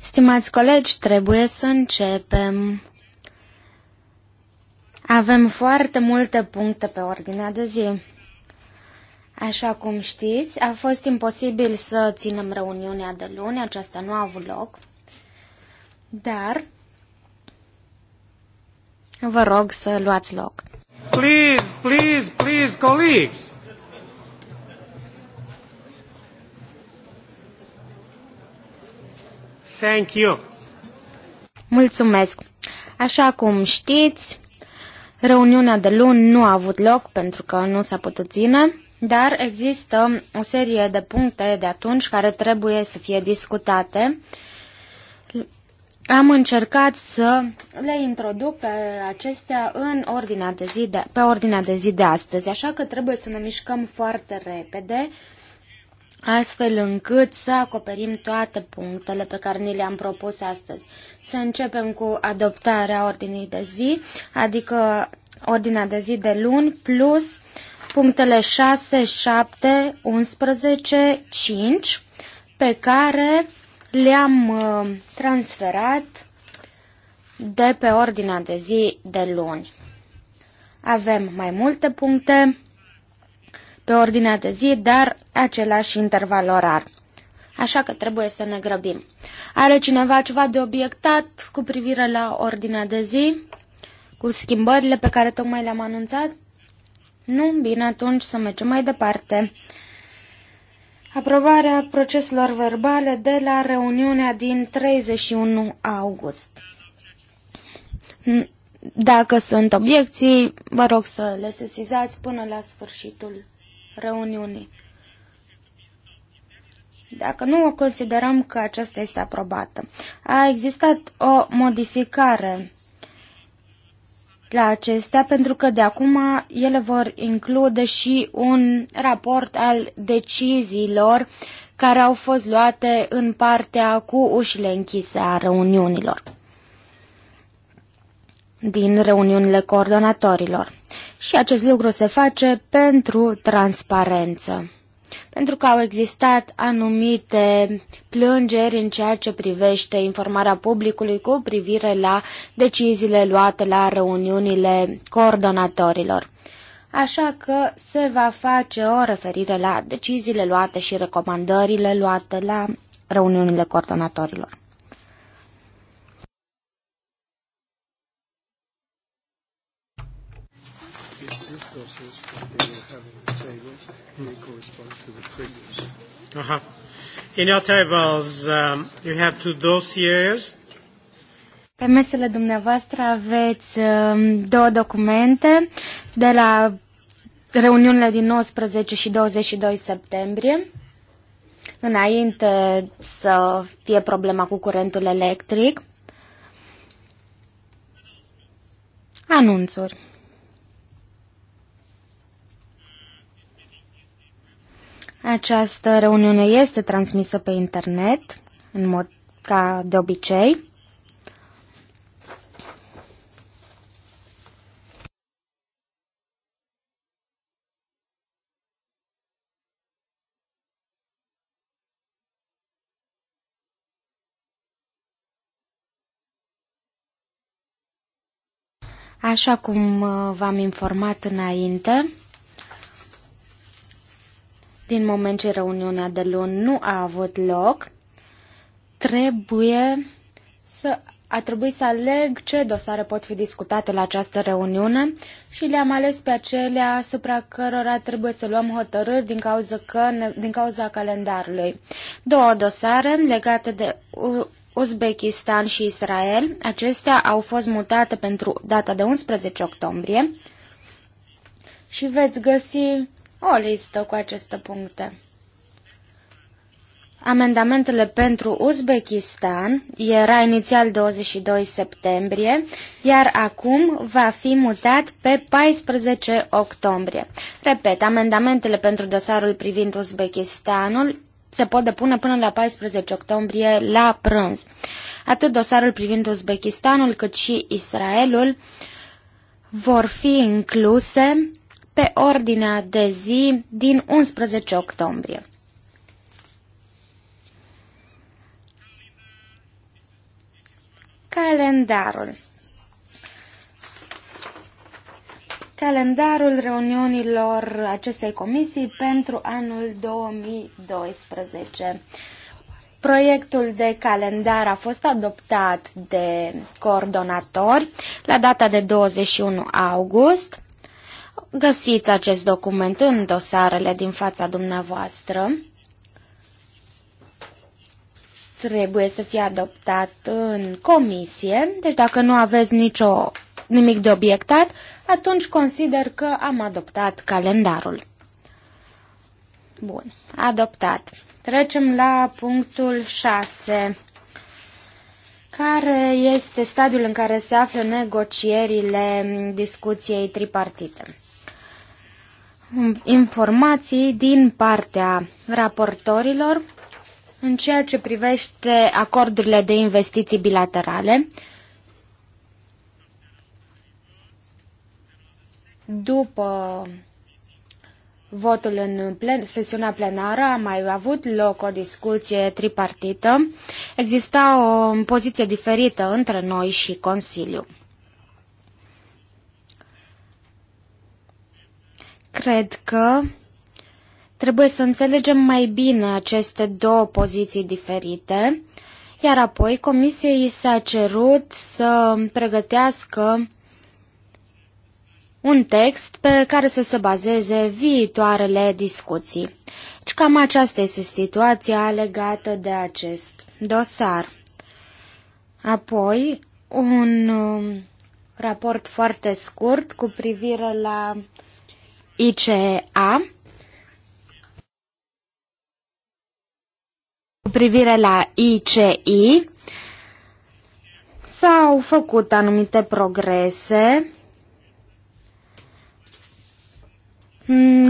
Stimați colegi, trebuie să începem. Avem foarte multe puncte pe ordinea de zi. Așa cum știți, a fost imposibil să ținem reuniunea de luni, aceasta nu a avut loc, dar vă rog să luați loc. Please, please, please, colleagues! Thank you. Mulțumesc. Așa cum știți, reuniunea de luni nu a avut loc pentru că nu s-a putut ține, dar există o serie de puncte de atunci care trebuie să fie discutate. Am încercat să le introduc pe acestea în ordinea de zi de, pe ordinea de zi de astăzi, așa că trebuie să ne mișcăm foarte repede astfel încât să acoperim toate punctele pe care ni le-am propus astăzi. Să începem cu adoptarea ordinii de zi, adică ordinea de zi de luni plus punctele 6, 7, 11, 5 pe care le-am uh, transferat de pe ordinea de zi de luni. Avem mai multe puncte pe ordinea de zi, dar același interval orar. Așa că trebuie să ne grăbim. Are cineva ceva de obiectat cu privire la ordinea de zi? Cu schimbările pe care tocmai le-am anunțat? Nu? Bine, atunci să mergem mai departe. Aprobarea proceselor verbale de la reuniunea din 31 august. Dacă sunt obiecții, vă rog să le sesizați până la sfârșitul reuniunii. Dacă nu o considerăm că aceasta este aprobată, a existat o modificare la acestea, pentru că de acum ele vor include și un raport al deciziilor care au fost luate în partea cu ușile închise a reuniunilor, din reuniunile coordonatorilor. Și acest lucru se face pentru transparență. Pentru că au existat anumite plângeri în ceea ce privește informarea publicului cu privire la deciziile luate la reuniunile coordonatorilor. Așa că se va face o referire la deciziile luate și recomandările luate la reuniunile coordonatorilor. Uh-huh. In your tables, um, you have two dossiers. Pe mesele dumneavoastră aveți um, două documente de la reuniunile din 19 și 22 septembrie, înainte să fie problema cu curentul electric. Anunțuri. Această reuniune este transmisă pe internet, în mod ca de obicei. Așa cum v-am informat înainte, din moment ce reuniunea de luni nu a avut loc, trebuie să a trebuit să aleg ce dosare pot fi discutate la această reuniune și le-am ales pe acelea asupra cărora trebuie să luăm hotărâri din cauza, că din cauza calendarului. Două dosare legate de Uzbekistan și Israel, acestea au fost mutate pentru data de 11 octombrie și veți găsi o listă cu aceste puncte. Amendamentele pentru Uzbekistan era inițial 22 septembrie, iar acum va fi mutat pe 14 octombrie. Repet, amendamentele pentru dosarul privind Uzbekistanul se pot depune până la 14 octombrie la prânz. Atât dosarul privind Uzbekistanul cât și Israelul vor fi incluse pe ordinea de zi din 11 octombrie. Calendarul Calendarul reuniunilor acestei comisii pentru anul 2012. Proiectul de calendar a fost adoptat de coordonatori la data de 21 august. Găsiți acest document în dosarele din fața dumneavoastră. Trebuie să fie adoptat în comisie, deci dacă nu aveți nicio, nimic de obiectat, atunci consider că am adoptat calendarul. Bun, adoptat. Trecem la punctul 6, care este stadiul în care se află negocierile discuției tripartite informații din partea raportorilor în ceea ce privește acordurile de investiții bilaterale. După votul în plen, sesiunea plenară a mai avut loc o discuție tripartită. Exista o poziție diferită între noi și Consiliu. Cred că trebuie să înțelegem mai bine aceste două poziții diferite, iar apoi Comisiei s-a cerut să pregătească un text pe care să se bazeze viitoarele discuții. Deci cam aceasta este situația legată de acest dosar. Apoi, un um, raport foarte scurt cu privire la ICEA cu privire la ICI s-au făcut anumite progrese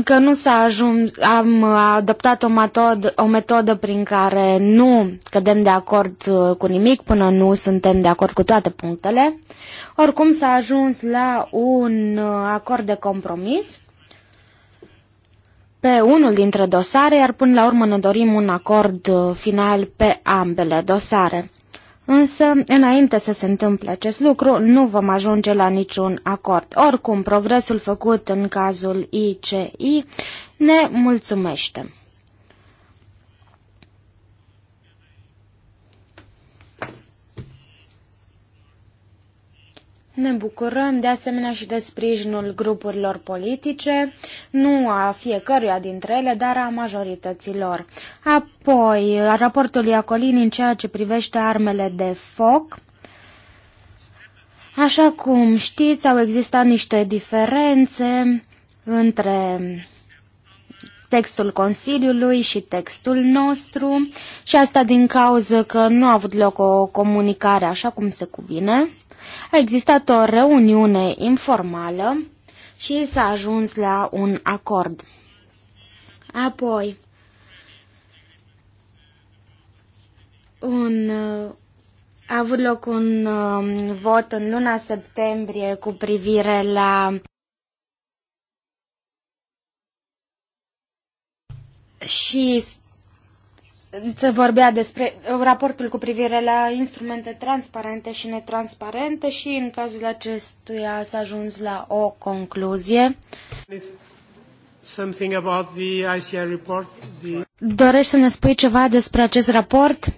că nu s-a ajuns, am adoptat o metodă, o metodă prin care nu cădem de acord uh, cu nimic până nu suntem de acord cu toate punctele. Oricum s-a ajuns la un uh, acord de compromis pe unul dintre dosare, iar până la urmă ne dorim un acord uh, final pe ambele dosare. Însă, înainte să se întâmple acest lucru, nu vom ajunge la niciun acord. Oricum, progresul făcut în cazul ICI ne mulțumește. Ne bucurăm de asemenea și de sprijinul grupurilor politice, nu a fiecăruia dintre ele, dar a majorităților. Apoi, raportul Iacolin în ceea ce privește armele de foc. Așa cum știți, au existat niște diferențe între textul Consiliului și textul nostru și asta din cauza că nu a avut loc o comunicare așa cum se cuvine. A existat o reuniune informală și s-a ajuns la un acord. Apoi, un, a avut loc un um, vot în luna septembrie cu privire la și se vorbea despre uh, raportul cu privire la instrumente transparente și netransparente și în cazul acestuia s-a ajuns la o concluzie. Something about the report, the... Dorești să ne spui ceva despre acest raport?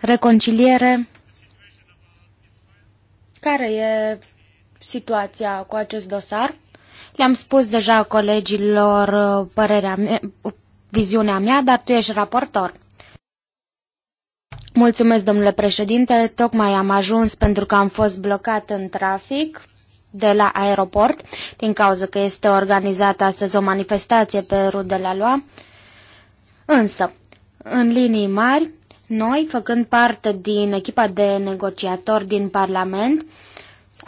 Reconciliere? Care e situația cu acest dosar? Le-am spus deja colegilor uh, părerea mea, viziunea mea, dar tu ești raportor. Mulțumesc, domnule președinte. Tocmai am ajuns pentru că am fost blocat în trafic de la aeroport, din cauza că este organizată astăzi o manifestație pe rudele de la Lua. Însă, în linii mari, noi, făcând parte din echipa de negociatori din Parlament,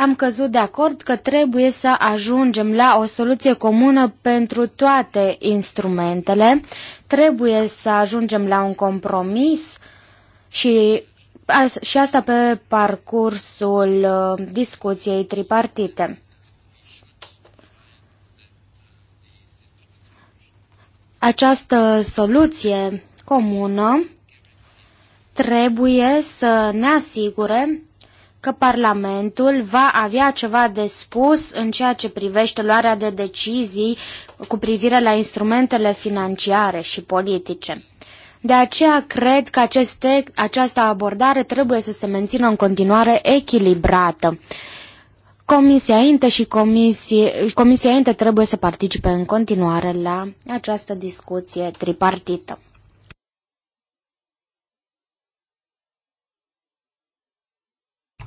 am căzut de acord că trebuie să ajungem la o soluție comună pentru toate instrumentele, trebuie să ajungem la un compromis și, și asta pe parcursul uh, discuției tripartite. Această soluție comună trebuie să ne asigure dacă Parlamentul va avea ceva de spus în ceea ce privește luarea de decizii cu privire la instrumentele financiare și politice. De aceea cred că aceste, această abordare trebuie să se mențină în continuare echilibrată. Comisia Inte și comisie, Comisia Inte trebuie să participe în continuare la această discuție tripartită.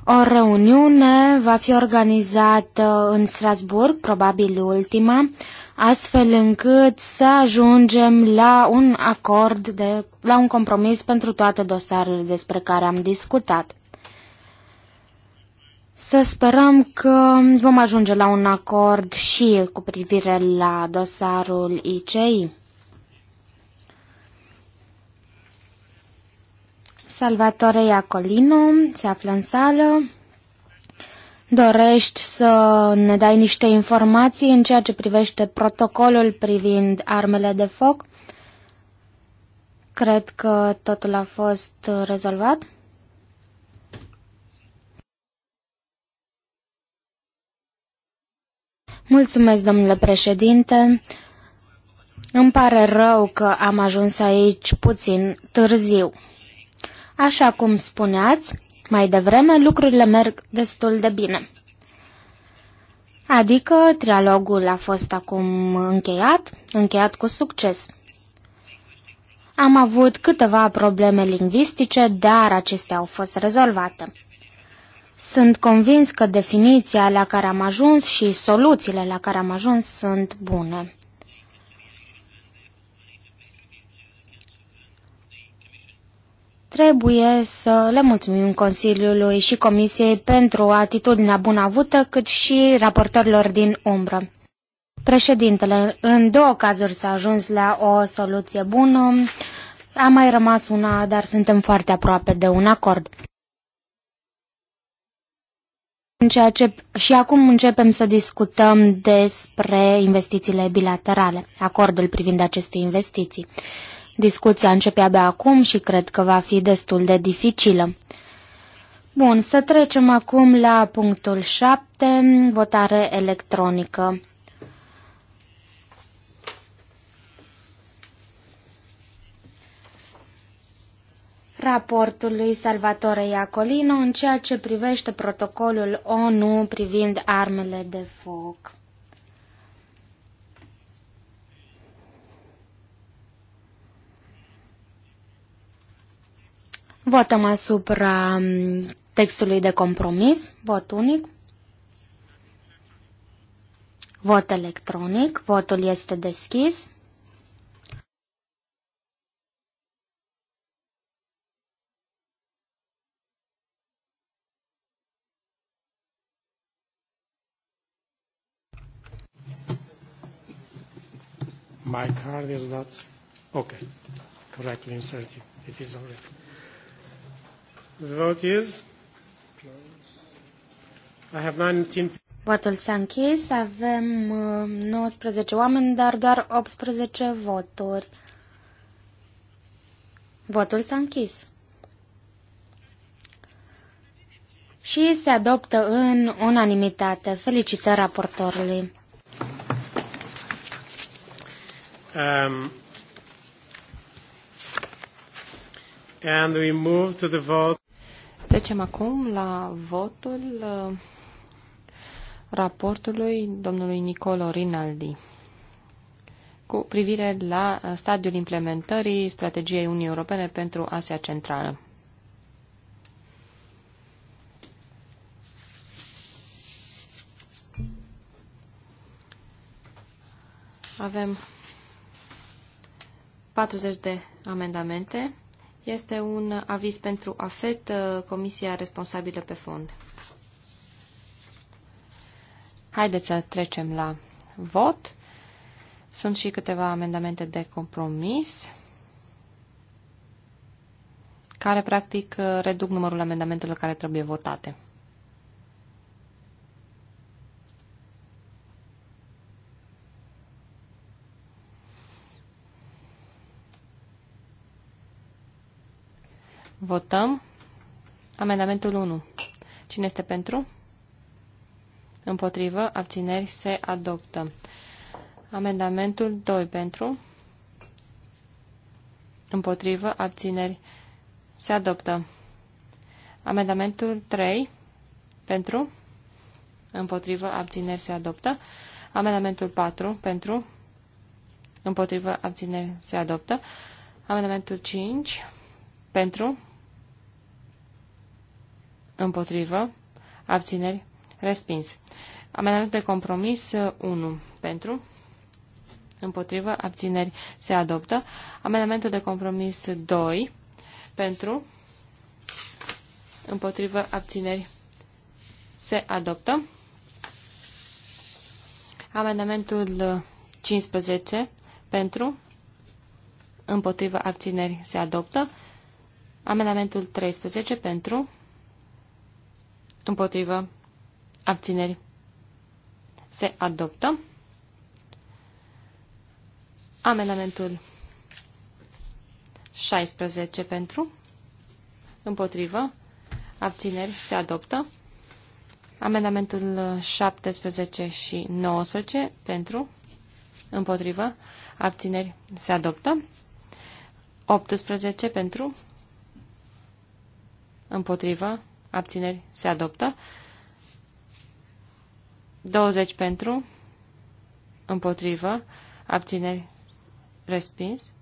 O reuniune va fi organizată în Strasburg, probabil ultima, astfel încât să ajungem la un acord, de, la un compromis pentru toate dosarele despre care am discutat. Să sperăm că vom ajunge la un acord și cu privire la dosarul ICI. Salvatore Iacolino se află în sală. Dorești să ne dai niște informații în ceea ce privește protocolul privind armele de foc? Cred că totul a fost rezolvat. Mulțumesc, domnule președinte. Îmi pare rău că am ajuns aici puțin târziu. Așa cum spuneați, mai devreme lucrurile merg destul de bine. Adică trialogul a fost acum încheiat, încheiat cu succes. Am avut câteva probleme lingvistice, dar acestea au fost rezolvate. Sunt convins că definiția la care am ajuns și soluțiile la care am ajuns sunt bune. Trebuie să le mulțumim Consiliului și Comisiei pentru atitudinea bună avută, cât și raportorilor din umbră. Președintele, în două cazuri s-a ajuns la o soluție bună, a mai rămas una, dar suntem foarte aproape de un acord. În ceea ce, și acum începem să discutăm despre investițiile bilaterale, acordul privind aceste investiții. Discuția începe abia acum și cred că va fi destul de dificilă. Bun, să trecem acum la punctul 7, votare electronică. raportul lui Salvatore Iacolino în ceea ce privește protocolul ONU privind armele de foc. Votăm asupra um, textului de compromis, vot unic, vot electronic, votul este deschis. My card is not okay. Correctly inserted. It is already. The vote is... I have 19... Votul s-a închis, avem 19 uh, oameni, dar doar 18 voturi. Votul s-a închis. Și se adoptă în unanimitate. Felicitări raportorului. Um, and we move to the vote. Trecem acum la votul uh, raportului domnului Nicolo Rinaldi cu privire la uh, stadiul implementării strategiei Uniunii Europene pentru Asia Centrală. Avem 40 de amendamente este un aviz pentru AFET, uh, comisia responsabilă pe fond. Haideți să trecem la vot. Sunt și câteva amendamente de compromis care practic uh, reduc numărul amendamentelor care trebuie votate. Votăm amendamentul 1. Cine este pentru? Împotrivă, abțineri, se adoptă. Amendamentul 2 pentru. Împotrivă, abțineri, se adoptă. Amendamentul 3 pentru. Împotrivă, abțineri, se adoptă. Amendamentul 4 pentru. Împotrivă, abțineri, se adoptă. Amendamentul 5 pentru. Împotrivă. Abțineri. Respins. Amendament de compromis 1. Uh, Pentru. Împotrivă. Abțineri. Se adoptă. Amendamentul de compromis 2. Pentru. Împotrivă. Abțineri. Se adoptă. Amendamentul 15. Uh, Pentru. Împotrivă. Abțineri. Se adoptă. Amendamentul 13. Pentru. Împotrivă. Abțineri. Se adoptă. Amendamentul 16 pentru. Împotrivă. Abțineri. Se adoptă. Amendamentul 17 și 19 pentru. Împotrivă. Abțineri. Se adoptă. 18 pentru. Împotrivă abțineri, se adoptă. 20 pentru, împotrivă, abțineri, respins.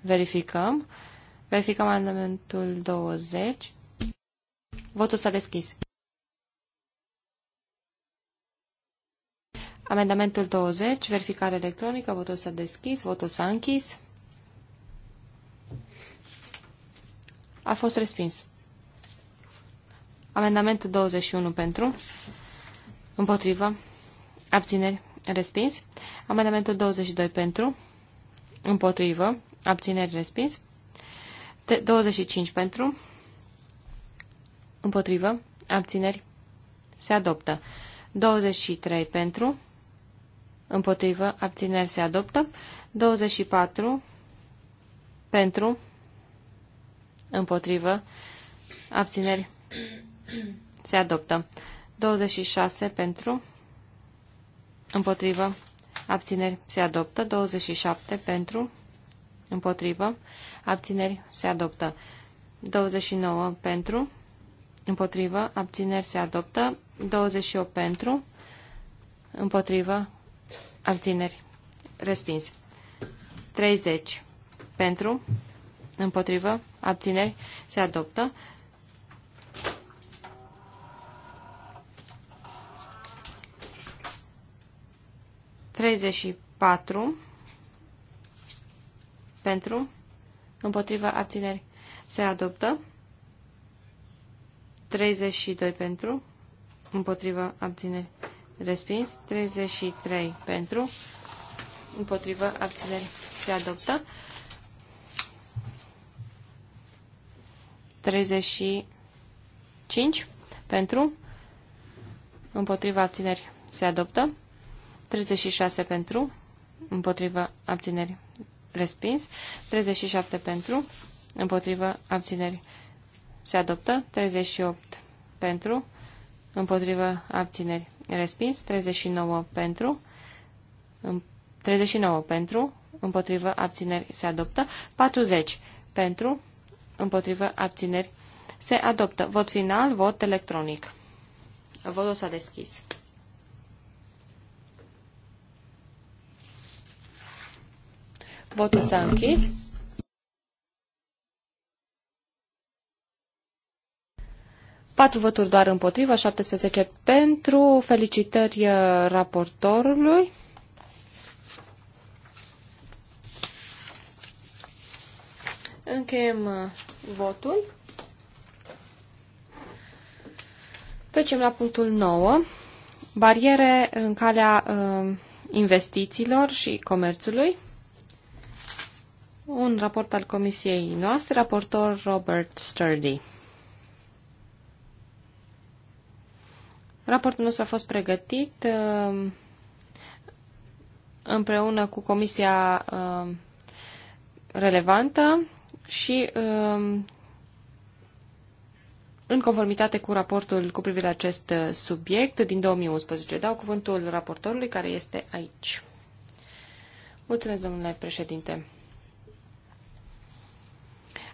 Verificăm. Verificăm amendamentul 20. Votul s-a deschis. Amendamentul 20, verificare electronică, votul s-a deschis, votul s-a închis. A fost respins. Amendament 21 pentru. Împotrivă. Abțineri. Respins. Amendamentul 22 pentru. Împotrivă. Abțineri. Respins. 25 pentru. Împotrivă. Abțineri. Se adoptă. 23 pentru. Împotrivă. Abțineri. Se adoptă. 24 pentru. Împotrivă. Abțineri. Se adoptă. 26 pentru. Împotrivă. Abțineri. Se adoptă. 27 pentru. Împotrivă. Abțineri. Se adoptă. 29 pentru. Împotrivă. Abțineri. Se adoptă. 28 pentru. Împotrivă. Abțineri. Respins. 30 pentru. Împotrivă. Abțineri. Se adoptă. Treizeci și patru. Pentru. Împotrivă. Abțineri. Se adoptă. 32 pentru. Împotrivă. Abțineri. Respins. 33 pentru. Împotrivă. Abțineri. Se adoptă. 35 pentru, împotriva abțineri se adoptă, 36 pentru, împotriva abțineri respins, 37 pentru, împotriva abțineri se adoptă, 38 pentru, împotriva abțineri respins, 39 pentru, 39 pentru, împotriva abțineri se adoptă, 40 pentru, împotrivă, abțineri, se adoptă. Vot final, vot electronic. Votul s-a deschis. Votul s-a închis. Patru voturi doar împotriva, 17 pentru. Felicitări raportorului. Încheiem uh, votul. Trecem la punctul 9. Bariere în calea uh, investițiilor și comerțului. Un raport al comisiei noastre, raportor Robert Sturdy. Raportul nostru a fost pregătit uh, împreună cu comisia relevantă și um, în conformitate cu raportul cu privire la acest uh, subiect din 2011. Dau cuvântul raportorului care este aici. Mulțumesc, domnule președinte.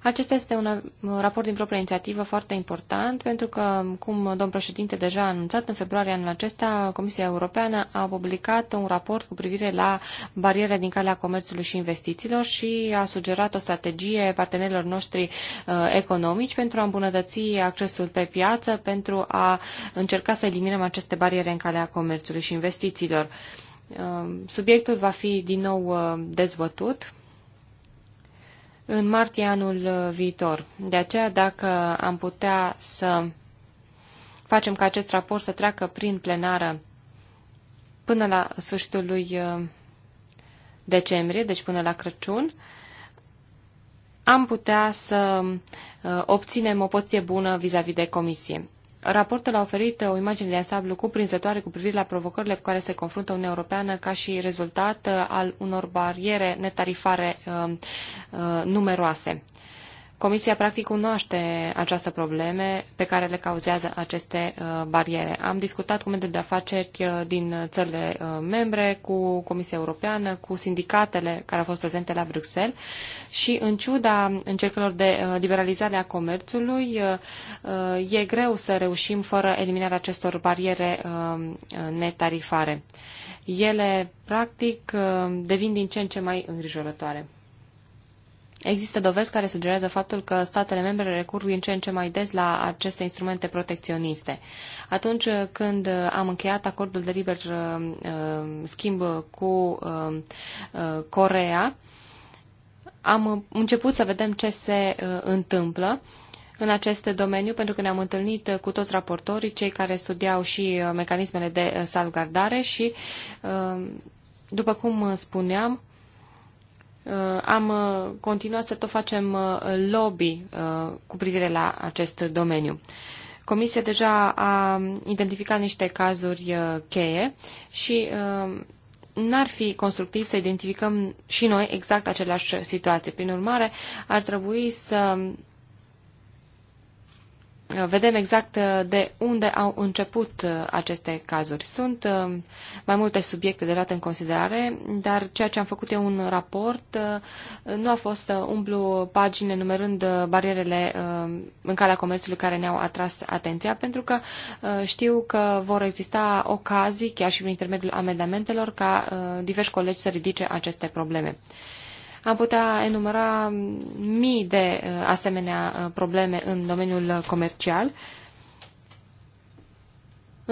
Acesta este un raport din proprie inițiativă foarte important, pentru că, cum domnul președinte deja a anunțat, în februarie anul acesta, Comisia Europeană a publicat un raport cu privire la barierele din calea comerțului și investițiilor și a sugerat o strategie partenerilor noștri uh, economici pentru a îmbunătăți accesul pe piață, pentru a încerca să eliminăm aceste bariere în calea comerțului și investițiilor. Uh, subiectul va fi din nou uh, dezvătut în martie anul uh, viitor. De aceea, dacă am putea să facem ca acest raport să treacă prin plenară până la sfârșitul lui uh, decembrie, deci până la Crăciun, am putea să uh, obținem o poziție bună vis-a-vis -vis de comisie. Raportul a oferit o imagine de ansamblu cuprinzătoare cu privire la provocările cu care se confruntă Uniunea Europeană ca și rezultat al unor bariere netarifare uh, uh, numeroase. Comisia practic cunoaște această probleme pe care le cauzează aceste uh, bariere. Am discutat cu mediul de afaceri uh, din țările uh, membre, cu Comisia Europeană, cu sindicatele care au fost prezente la Bruxelles și în ciuda încercărilor de liberalizare a comerțului, e greu să reușim fără eliminarea acestor bariere netarifare. Ele practic devin din ce în ce mai îngrijorătoare. Există dovezi care sugerează faptul că statele membre recurg din ce în ce mai des la aceste instrumente protecționiste. Atunci când am încheiat acordul de liber uh, uh, schimb cu uh, Corea, am început să vedem ce se întâmplă în acest domeniu, pentru că ne-am întâlnit cu toți raportorii, cei care studiau și mecanismele de salvgardare și, după cum spuneam, Uh, am uh, continuat să tot facem uh, lobby cu privire la acest domeniu. Comisia deja a identificat niște cazuri cheie și n-ar fi constructiv să identificăm și noi exact aceleași situații. Prin urmare, ar trebui să vedem exact uh, de unde au început uh, aceste cazuri. Sunt uh, mai multe subiecte de luat în considerare, dar ceea ce am făcut eu un raport nu a fost să umblu pagine numărând barierele în calea comerțului care ne-au atras atenția, pentru că știu că vor exista ocazii, chiar și prin intermediul amendamentelor, ca diversi colegi să ridice aceste probleme. Am putea enumera mii de uh, asemenea uh, probleme în domeniul comercial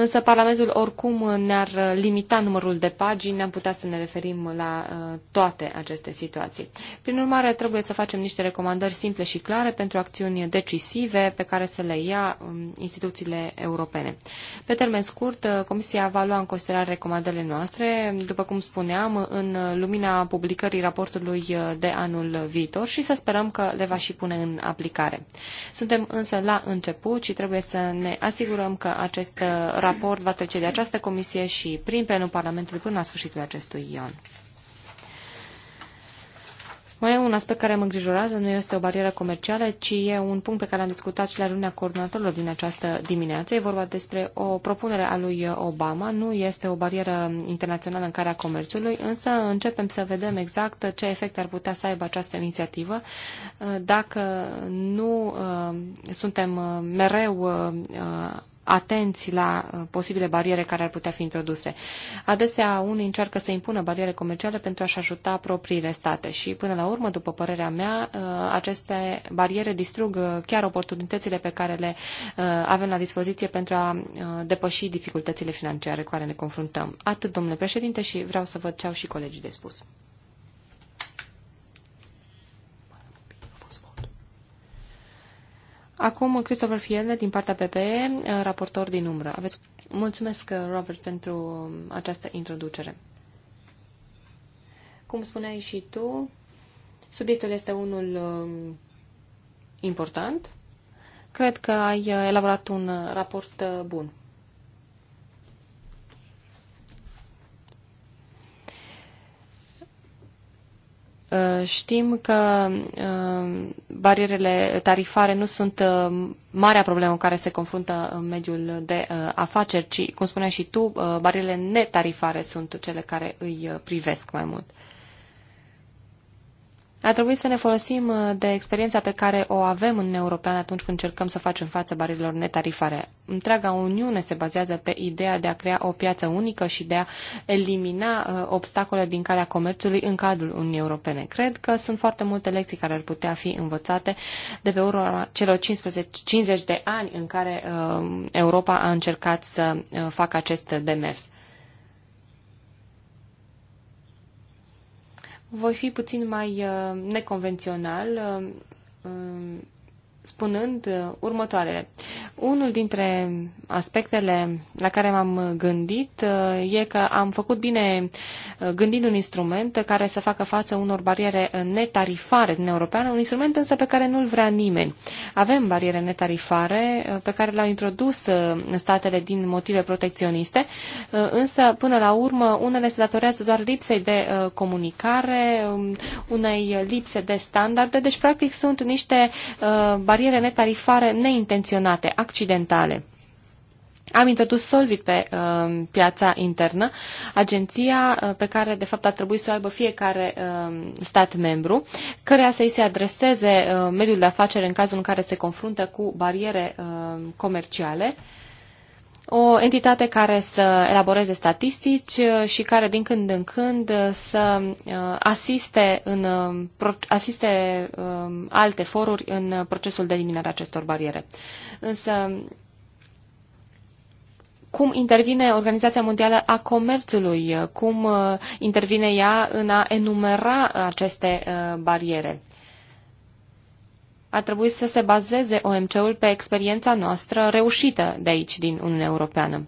însă Parlamentul oricum ne-ar limita numărul de pagini, ne-am putea să ne referim la uh, toate aceste situații. Prin urmare, trebuie să facem niște recomandări simple și clare pentru acțiuni decisive pe care să le ia um, instituțiile europene. Pe termen scurt, uh, Comisia va lua în considerare recomandările noastre, după cum spuneam, în lumina publicării raportului uh, de anul viitor și să sperăm că le va și pune în aplicare. Suntem însă la început și trebuie să ne asigurăm că acest raport raport va trece de această comisie și prin plenul Parlamentului până la sfârșitul acestui an. Mai e un aspect care mă îngrijorează, nu este o barieră comercială, ci e un punct pe care am discutat și la reunia coordonatorilor din această dimineață. E vorba despre o propunere a lui Obama, nu este o barieră internațională în care a comerțului, însă începem să vedem exact ce efect ar putea să aibă această inițiativă dacă nu ă, suntem mereu ă, atenți la uh, posibile bariere care ar putea fi introduse. Adesea, unii încearcă să impună bariere comerciale pentru a-și ajuta propriile state și, până la urmă, după părerea mea, uh, aceste bariere distrug uh, chiar oportunitățile pe care le avem la dispoziție pentru a depăși dificultățile financiare cu care ne confruntăm. Atât, domnule președinte, și vreau să văd ce au și colegii de spus. Acum, Christopher Fielner din partea PPE, eh, raportor din umbră. Aveți... Mulțumesc, eh, Robert, pentru mm, această introducere. Cum spuneai și tu, subiectul este unul mm, important. Cred că ai eh, elaborat un raport bun. Uh, știm că uh, barierele tarifare nu sunt uh, marea problemă cu care se confruntă mediul de afaceri, ci, cum spuneai și tu, barierele netarifare sunt cele care îi privesc mai mult. Ar trebui să ne folosim uh, de experiența pe care o avem în european atunci când încercăm să facem față barierilor netarifare. Întreaga Uniune se bazează pe ideea de a crea o piață unică și de a elimina uh, obstacole din calea comerțului în cadrul Uniunii Europene. Cred că sunt foarte multe lecții care ar putea fi învățate de pe urma celor 15, 50 de ani în care uh, Europa a încercat să facă acest demers. voi fi puțin mai uh, neconvențional uh, um, spunând uh, următoarele. Unul dintre aspectele la care m-am gândit uh, e că am făcut bine uh, gândind un instrument care să facă față unor bariere netarifare din Europeană, un instrument însă pe care nu-l vrea nimeni. Avem bariere netarifare pe care le-au introdus statele din motive protecționiste, însă până la urmă unele se datorează doar lipsei de comunicare, um, unei lipse de standarde, deci practic sunt niște bariere bariere netarifare neintenționate, accidentale. Am introdus Solvit pe uh, piața internă, agenția uh, pe care de fapt ar trebui să o aibă fiecare uh, stat membru, căreia să-i se adreseze uh, mediul de afaceri în cazul în care se confruntă cu bariere uh, comerciale uh, o entitate care să elaboreze statistici uh, și care din când în când uh, să uh, asiste, în, um, asiste um, alte foruri în procesul de eliminare a acestor bariere. Însă, cum intervine Organizația Mondială a Comerțului, cum intervine ea în a enumera aceste bariere ar trebui să se bazeze OMC-ul pe experiența noastră reușită de aici, din Uniunea Europeană.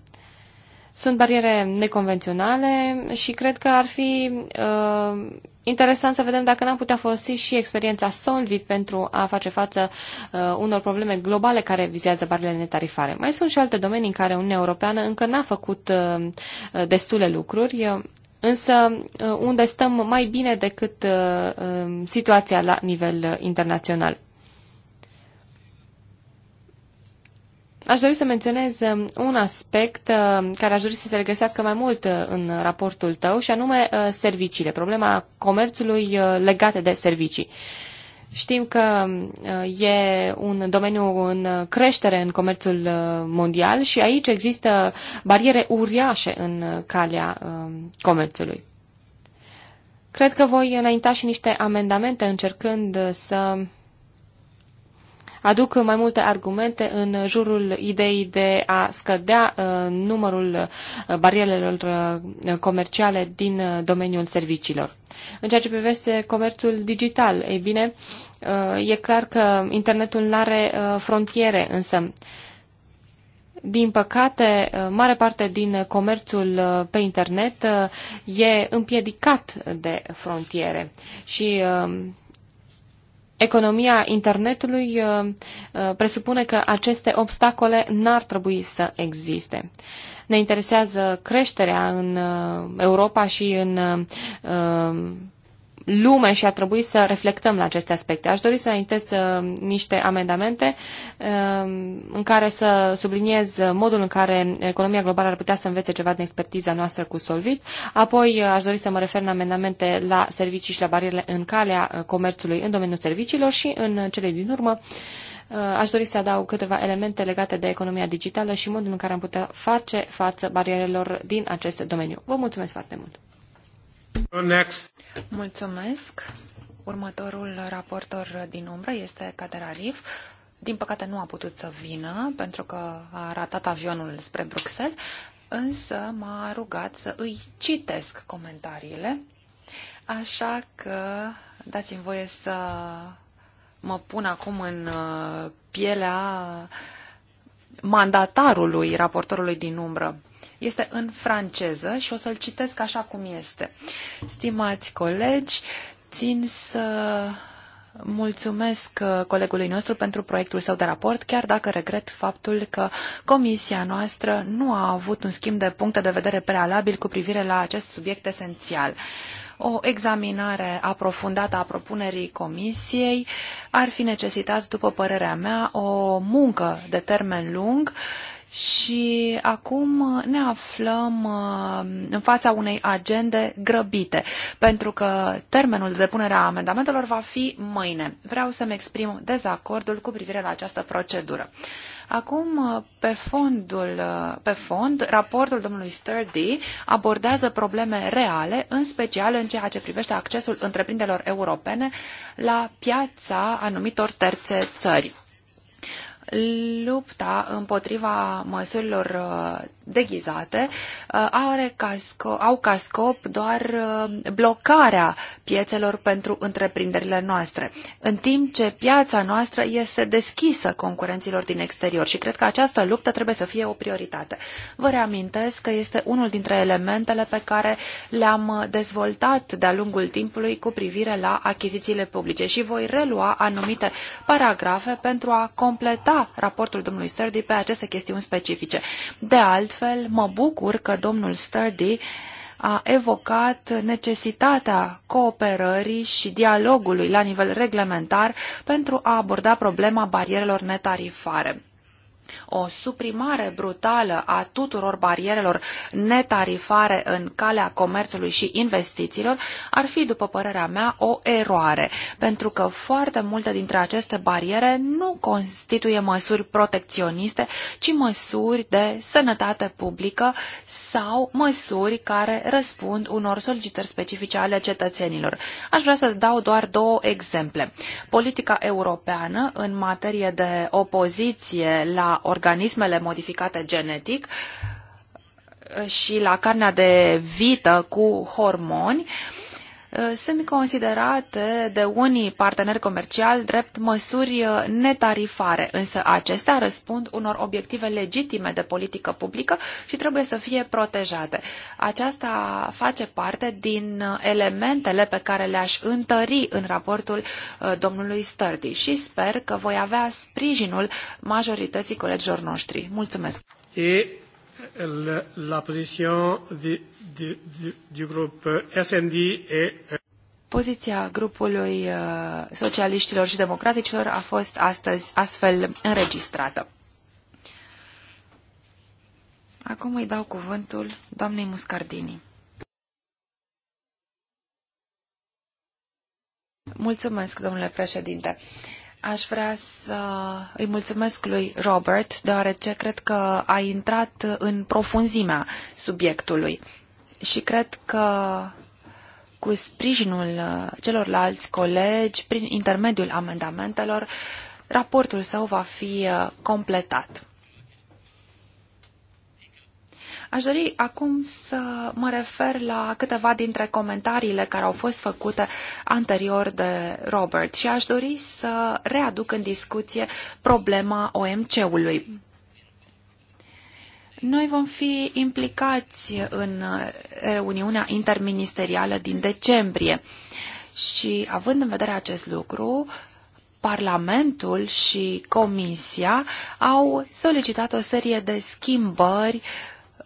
Sunt bariere neconvenționale și cred că ar fi uh, interesant să vedem dacă n-am putea folosi și experiența Solvit pentru a face față uh, unor probleme globale care vizează barierele netarifare. Mai sunt și alte domenii în care Uniunea Europeană încă n-a făcut uh, uh destule lucruri. Uh, însă, uh, unde stăm mai bine decât uh, situația la nivel internațional. Aș dori să menționez um, un aspect uh, care aș dori să se regăsească mai mult uh, în raportul tău și anume uh, serviciile, problema comerțului legate de servicii. Știm că um, e un domeniu în creștere în comerțul mondial și aici există bariere uriașe în calea um, comerțului. Cred că voi înainta și niște amendamente încercând să aduc mai multe argumente în jurul ideii de a scădea uh, numărul uh, barierelor uh, comerciale din domeniul serviciilor. În ceea ce privește comerțul digital, ei bine, e clar că internetul nu are frontiere, însă din păcate, mare parte din comerțul pe internet e împiedicat de frontiere și economia internetului uh, uh, presupune că aceste obstacole n-ar trebui să existe. Ne interesează creșterea în uh, Europa și în lume și a trebuit să reflectăm la aceste aspecte. Aș dori să înaintez uh, niște amendamente uh, în care să subliniez modul în care economia globală ar putea să învețe ceva din expertiza noastră cu Solvit. Apoi uh, aș dori să mă refer în amendamente la servicii și la barierele în calea comerțului în domeniul serviciilor și în cele din urmă Aș dori să adaug câteva elemente legate de economia digitală și modul în care am putea face față barierelor din acest domeniu. Vă mulțumesc foarte mult! Next. Mulțumesc. Următorul raportor din umbră este Kader Arif. Din păcate nu a putut să vină pentru că a ratat avionul spre Bruxelles, însă m-a rugat să îi citesc comentariile, așa că dați-mi voie să mă pun acum în uh, pielea mandatarului raportorului din umbră este în franceză și o să-l citesc așa cum este. Stimați colegi, țin să mulțumesc uh, colegului nostru pentru proiectul său de raport, chiar dacă regret faptul că comisia noastră nu a avut un schimb de puncte de vedere prealabil cu privire la acest subiect esențial. O examinare aprofundată a propunerii comisiei ar fi necesitat, după părerea mea, o muncă de termen lung și acum ne aflăm uh, în fața unei agende grăbite, pentru că termenul de depunere a amendamentelor va fi mâine. Vreau să-mi exprim dezacordul cu privire la această procedură. Acum, uh, pe, fondul, uh, pe fond, raportul domnului Sturdy abordează probleme reale, în special în ceea ce privește accesul întreprinderilor europene la piața anumitor terțe țări lupta împotriva măsurilor uh, deghizate uh, are ca scop, au ca scop doar uh, blocarea piețelor pentru întreprinderile noastre, în timp ce piața noastră este deschisă concurenților din exterior și cred că această luptă trebuie să fie o prioritate. Vă reamintesc că este unul dintre elementele pe care le-am dezvoltat de-a lungul timpului cu privire la achizițiile publice și voi relua anumite paragrafe pentru a completa raportul domnului Sturdy pe aceste chestiuni specifice. De altfel, Altfel, mă bucur că domnul Sturdy a evocat necesitatea cooperării și dialogului la nivel reglementar pentru a aborda problema barierelor netarifare. O suprimare brutală a tuturor barierelor netarifare în calea comerțului și investițiilor ar fi, după părerea mea, o eroare, pentru că foarte multe dintre aceste bariere nu constituie măsuri protecționiste, ci măsuri de sănătate publică sau măsuri care răspund unor solicitări specifice ale cetățenilor. Aș vrea să dau doar două exemple. Politica europeană în materie de opoziție la organismele modificate genetic uh, și la carnea de vită cu hormoni, uh, Uh, sunt considerate de unii parteneri comerciali drept măsuri uh, netarifare, însă acestea răspund unor obiective legitime de politică publică și trebuie să fie protejate. Aceasta face parte din uh, elementele pe care le-aș întări în raportul domnului Sturdy și sper că voi avea sprijinul majorității colegilor noștri. Mulțumesc! la position de Uh, SND uh, Poziția grupului uh, socialiștilor și democraticilor a fost astăzi astfel înregistrată. Acum îi dau cuvântul doamnei Muscardini. Mulțumesc, domnule președinte. Aș vrea să îi mulțumesc lui Robert, deoarece cred că a intrat în profunzimea subiectului și cred că cu sprijinul uh, celorlalți colegi, prin intermediul amendamentelor, raportul său va fi uh, completat. Aș dori acum să mă refer la câteva dintre comentariile care au fost făcute anterior de Robert și aș dori să readuc în discuție problema OMC-ului. Noi vom fi implicați în uh, reuniunea interministerială din decembrie și, având în vedere acest lucru, Parlamentul și Comisia au solicitat o serie de schimbări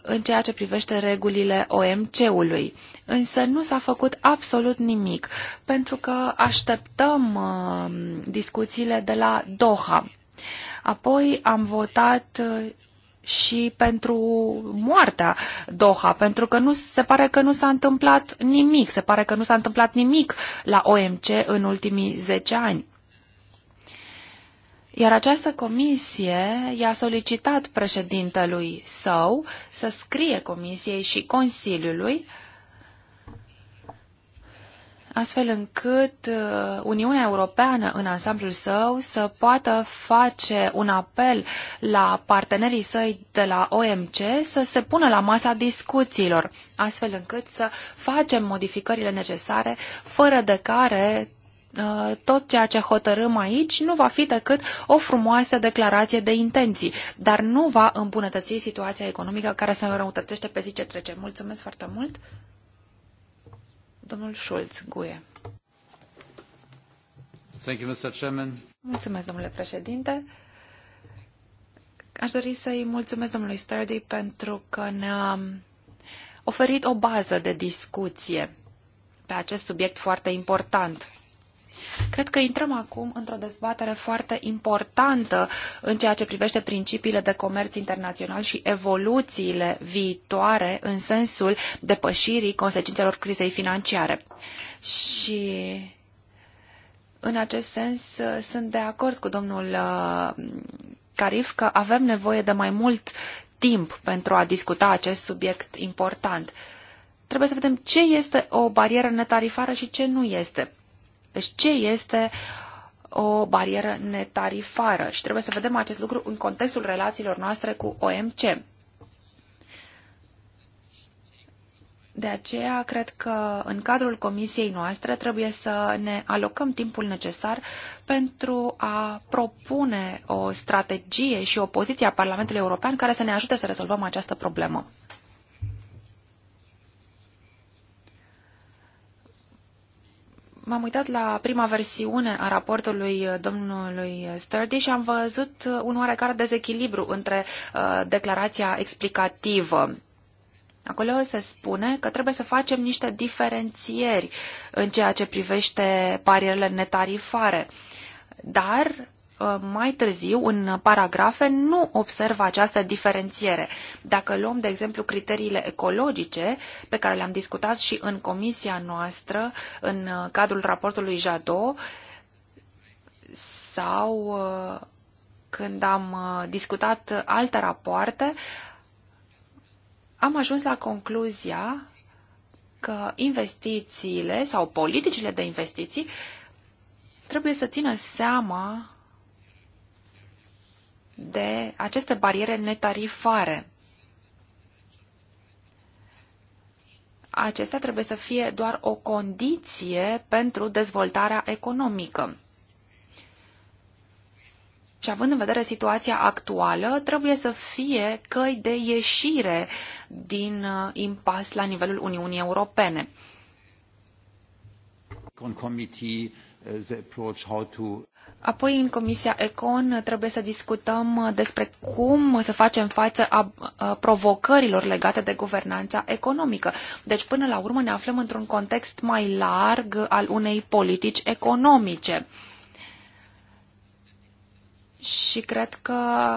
în ceea ce privește regulile OMC-ului. Însă nu s-a făcut absolut nimic, pentru că așteptăm uh, discuțiile de la Doha. Apoi am votat uh, și pentru moartea Doha, pentru că nu se pare că nu s-a întâmplat nimic, se pare că nu s-a întâmplat nimic la OMC în ultimii 10 ani. Iar această comisie i-a solicitat președintelui său să scrie comisiei și Consiliului uh, astfel încât uh, Uniunea Europeană în ansamblul său să poată face un apel la partenerii săi de la OMC să se pună la masa discuțiilor, astfel încât să facem modificările necesare, fără de care uh, tot ceea ce hotărâm aici nu va fi decât o frumoasă declarație de intenții, dar nu va îmbunătăți situația economică care se înrăutătește pe zi ce trece. Mulțumesc foarte mult! Domnul Schulz, GUE. Thank you, Mr. Chairman. Mulțumesc, domnule președinte. Aș dori să-i mulțumesc domnului Sturdy pentru că ne-a oferit o bază de discuție pe acest subiect foarte important. Cred că intrăm acum într-o dezbatere foarte importantă în ceea ce privește principiile de comerț internațional și evoluțiile viitoare în sensul depășirii consecințelor crizei financiare. Și în acest sens sunt de acord cu domnul uh, Carif că avem nevoie de mai mult timp pentru a discuta acest subiect important. Trebuie să vedem ce este o barieră netarifară și ce nu este deci ce este o barieră netarifară? Și trebuie să vedem acest lucru în contextul relațiilor noastre cu OMC. De aceea, cred că în cadrul comisiei noastre trebuie să ne alocăm timpul necesar pentru a propune o strategie și o poziție a Parlamentului European care să ne ajute să rezolvăm această problemă. M-am uitat la prima versiune a raportului uh, domnului Sturdy și am văzut uh, un oarecare dezechilibru între uh, declarația explicativă. Acolo se spune că trebuie să facem niște diferențieri în ceea ce privește parierele netarifare. Dar Uh, mai târziu, în paragrafe, nu observă această diferențiere. Dacă luăm, de exemplu, criteriile ecologice, pe care le-am discutat și în comisia noastră, în uh, cadrul raportului Jadot, sau uh, când am discutat alte rapoarte, am ajuns la concluzia că investițiile sau politicile de investiții trebuie să țină seama de aceste bariere netarifare. Acestea trebuie să fie doar o condiție pentru dezvoltarea economică. Și având în vedere situația actuală, trebuie să fie căi de ieșire din uh, impas la nivelul Uniunii Europene. Apoi, în Comisia Econ, trebuie să discutăm uh, despre cum să facem față a provocărilor legate de guvernanța economică. Deci, până la urmă, ne aflăm într-un context mai larg al unei politici economice. Și cred că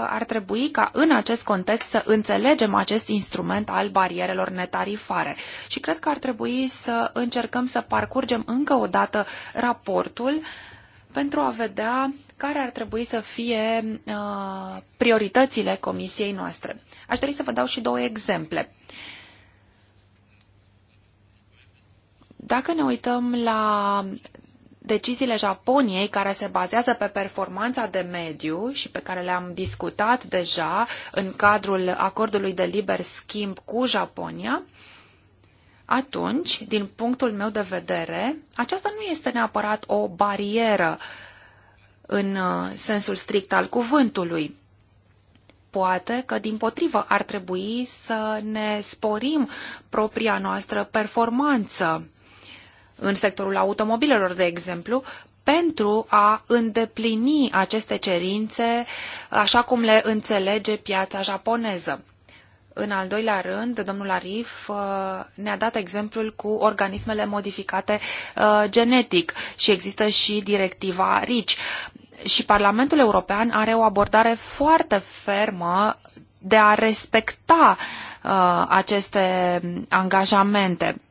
ar trebui ca în acest context să înțelegem acest instrument al barierelor netarifare. Și cred că ar trebui să încercăm să parcurgem încă o dată raportul uh, pentru a vedea care ar trebui să fie uh, prioritățile comisiei noastre. Aș dori să vă dau și două exemple. Dacă ne uităm la deciziile Japoniei care se bazează pe performanța de mediu și pe care le-am discutat deja în cadrul acordului de liber schimb cu Japonia, atunci, din punctul meu de vedere, aceasta nu este neapărat o barieră în uh, sensul strict al cuvântului. Poate că, din potrivă, ar trebui să ne sporim propria noastră performanță în sectorul automobilelor, de exemplu, pentru a îndeplini aceste cerințe așa cum le înțelege piața japoneză. În al doilea rând, domnul Arif uh, ne-a dat exemplul cu organismele modificate uh, genetic și există și directiva RICI. Și Parlamentul European are o abordare foarte fermă de a respecta uh, aceste angajamente.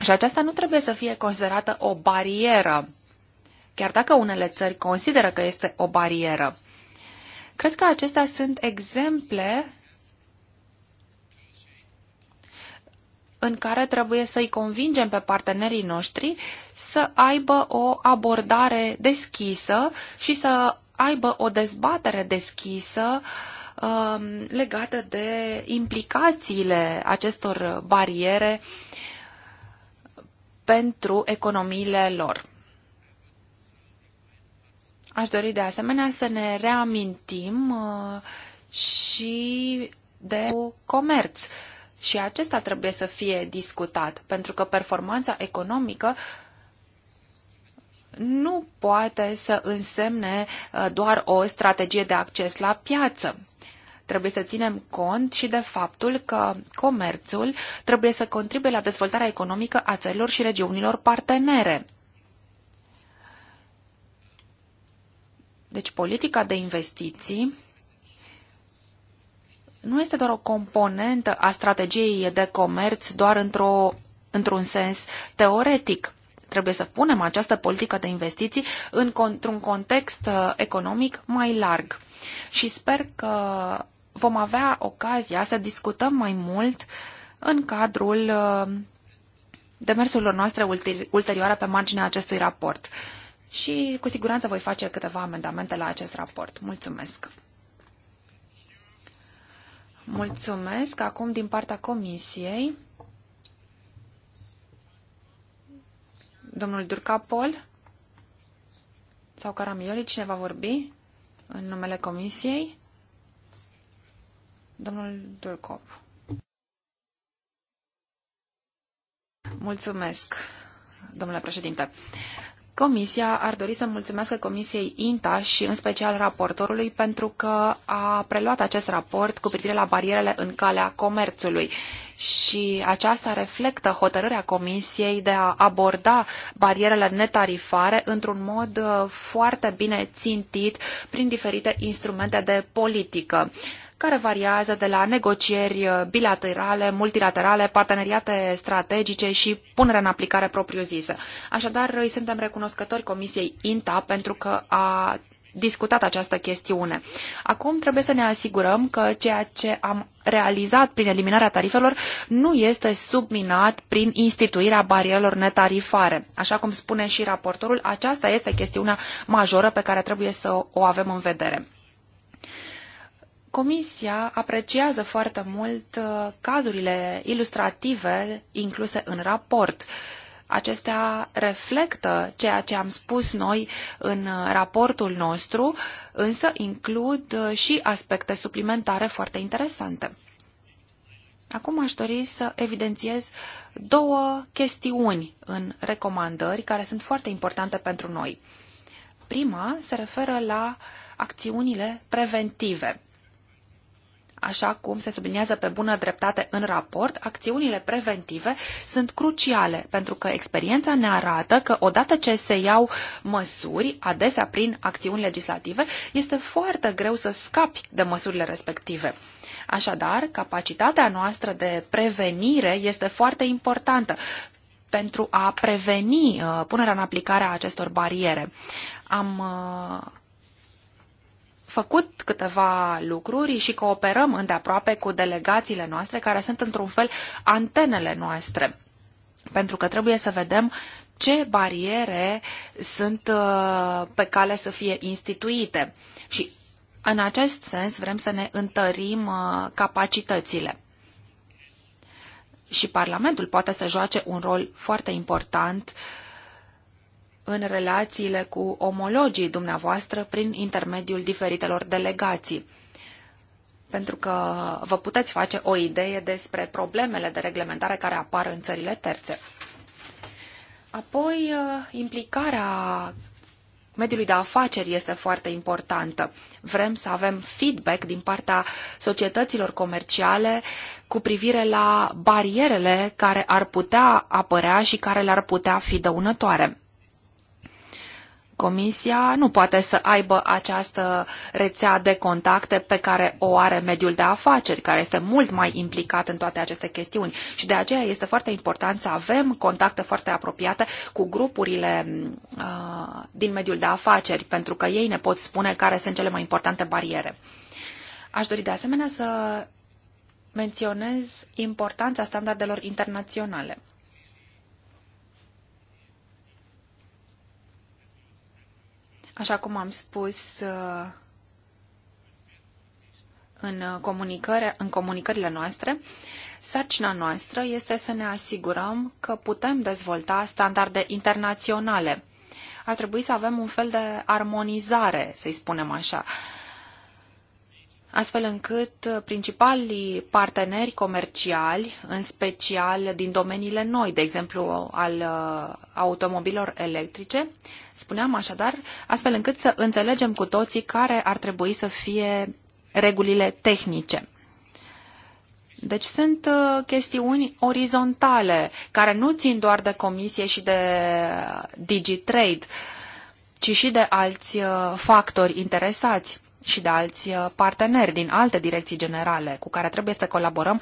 Și aceasta nu trebuie să fie considerată o barieră, chiar dacă unele țări consideră că este o barieră. Cred că acestea sunt exemple în care trebuie să-i convingem pe partenerii noștri să aibă o abordare deschisă și să aibă o dezbatere deschisă um, legată de implicațiile acestor bariere pentru economiile lor. Aș dori de asemenea să ne reamintim uh, și de comerț. Uh, și acesta trebuie să fie discutat, pentru că performanța economică nu poate să însemne uh, doar o strategie de acces la piață. Trebuie să ținem cont și de faptul că comerțul trebuie să contribuie la dezvoltarea economică a țărilor și regiunilor partenere. Deci politica de investiții nu este doar o componentă a strategiei de comerț doar într-o, într-un sens teoretic. Trebuie să punem această politică de investiții într-un context uh, economic mai larg. Și sper că vom avea ocazia să discutăm mai mult în cadrul uh, demersurilor noastre ulterioare pe marginea acestui raport. Și cu siguranță voi face câteva amendamente la acest raport. Mulțumesc! Mulțumesc. Acum, din partea Comisiei, domnul Durcapol sau Caramioli, cine va vorbi în numele Comisiei? Domnul Durcop. Mulțumesc, domnule președinte. Comisia ar dori să mulțumesc Comisiei INTA și în special raportorului pentru că a preluat acest raport cu privire la barierele în calea comerțului și aceasta reflectă hotărârea Comisiei de a aborda barierele netarifare într-un mod uh, foarte bine țintit prin diferite instrumente de politică care variază de la negocieri uh, bilaterale, multilaterale, parteneriate strategice și punerea în aplicare propriu-zisă. Așadar, îi suntem recunoscători Comisiei INTA pentru că a discutat această chestiune. Acum trebuie să ne asigurăm că ceea ce am realizat prin eliminarea tarifelor nu este subminat prin instituirea barierelor netarifare. Așa cum spune și raportorul, aceasta este chestiunea majoră pe care trebuie să o avem în vedere. Comisia apreciază foarte mult uh, cazurile ilustrative incluse în raport. Acestea reflectă ceea ce am spus noi în uh, raportul nostru, însă includ uh, și aspecte suplimentare foarte interesante. Acum aș dori să evidențiez două chestiuni în recomandări care sunt foarte importante pentru noi. Prima se referă la acțiunile preventive. Așa cum se subliniază pe bună dreptate în raport, acțiunile preventive sunt cruciale pentru că experiența ne arată că odată ce se iau măsuri, adesea prin acțiuni legislative, este foarte greu să scapi de măsurile respective. Așadar, capacitatea noastră de prevenire este foarte importantă pentru a preveni uh, punerea în aplicare a acestor bariere. Am uh, făcut câteva lucruri și cooperăm îndeaproape cu delegațiile noastre, care sunt într-un fel antenele noastre. Pentru că trebuie să vedem ce bariere sunt uh, pe cale să fie instituite. Și în acest sens vrem să ne întărim uh, capacitățile. Și Parlamentul poate să joace un rol foarte important uh, în relațiile cu omologii dumneavoastră prin intermediul diferitelor delegații. Pentru că vă puteți face o idee despre problemele de reglementare care apar în țările terțe. Apoi, uh, implicarea mediului de afaceri este foarte importantă. Vrem să avem feedback din partea societăților comerciale cu privire la barierele care ar putea apărea și care le-ar putea fi dăunătoare. Comisia nu poate să aibă această rețea de contacte pe care o are mediul de afaceri, care este mult mai implicat în toate aceste chestiuni și de aceea este foarte important să avem contacte foarte apropiate cu grupurile uh, din mediul de afaceri, pentru că ei ne pot spune care sunt cele mai importante bariere. Aș dori de asemenea să menționez importanța standardelor internaționale. Așa cum am spus uh, în, comunicări, în comunicările noastre, sarcina noastră este să ne asigurăm că putem dezvolta standarde internaționale. Ar trebui să avem un fel de armonizare, să-i spunem așa, astfel încât uh, principalii parteneri comerciali, în special din domeniile noi, de exemplu al uh, automobilor electrice, spuneam așadar, astfel încât să înțelegem cu toții care ar trebui să fie regulile tehnice. Deci sunt uh, chestiuni orizontale, care nu țin doar de comisie și de DigiTrade, ci și de alți factori interesați și de alți uh, parteneri din alte direcții generale cu care trebuie să colaborăm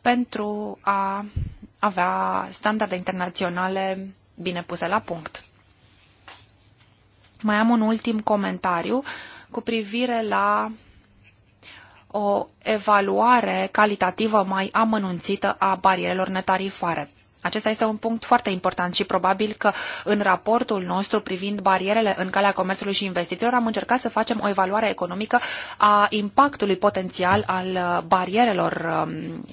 pentru a avea standarde internaționale bine puse la punct. Mai am un ultim comentariu cu privire la o evaluare calitativă mai amănunțită a barierelor netarifare. Acesta este un punct foarte important și probabil că în raportul nostru privind barierele în calea comerțului și investițiilor am încercat să facem o evaluare economică a impactului potențial al uh, barierelor um,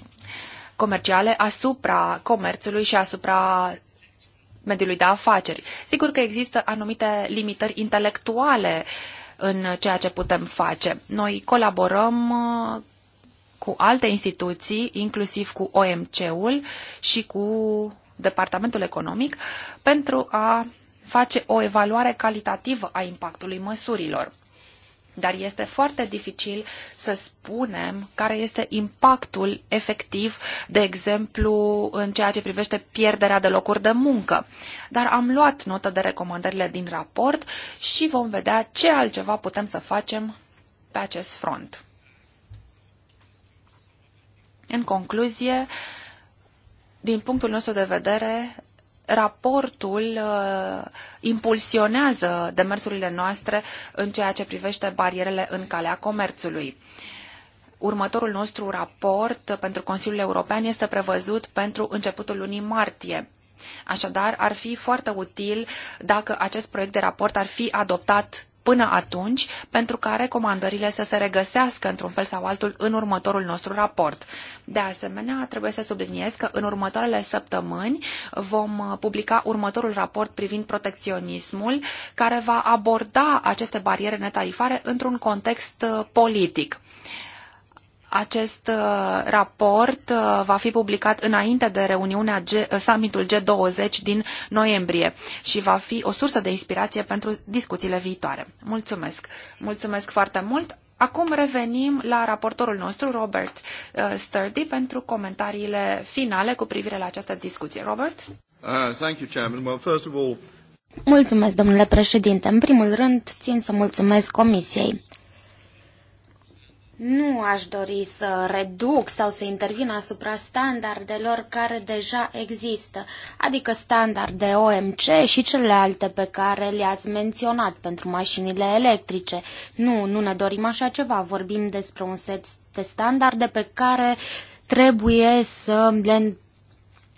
comerciale asupra comerțului și asupra mediului de afaceri. Sigur că există anumite limitări intelectuale în ceea ce putem face. Noi colaborăm uh, cu alte instituții, inclusiv cu OMC-ul și cu Departamentul Economic, pentru a face o evaluare calitativă a impactului măsurilor. Dar este foarte dificil să spunem care este impactul efectiv, de exemplu, în ceea ce privește pierderea de locuri de muncă. Dar am luat notă de recomandările din raport și vom vedea ce altceva putem să facem pe acest front. În concluzie, din punctul nostru de vedere, raportul uh, impulsionează demersurile noastre în ceea ce privește barierele în calea comerțului. Următorul nostru raport pentru Consiliul European este prevăzut pentru începutul lunii martie. Așadar, ar fi foarte util dacă acest proiect de raport ar fi adoptat până atunci pentru ca recomandările să se regăsească într-un fel sau altul în următorul nostru raport. De asemenea, trebuie să subliniez că în următoarele săptămâni vom publica următorul raport privind protecționismul, care va aborda aceste bariere netarifare într-un context politic. Acest uh, raport uh, va fi publicat înainte de reuniunea G, uh, summitul G20 din noiembrie și va fi o sursă de inspirație pentru discuțiile viitoare. Mulțumesc! Mulțumesc foarte mult! Acum revenim la raportorul nostru, Robert Sturdy, pentru comentariile finale cu privire la această discuție. Robert? Uh, thank you, Chairman. Well, first of all... Mulțumesc, domnule președinte. În primul rând, țin să mulțumesc Comisiei. Nu aș dori să reduc sau să intervin asupra standardelor care deja există, adică standarde OMC și celelalte pe care le-ați menționat pentru mașinile electrice. Nu, nu ne dorim așa ceva, vorbim despre un set de standarde pe care trebuie să le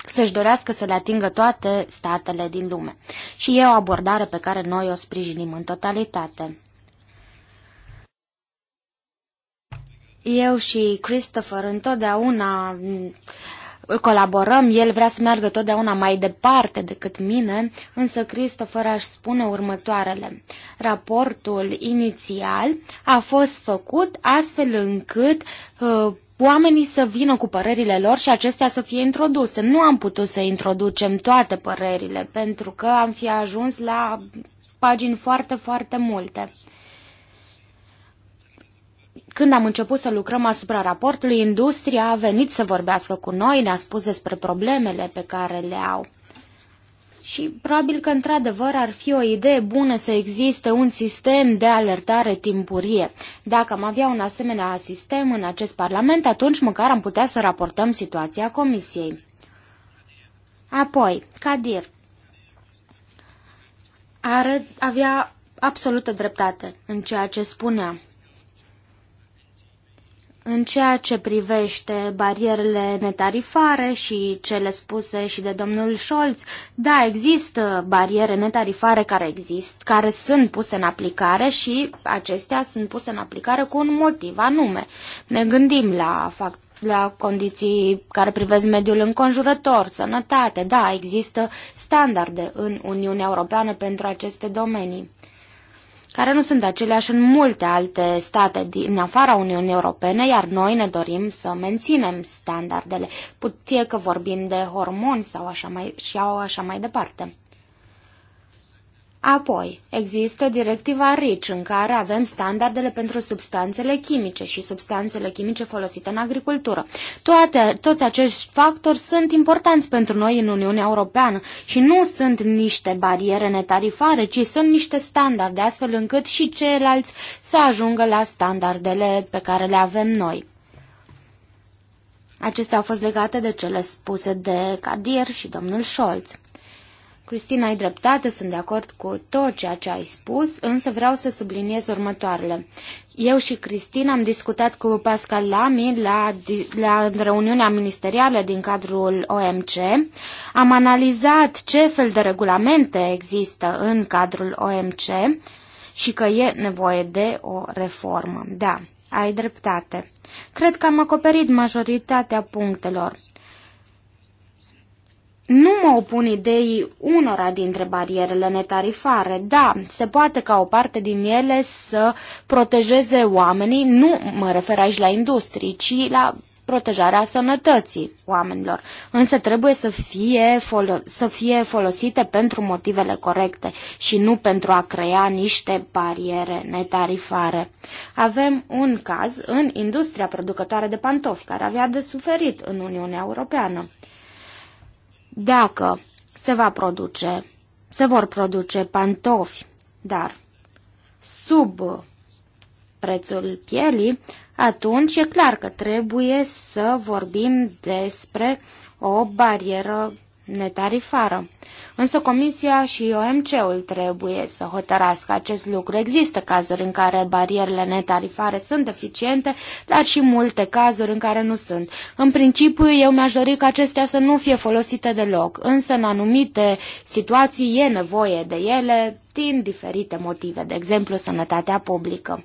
să-și dorească să le atingă toate statele din lume. Și e o abordare pe care noi o sprijinim în totalitate. Eu și Christopher întotdeauna mm, colaborăm, el vrea să meargă totdeauna mai departe decât mine, însă Christopher aș spune următoarele. Raportul inițial a fost făcut astfel încât uh, oamenii să vină cu părerile lor și acestea să fie introduse. Nu am putut să introducem toate părerile, pentru că am fi ajuns la pagini foarte, foarte multe. Când am început să lucrăm asupra raportului, industria a venit să vorbească cu noi, ne-a spus despre problemele pe care le au. Și probabil că, într-adevăr, ar fi o idee bună să existe un sistem de alertare timpurie. Dacă am avea un asemenea sistem în acest Parlament, atunci măcar am putea să raportăm situația Comisiei. Apoi, Kadir are avea absolută dreptate în ceea ce spunea. În ceea ce privește barierele netarifare și cele spuse și de domnul Scholz, da, există bariere netarifare care există, care sunt puse în aplicare și acestea sunt puse în aplicare cu un motiv anume. Ne gândim la fapt la condiții care privesc mediul înconjurător, sănătate, da, există standarde în Uniunea Europeană pentru aceste domenii care nu sunt aceleași în multe alte state din afara Uniunii Europene, iar noi ne dorim să menținem standardele, fie că vorbim de hormoni sau așa mai, și așa mai departe. Apoi, există directiva RICH, în care avem standardele pentru substanțele chimice și substanțele chimice folosite în agricultură. Toate, toți acești factori sunt importanți pentru noi în Uniunea Europeană și nu sunt niște bariere netarifare, ci sunt niște standarde, astfel încât și ceilalți să ajungă la standardele pe care le avem noi. Acestea au fost legate de cele spuse de Kadir și domnul Scholz. Cristina, ai dreptate, sunt de acord cu tot ceea ce ai spus, însă vreau să subliniez următoarele. Eu și Cristina am discutat cu Pascal Lamy la, la reuniunea ministerială din cadrul OMC. Am analizat ce fel de regulamente există în cadrul OMC și că e nevoie de o reformă. Da, ai dreptate. Cred că am acoperit majoritatea punctelor. Nu mă opun ideii unora dintre barierele netarifare. Da, se poate ca o parte din ele să protejeze oamenii, nu mă refer aici la industrii, ci la protejarea sănătății oamenilor, însă trebuie să fie, folo- să fie folosite pentru motivele corecte și nu pentru a crea niște bariere netarifare. Avem un caz în industria producătoare de pantofi care avea de suferit în Uniunea Europeană. Dacă se va produce, se vor produce pantofi, dar sub prețul pielii, atunci e clar că trebuie să vorbim despre o barieră netarifară. Însă Comisia și OMC-ul trebuie să hotărască acest lucru. Există cazuri în care barierele netarifare sunt eficiente, dar și multe cazuri în care nu sunt. În principiu, eu mi-aș dori ca acestea să nu fie folosite deloc, însă în anumite situații e nevoie de ele din diferite motive, de exemplu sănătatea publică.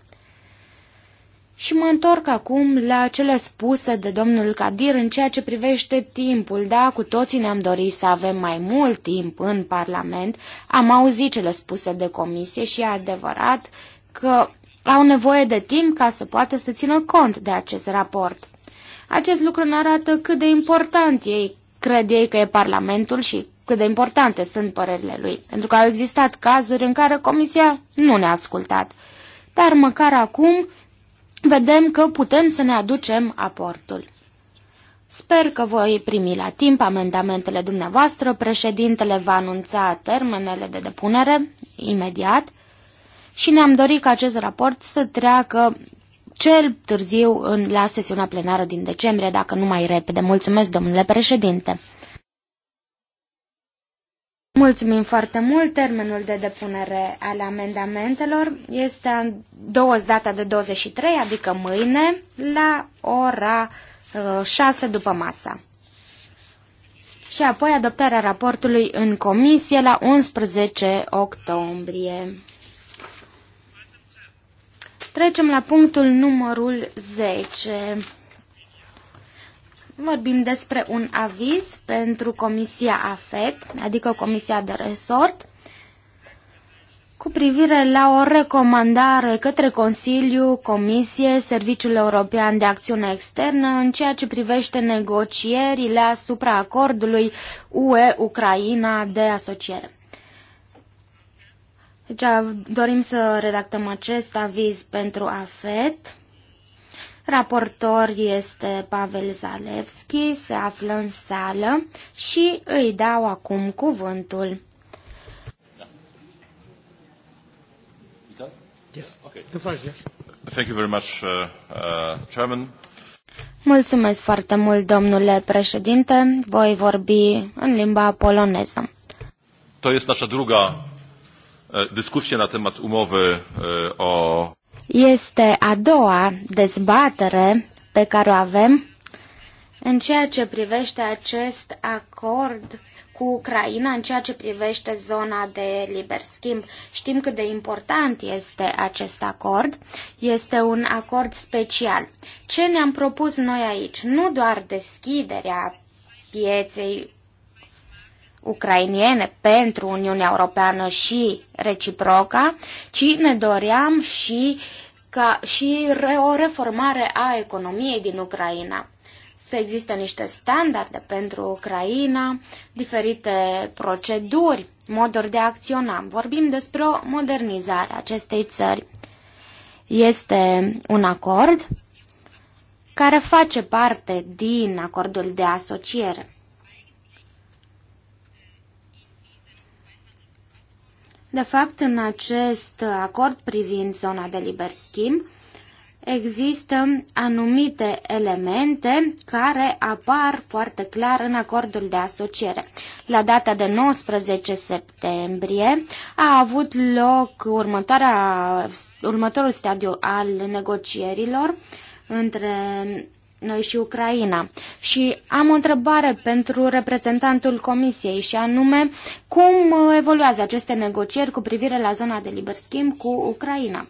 Și mă întorc acum la cele spuse de domnul Cadir în ceea ce privește timpul. Da, cu toții ne-am dorit să avem mai mult timp în Parlament. Am auzit cele spuse de comisie și e adevărat că au nevoie de timp ca să poată să țină cont de acest raport. Acest lucru ne arată cât de important ei cred ei că e Parlamentul și cât de importante sunt părerile lui, pentru că au existat cazuri în care Comisia nu ne-a ascultat. Dar măcar acum vedem că putem să ne aducem aportul. Sper că voi primi la timp amendamentele dumneavoastră, președintele va anunța termenele de depunere imediat și ne-am dorit ca acest raport să treacă cel târziu în, la sesiunea plenară din decembrie, dacă nu mai repede. Mulțumesc, domnule președinte! Mulțumim foarte mult. Termenul de depunere al amendamentelor este data de 23, adică mâine, la ora 6 uh, după masa. Și apoi adoptarea raportului în comisie la 11 octombrie. Trecem la punctul numărul 10. Vorbim despre un aviz pentru Comisia AFET, adică Comisia de Resort, cu privire la o recomandare către Consiliu, Comisie, Serviciul European de Acțiune Externă în ceea ce privește negocierile asupra acordului UE-Ucraina de asociere. Deci dorim să redactăm acest aviz pentru AFET. Raportor este Pavel Zalewski, se află în sală și îi dau acum cuvântul. Uh, uh, Mulțumesc foarte mult, domnule președinte. Voi vorbi în limba poloneză. To jest nasza druga dyskusja na temat umowy o este a doua dezbatere pe care o avem în ceea ce privește acest acord cu Ucraina în ceea ce privește zona de liber schimb. Știm cât de important este acest acord. Este un acord special. Ce ne-am propus noi aici? Nu doar deschiderea pieței ucrainiene pentru Uniunea Europeană și reciproca, ci ne doream și, ca, și re, o reformare a economiei din Ucraina. Să existe niște standarde pentru Ucraina, diferite proceduri, moduri de a acționa. Vorbim despre o modernizare a acestei țări. Este un acord care face parte din acordul de asociere. De fapt, în acest acord privind zona de liber schimb, există anumite elemente care apar foarte clar în acordul de asociere. La data de 19 septembrie a avut loc următoarea, următorul stadiu al negocierilor între noi și Ucraina. Și am o întrebare pentru reprezentantul Comisiei și anume cum uh, evoluează aceste negocieri cu privire la zona de liber schimb cu Ucraina.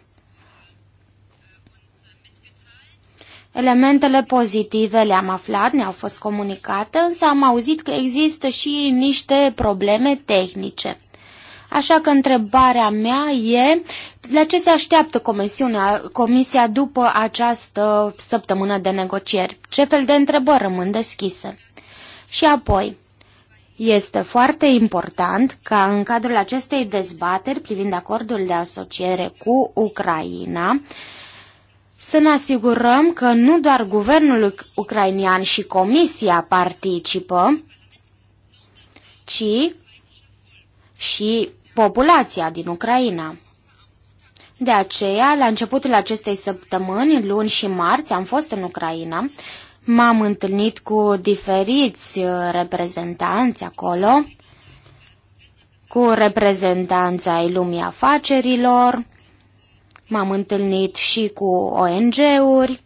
Elementele pozitive le-am aflat, ne-au fost comunicate, însă am auzit că există și niște probleme tehnice. Așa că întrebarea mea e la ce se așteaptă comisiunea, comisia după această săptămână de negocieri? Ce fel de întrebări rămân deschise? Și apoi, este foarte important ca în cadrul acestei dezbateri privind acordul de asociere cu Ucraina, să ne asigurăm că nu doar guvernul ucrainian și comisia participă, ci și populația din Ucraina. De aceea, la începutul acestei săptămâni, luni și marți, am fost în Ucraina, m-am întâlnit cu diferiți uh, reprezentanți acolo, cu reprezentanța ai lumii afacerilor, m-am întâlnit și cu ONG-uri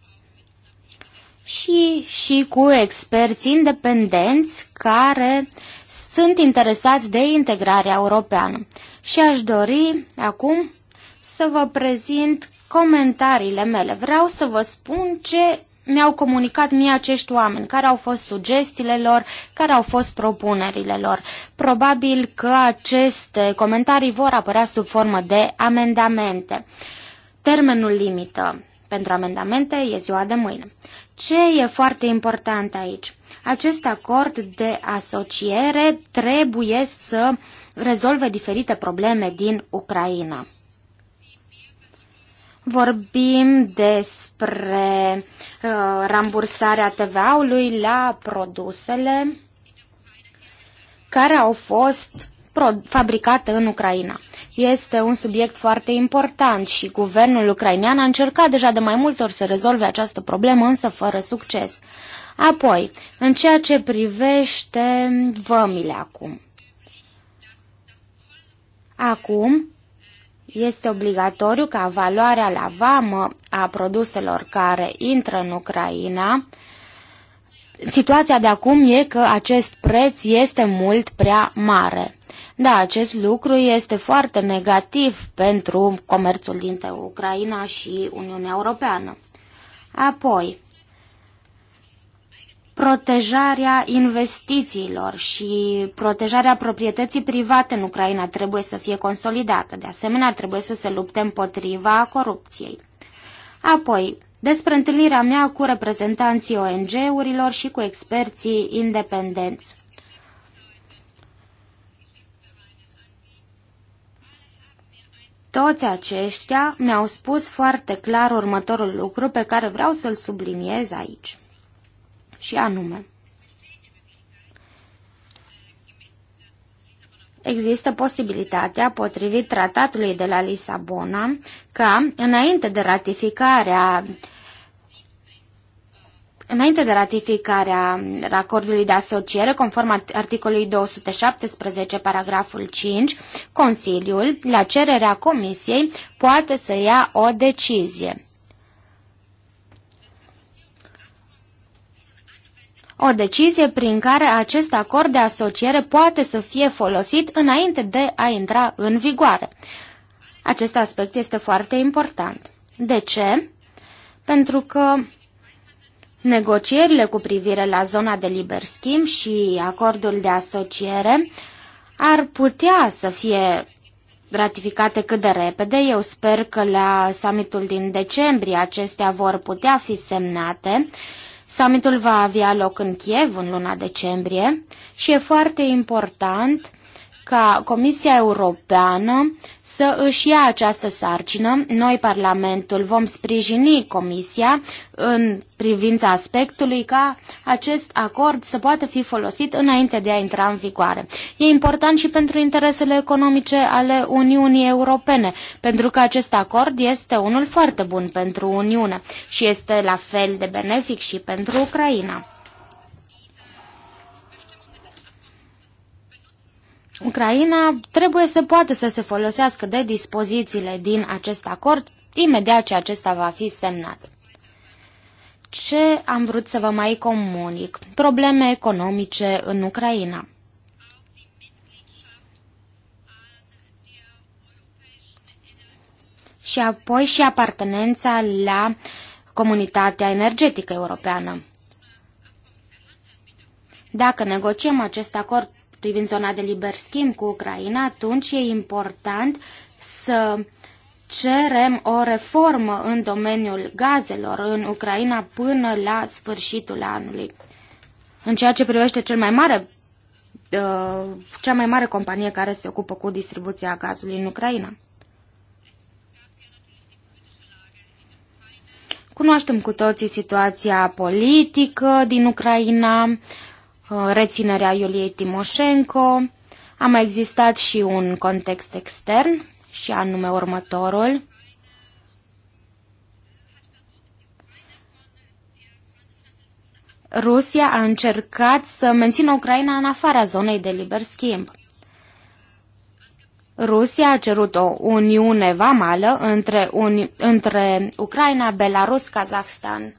și, și cu experți independenți care uh, sunt interesați de integrarea europeană. Și aș dori acum să vă prezint comentariile mele. Vreau să vă spun ce mi-au comunicat mie acești oameni, care au fost sugestiile lor, care au fost propunerile lor. Probabil că aceste comentarii vor apărea sub formă de amendamente. Termenul limită pentru amendamente e ziua de mâine. Ce e foarte important aici? Acest acord de asociere trebuie să rezolve diferite probleme din Ucraina. Vorbim despre uh, rambursarea TVA-ului la produsele care au fost fabricată în Ucraina. Este un subiect foarte important și guvernul ucrainean a încercat deja de mai multe ori să rezolve această problemă, însă fără succes. Apoi, în ceea ce privește vămile acum. Acum este obligatoriu ca valoarea la vamă a produselor care intră în Ucraina Situația de acum e că acest preț este mult prea mare. Da, acest lucru este foarte negativ pentru comerțul dintre Ucraina și Uniunea Europeană. Apoi, protejarea investițiilor și protejarea proprietății private în Ucraina trebuie să fie consolidată. De asemenea, trebuie să se lupte împotriva corupției. Apoi, despre întâlnirea mea cu reprezentanții ONG-urilor și cu experții independenți. Toți aceștia mi-au spus foarte clar următorul lucru pe care vreau să-l subliniez aici. Și anume, există posibilitatea, potrivit tratatului de la Lisabona, ca, înainte de ratificarea Înainte de ratificarea acordului de asociere, conform articolului 217, paragraful 5, Consiliul, la cererea Comisiei, poate să ia o decizie. O decizie prin care acest acord de asociere poate să fie folosit înainte de a intra în vigoare. Acest aspect este foarte important. De ce? Pentru că Negocierile cu privire la zona de liber schimb și acordul de asociere ar putea să fie ratificate cât de repede. Eu sper că la summitul din decembrie acestea vor putea fi semnate. Summitul va avea loc în Kiev în luna decembrie și e foarte important ca Comisia Europeană să își ia această sarcină. Noi, Parlamentul, vom sprijini Comisia în privința aspectului ca acest acord să poată fi folosit înainte de a intra în vigoare. E important și pentru interesele economice ale Uniunii Europene, pentru că acest acord este unul foarte bun pentru Uniune și este la fel de benefic și pentru Ucraina. Ucraina trebuie să poată să se folosească de dispozițiile din acest acord imediat ce acesta va fi semnat. Ce am vrut să vă mai comunic? Probleme economice în Ucraina. Și apoi și apartenența la comunitatea energetică europeană. Dacă negociem acest acord privind zona de liber schimb cu Ucraina, atunci e important să cerem o reformă în domeniul gazelor în Ucraina până la sfârșitul anului. În ceea ce privește cel mai mare, uh, cea mai mare companie care se ocupă cu distribuția gazului în Ucraina. Cunoaștem cu toții situația politică din Ucraina, Uh, reținerea Iuliei Timoșenco. A mai existat și un context extern, și anume următorul. Rusia a încercat să mențină Ucraina în afara zonei de liber schimb. Rusia a cerut o uniune vamală între, uni, între Ucraina, Belarus, Kazahstan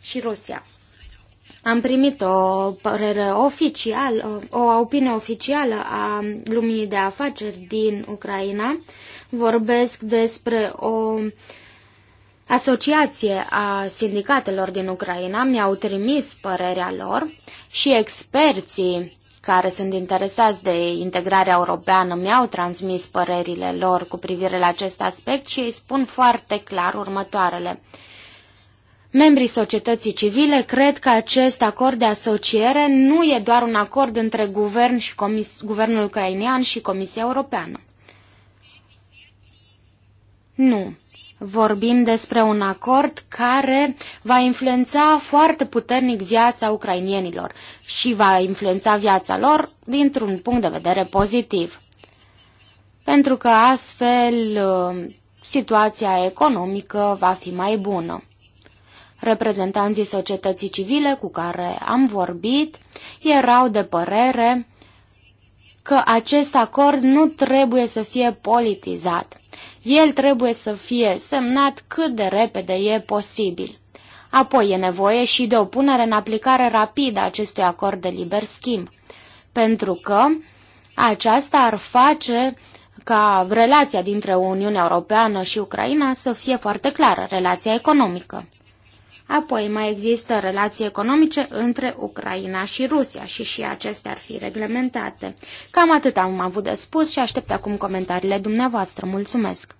și Rusia. Am primit o părere oficială, o opinie oficială a lumii de afaceri din Ucraina. Vorbesc despre o asociație a sindicatelor din Ucraina. Mi-au trimis părerea lor și experții care sunt interesați de integrarea europeană mi-au transmis părerile lor cu privire la acest aspect și îi spun foarte clar următoarele. Membrii societății civile cred că acest acord de asociere nu e doar un acord între guvern și comis- guvernul ucrainean și Comisia Europeană. Nu. Vorbim despre un acord care va influența foarte puternic viața ucrainienilor și va influența viața lor dintr-un punct de vedere pozitiv. Pentru că astfel uh, situația economică va fi mai bună. Reprezentanții societății civile cu care am vorbit erau de părere că acest acord nu trebuie să fie politizat. El trebuie să fie semnat cât de repede e posibil. Apoi e nevoie și de o punere în aplicare rapidă a acestui acord de liber schimb, pentru că aceasta ar face ca relația dintre Uniunea Europeană și Ucraina să fie foarte clară, relația economică. Apoi mai există relații economice între Ucraina și Rusia și și acestea ar fi reglementate. Cam atât am avut de spus și aștept acum comentariile dumneavoastră. Mulțumesc!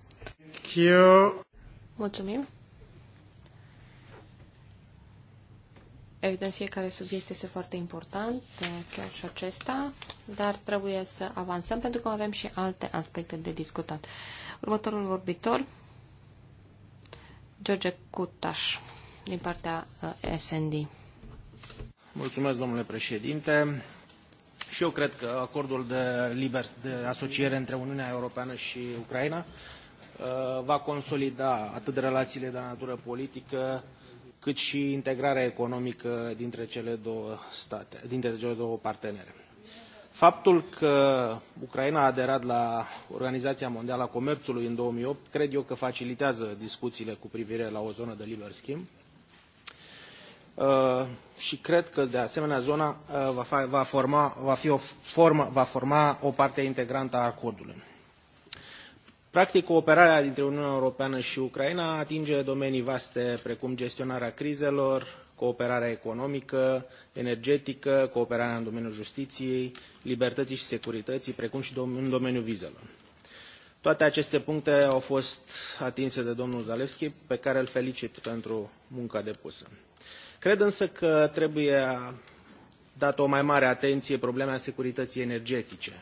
Mulțumim! Evident, fiecare subiect este foarte important, chiar și acesta, dar trebuie să avansăm pentru că avem și alte aspecte de discutat. Următorul vorbitor, George Cutaș din partea uh, SND. Mulțumesc, domnule președinte. Și eu cred că acordul de liber de asociere între Uniunea Europeană și Ucraina uh, va consolida atât relațiile de natură politică, cât și integrarea economică dintre cele două state, dintre cele două partenere. Faptul că Ucraina a aderat la Organizația Mondială a Comerțului în 2008, cred eu că facilitează discuțiile cu privire la o zonă de liber schimb, Uh, și cred că, de asemenea, zona uh, va, forma, va, fi o formă, va forma o parte integrantă a acordului. Practic, cooperarea dintre Uniunea Europeană și Ucraina atinge domenii vaste precum gestionarea crizelor, cooperarea economică, energetică, cooperarea în domeniul justiției, libertății și securității, precum și în domeniul vizelor. Toate aceste puncte au fost atinse de domnul Zalewski, pe care îl felicit pentru munca depusă. Cred însă că trebuie dat o mai mare atenție problemei securității energetice.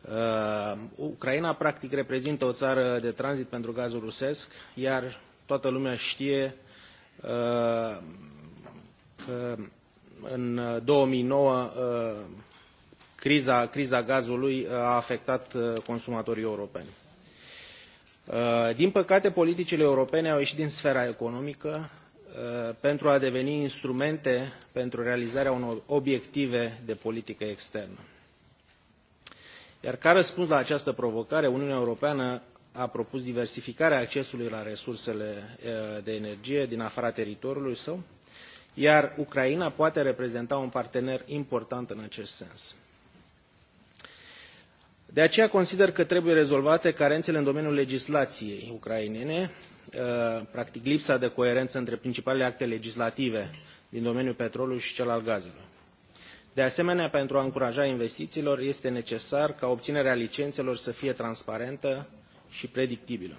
Uh, Ucraina practic reprezintă o țară de tranzit pentru gazul rusesc, iar toată lumea știe uh, că în 2009 uh, criza, criza gazului a afectat uh, consumatorii europeni. Uh, din păcate, politicile europene au ieșit din sfera economică, Uh, pentru a deveni instrumente pentru realizarea unor obiective de politică externă. Iar ca răspuns la această provocare, Uniunea Europeană a propus diversificarea accesului la resursele uh, de energie din afara teritoriului său, iar Ucraina poate reprezenta un partener important în acest sens. De aceea consider că trebuie rezolvate carențele în domeniul legislației ucrainene, Uh, practic lipsa de coerență între principalele acte legislative din domeniul petrolului și cel al gazelor. De asemenea, pentru a încuraja investițiilor, este necesar ca obținerea licențelor să fie transparentă și predictibilă.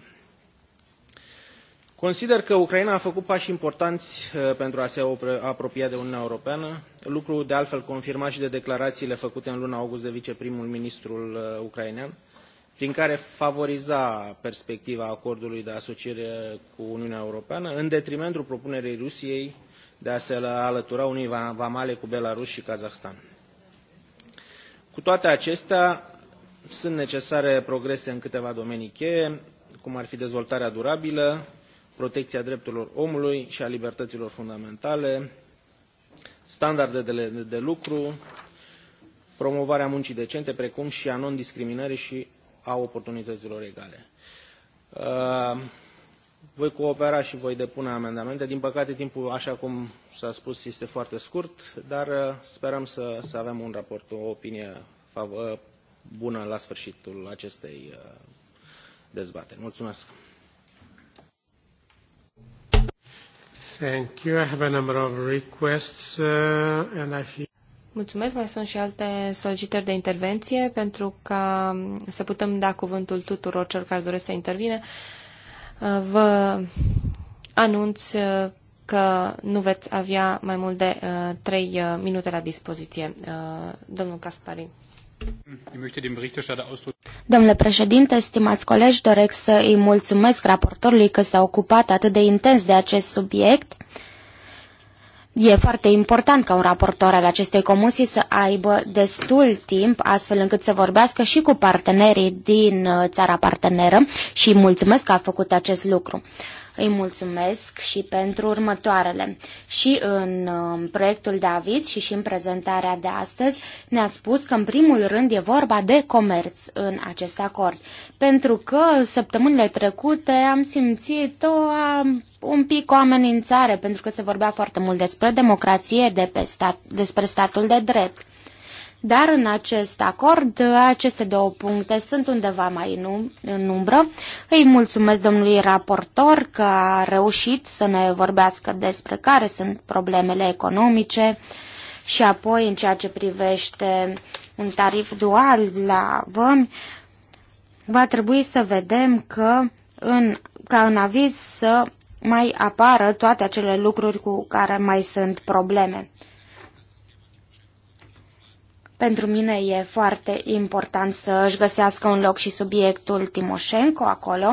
Consider că Ucraina a făcut pași importanți uh, pentru a se apropia de Uniunea Europeană, lucru de altfel confirmat și de declarațiile făcute în luna august de viceprimul ministrul uh, ucrainean, prin care favoriza perspectiva acordului de asociere cu Uniunea Europeană, în detrimentul propunerii Rusiei de a se alătura unii vamale cu Belarus și Kazahstan. Cu toate acestea, sunt necesare progrese în câteva domenii cheie, cum ar fi dezvoltarea durabilă, protecția drepturilor omului și a libertăților fundamentale, standardele de lucru, promovarea muncii decente, precum și a non-discriminării și a oportunităților egale. Uh, voi coopera și voi depune amendamente. Din păcate, timpul, așa cum s-a spus, este foarte scurt, dar uh, sperăm să, să avem un raport, o opinie uh, bună la sfârșitul acestei dezbateri. Mulțumesc! Thank you. I have a number of requests, uh, and I feel Mulțumesc, mai sunt și alte solicitări de intervenție pentru ca să putem da cuvântul tuturor celor care doresc să intervine. Vă anunț uh, că nu veți avea mai mult de uh, uh minute la dispoziție. Uh, domnul Casparin. Domnule președinte, stimați colegi, doresc să îi mulțumesc raportorului că s-a ocupat atât de intens de acest subiect. Uh, E foarte important ca un raportor al acestei comisii să aibă destul timp astfel încât să vorbească și cu partenerii din uh, țara parteneră și mulțumesc că a făcut acest lucru. Îi mulțumesc și pentru următoarele. Și în um, proiectul de aviz și și în prezentarea de astăzi ne-a spus că în primul rând e vorba de comerț în acest acord. Pentru că săptămânile trecute am simțit o un pic o amenințare, pentru că se vorbea foarte mult despre democrație, de pe stat, despre statul de drept. Dar în acest acord, aceste două puncte sunt undeva mai um-, în umbră. Îi mulțumesc domnului raportor că a reușit să ne vorbească despre care sunt problemele economice și apoi în ceea ce privește un tarif dual la vămi, va trebui să vedem că în, ca în aviz să mai apară toate acele lucruri cu care mai sunt probleme. Pentru mine e foarte important să își găsească un loc și subiectul Timoshenko acolo,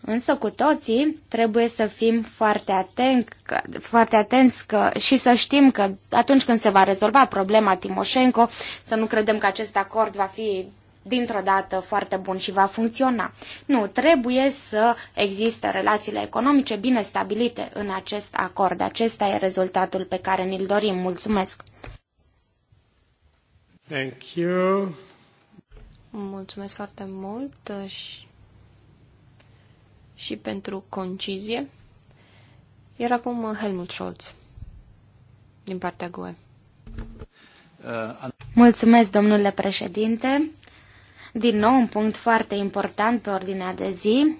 însă cu toții trebuie să fim foarte, atent, foarte atenți că, și să știm că atunci când se va rezolva problema Timoshenko, să nu credem că acest acord va fi dintr-o dată foarte bun și va funcționa. Nu, trebuie să existe relațiile economice bine stabilite în acest acord. Acesta e rezultatul pe care ni-l dorim. Mulțumesc! Thank you. Mulțumesc foarte mult uh, și, și pentru concizie. Iar acum uh, Helmut Scholz, din partea GUE. Uh, mulțumesc, domnule președinte. Din nou, un punct foarte important pe ordinea de zi.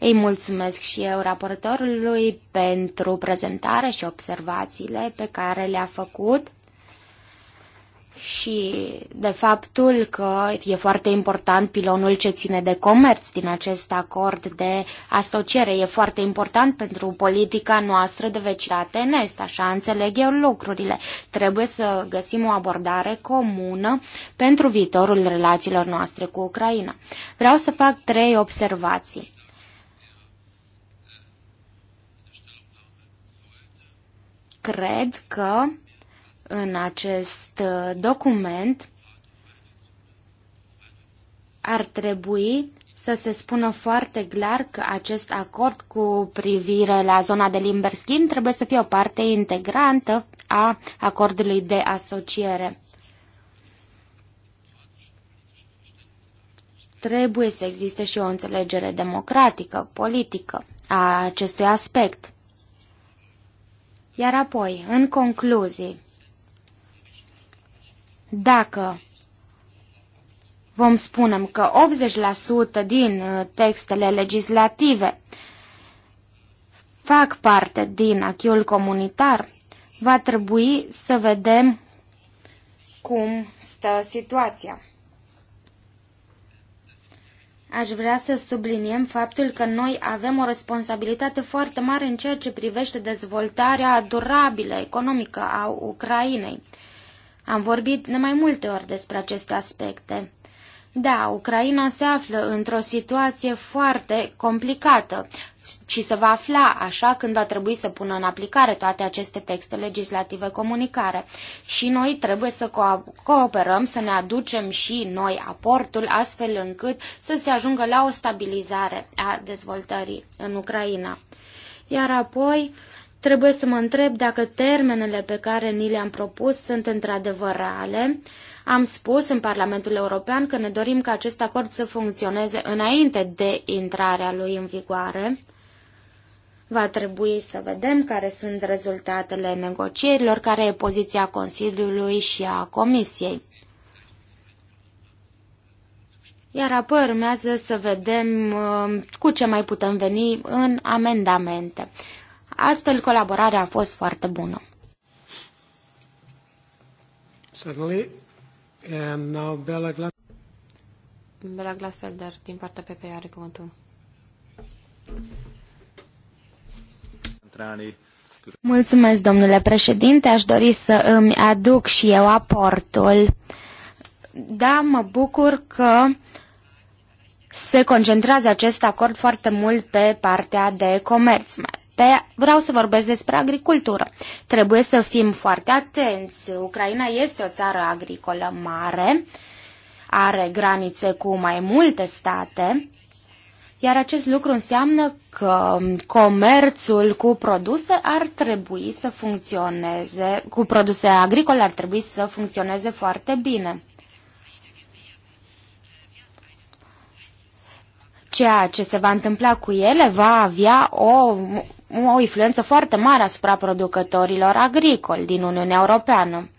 Îi mulțumesc și eu raportorului pentru prezentare și observațiile pe care le-a făcut și de faptul că e foarte important pilonul ce ține de comerț din acest acord de asociere. E foarte important pentru politica noastră de vecinătate în est, așa înțeleg eu lucrurile. Trebuie să găsim o abordare comună pentru viitorul relațiilor noastre cu Ucraina. Vreau să fac trei observații. Cred că în acest uh, document ar trebui să se spună foarte clar că acest acord cu privire la zona de liber schimb trebuie să fie o parte integrantă a acordului de asociere. Trebuie să existe și o înțelegere democratică, politică a acestui aspect. Iar apoi, în concluzii, dacă vom spunem că 80% din uh, textele legislative fac parte din achiul comunitar, va trebui să vedem cum stă situația. Aș vrea să subliniem faptul că noi avem o responsabilitate foarte mare în ceea ce privește dezvoltarea durabilă economică a Ucrainei. Am vorbit de mai multe ori despre aceste aspecte. Da, Ucraina se află într-o situație foarte complicată și se va afla așa când va trebui să pună în aplicare toate aceste texte legislative comunicare. Și noi trebuie să co- cooperăm, să ne aducem și noi aportul, astfel încât să se ajungă la o stabilizare a dezvoltării în Ucraina. Iar apoi, Trebuie să mă întreb dacă termenele pe care ni le-am propus sunt într-adevăr reale. Am spus în Parlamentul European că ne dorim ca acest acord să funcționeze înainte de intrarea lui în vigoare. Va trebui să vedem care sunt rezultatele negocierilor, care e poziția Consiliului și a Comisiei. Iar apoi urmează să vedem uh, cu ce mai putem veni în amendamente. Astfel, colaborarea a fost foarte bună. Certainly. And now Bella Glad Bella din partea PP, are cuvântul. Mulțumesc, domnule președinte. Aș dori să îmi aduc și eu aportul. Da, mă bucur că se concentrează acest acord foarte mult pe partea de comerț, pe, vreau să vorbesc despre agricultură. Trebuie să fim foarte atenți. Ucraina este o țară agricolă mare, are granițe cu mai multe state, iar acest lucru înseamnă că comerțul cu produse ar trebui să funcționeze, cu produse agricole ar trebui să funcționeze foarte bine. ceea ce se va întâmpla cu ele va avea o o influență foarte mare asupra producătorilor agricoli din Uniunea Europeană.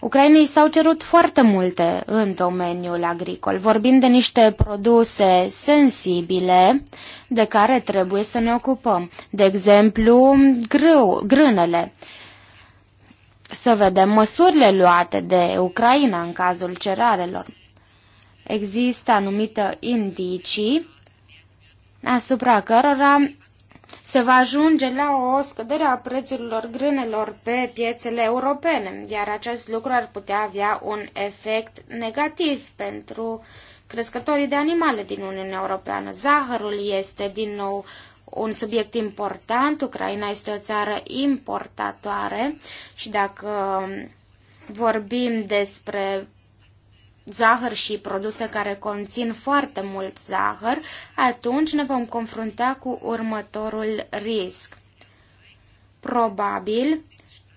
Ucrainei s-au cerut foarte multe în domeniul agricol. Vorbim de niște produse sensibile de care trebuie să ne ocupăm. De exemplu, grâu, grânele. Să vedem măsurile luate de Ucraina în cazul cerarelor. Există anumite indicii asupra cărora se va ajunge la o scădere a prețurilor grânelor pe piețele europene, iar acest lucru ar putea avea un efect negativ pentru crescătorii de animale din Uniunea Europeană. Zahărul este din nou un subiect important. Ucraina este o țară importatoare și dacă vorbim despre zahăr și produse care conțin foarte mult zahăr, atunci ne vom confrunta cu următorul risc. Probabil,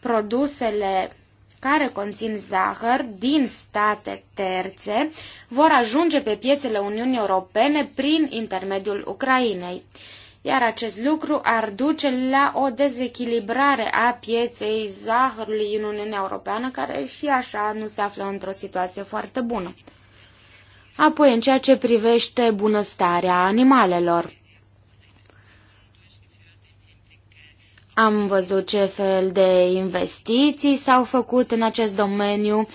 produsele care conțin zahăr din state terțe vor ajunge pe piețele Uniunii Europene prin intermediul Ucrainei iar acest lucru ar duce la o dezechilibrare a pieței zahărului în Uniunea Europeană, care și așa nu se află într-o situație foarte bună. Apoi, în ceea ce privește bunăstarea animalelor, Am văzut ce fel de investiții s-au făcut în acest domeniu,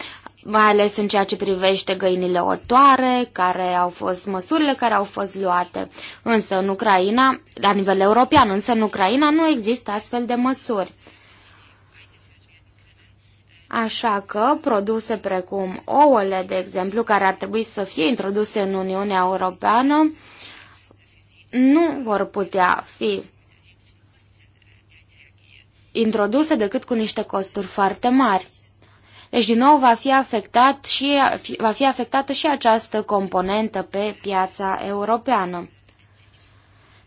mai ales în ceea ce privește găinile otoare, care au fost măsurile care au fost luate. Însă în Ucraina, la nivel european, însă în Ucraina nu există astfel de măsuri. Așa că produse precum ouăle, de exemplu, care ar trebui să fie introduse în Uniunea Europeană, nu vor putea fi introduse decât cu niște costuri foarte mari. Deci, din nou, va fi, afectat și, va fi afectată și această componentă pe piața europeană.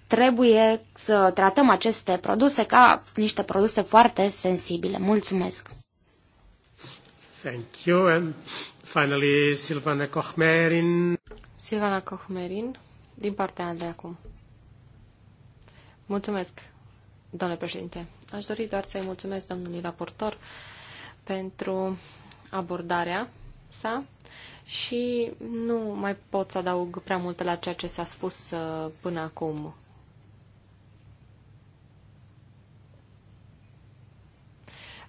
Trebuie să tratăm aceste produse ca niște produse foarte sensibile. Mulțumesc! Thank you. And finally, Silvana Kochmerin. Silvana Kochmerin, din partea de acum. Mulțumesc, domnule președinte. Aș dori doar să-i mulțumesc domnului raportor pentru abordarea sa și nu mai pot să adaug prea multe la ceea ce s-a spus uh, până acum.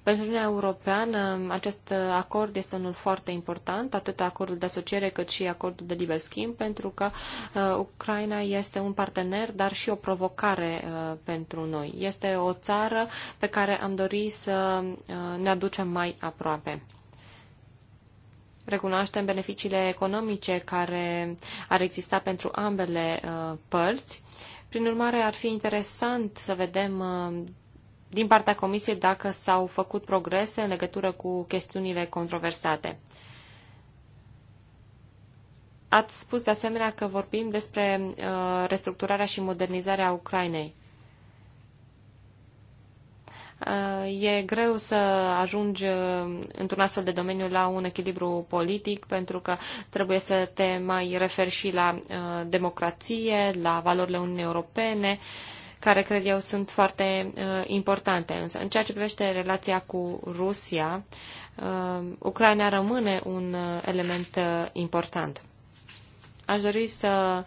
Pentru Uniunea Europeană, acest acord este unul foarte important, atât acordul de asociere cât și acordul de liber schimb, pentru că uh, Ucraina este un partener, dar și o provocare uh, pentru noi. Este o țară pe care am dorit să uh, ne aducem mai aproape. Recunoaștem beneficiile economice care ar exista pentru ambele uh, părți. Prin urmare, ar fi interesant să vedem uh, din partea Comisiei dacă s-au făcut progrese în legătură cu chestiunile controversate. Ați spus de asemenea că vorbim despre uh, restructurarea și modernizarea Ucrainei. Uh, e greu să ajungi uh, într-un astfel de domeniu la un echilibru politic, pentru că trebuie să te mai referi și la uh, democrație, la valorile Uniunii Europene, uh, care cred eu sunt foarte uh, importante. Însă, în ceea ce privește relația cu Rusia, uh, Ucraina rămâne un uh, element uh, important. Aș dori să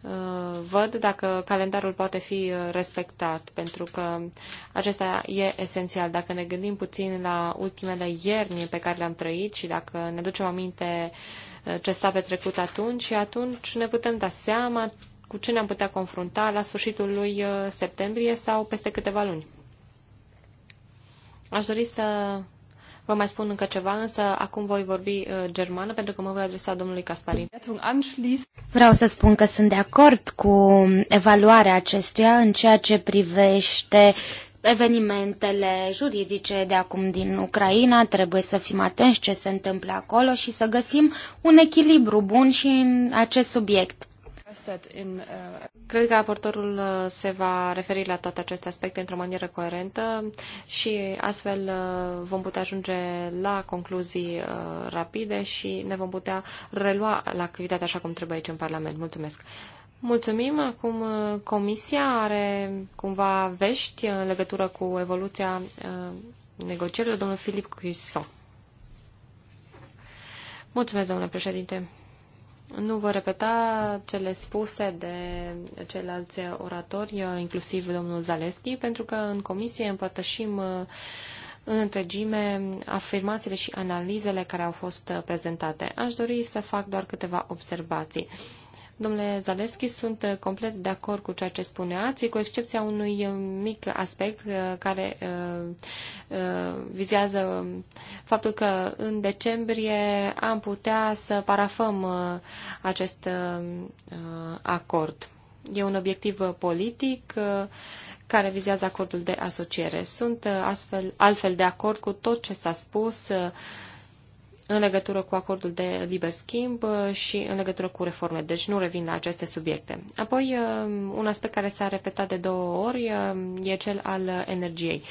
uh, văd dacă calendarul poate fi uh, respectat, pentru că acesta e esențial. Dacă ne gândim puțin la ultimele ierni pe care le-am trăit și dacă ne ducem aminte uh, ce s-a petrecut atunci, atunci ne putem da seama cu ce ne-am putea confrunta la sfârșitul lui uh, septembrie sau peste câteva luni. Aș dori să vă mai spun încă ceva, însă acum voi vorbi uh, germană pentru că mă voi adresa domnului Casparin. Vreau să spun că sunt de acord cu evaluarea acestuia în ceea ce privește evenimentele juridice de acum din Ucraina, trebuie să fim atenți ce se întâmplă acolo și să găsim un echilibru bun și în acest subiect. Uh, Cred că raportorul uh, se va referi la toate aceste aspecte într-o manieră coerentă și astfel uh, vom putea ajunge la concluzii rapide și ne vom putea relua la activitatea așa cum trebuie aici în Parlament. Mulțumesc! Mulțumim. Acum Comisia are cumva vești în legătură cu evoluția negocierilor. Domnul Filip Cuiso. Mulțumesc, domnule președinte. Nu vă repeta cele spuse de ceilalți oratori, inclusiv domnul Zaleschi, pentru că în comisie împărtășim uh, în întregime afirmațiile și analizele care au fost prezentate. Aș dori să fac doar câteva observații. Domnule Zaleschi, sunt uh, complet de acord cu ceea ce spuneați, cu excepția unui uh, mic aspect uh, care vizează faptul că în decembrie am putea să parafăm acest acord. E un obiectiv politic care vizează acordul de asociere. Sunt astfel, altfel de acord cu tot ce s-a spus în legătură cu acordul de liber schimb uh, și în legătură cu reforme. Deci nu revin la aceste subiecte. Apoi, uh, un aspect care s-a repetat de două ori uh, e cel al energiei.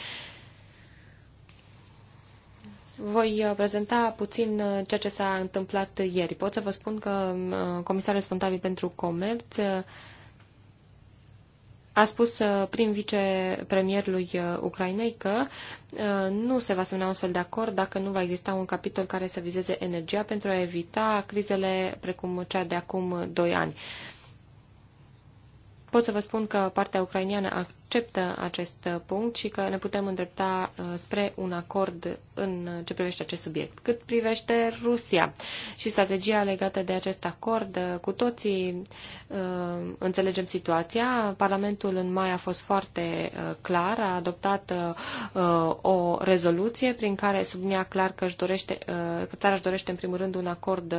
Voi prezenta puțin ceea ce s-a întâmplat ieri. Pot să vă spun că comisarul responsabil pentru comerț a spus uh, prim vicepremierului uh, Ucrainei că uh, nu se va semna un astfel de acord dacă nu va exista un capitol care să vizeze energia pentru a evita crizele precum cea de acum doi ani. Pot să vă spun că partea ucraineană a acceptă acest punct și că ne putem îndrepta uh, spre un acord în ce privește acest subiect. Cât privește Rusia și strategia legată de acest acord, uh, cu toții uh, înțelegem situația. Parlamentul în mai a fost foarte clar, a adoptat o rezoluție prin care sublinia clar că, își dorește, că țara își dorește în primul rând un acord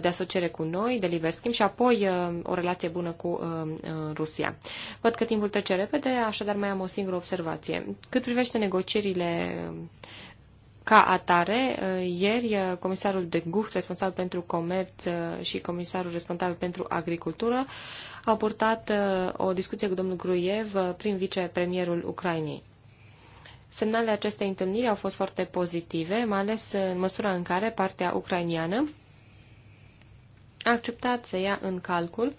de asociere cu noi, de liber schimb și apoi o relație bună cu Rusia. Văd că timpul trece repede, așadar mai am o singură observație. Cât privește negocierile um, ca atare, uh, ieri uh, comisarul de Gucht, responsabil pentru comerț uh, și comisarul responsabil pentru agricultură, au purtat o discuție cu domnul Gruiev prin vicepremierul Ucrainei. Semnalele acestei întâlniri au fost foarte pozitive, mai ales în măsura în care partea ucrainiană a acceptat să ia în calcul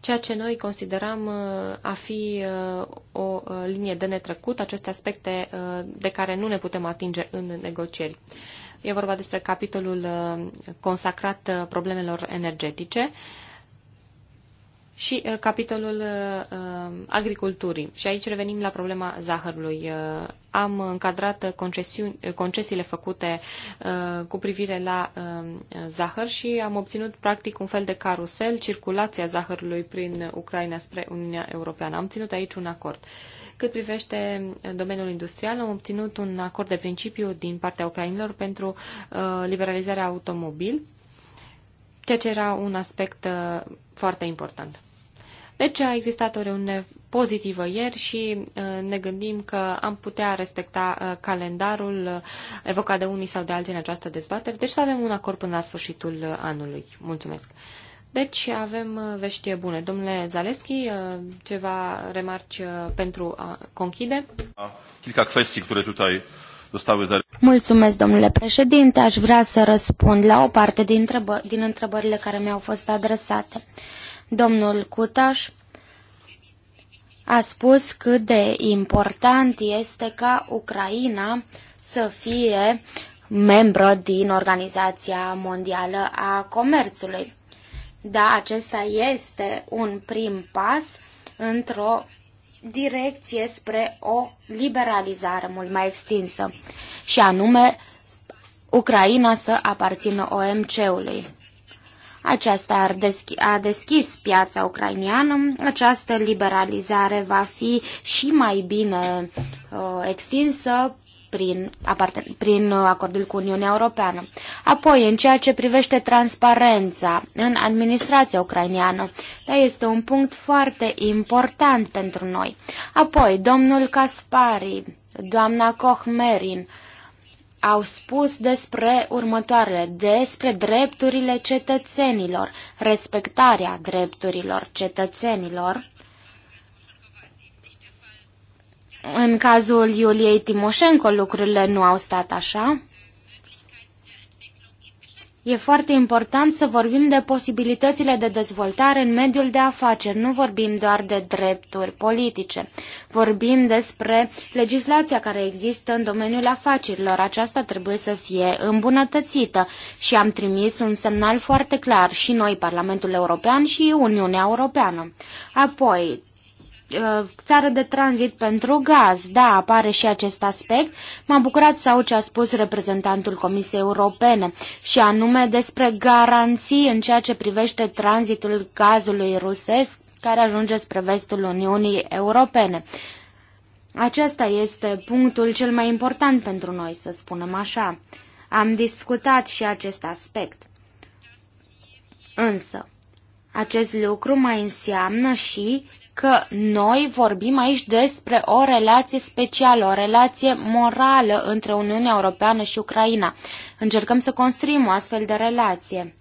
ceea ce noi consideram uh, a fi uh, o uh, linie de netrăcut, aceste aspecte de care nu ne putem atinge în negocieri. E vorba despre capitolul consacrat problemelor energetice, și uh, capitolul uh, agriculturii. Și aici revenim la problema zahărului. Uh, am încadrat uh, uh, concesiile făcute uh, cu privire la uh, zahăr și am obținut practic un fel de carusel, circulația zahărului prin Ucraina spre Uniunea Europeană. Am ținut aici un acord. Cât privește uh, domeniul industrial, am obținut un acord de principiu din partea ucrainilor pentru uh, liberalizarea automobil, ceea ce era un aspect uh, foarte important. Deci a existat o reuniune pozitivă ieri și uh, ne gândim că am putea respecta uh, calendarul uh, evocat de unii sau de alții în această dezbatere, deci să avem un acord până la sfârșitul anului. Mulțumesc! Deci avem vești bune. Domnule Zaleschi, ceva remarci pentru a conchide? Kilka kwestii, care tutaj Mulțumesc, domnule președinte. Aș vrea să răspund la o parte din, întrebă din întrebările care mi-au fost adresate. Domnul Cutaș a spus cât de important este ca Ucraina să fie membră din Organizația Mondială a Comerțului. Da, acesta este un prim pas într-o direcție spre o liberalizare mult mai extinsă, și anume Ucraina să aparțină OMC-ului. Aceasta ar deschi- a deschis piața ucrainiană. Această liberalizare va fi și mai bine uh, extinsă prin, aparte, prin acordul cu Uniunea Europeană. Apoi, în ceea ce privește transparența în administrația ucrainiană, da, este un punct foarte important pentru noi. Apoi, domnul Caspari, doamna Kochmerin. uh, au spus despre următoarele, despre drepturile cetățenilor, respectarea drepturilor cetățenilor. În cazul Iuliei Timoșenko lucrurile nu au stat așa. E foarte important să vorbim de posibilitățile de dezvoltare în mediul de afaceri. Nu vorbim doar de drepturi politice. Vorbim despre legislația care există în domeniul afacerilor. Aceasta trebuie să fie îmbunătățită și am trimis un semnal foarte clar și noi, Parlamentul European și Uniunea Europeană. Apoi, Uh, țară de tranzit pentru gaz. Da, apare și acest aspect. M-am bucurat să aud ce a spus reprezentantul Comisiei Europene și anume despre garanții în ceea ce privește tranzitul gazului rusesc care ajunge spre vestul Uniunii Europene. Acesta este punctul cel mai important pentru noi, să spunem așa. Am discutat și acest aspect. Însă, acest lucru mai înseamnă și că noi vorbim aici despre o relație specială, o relație morală între Uniunea Europeană și Ucraina. Încercăm să construim o astfel de relație.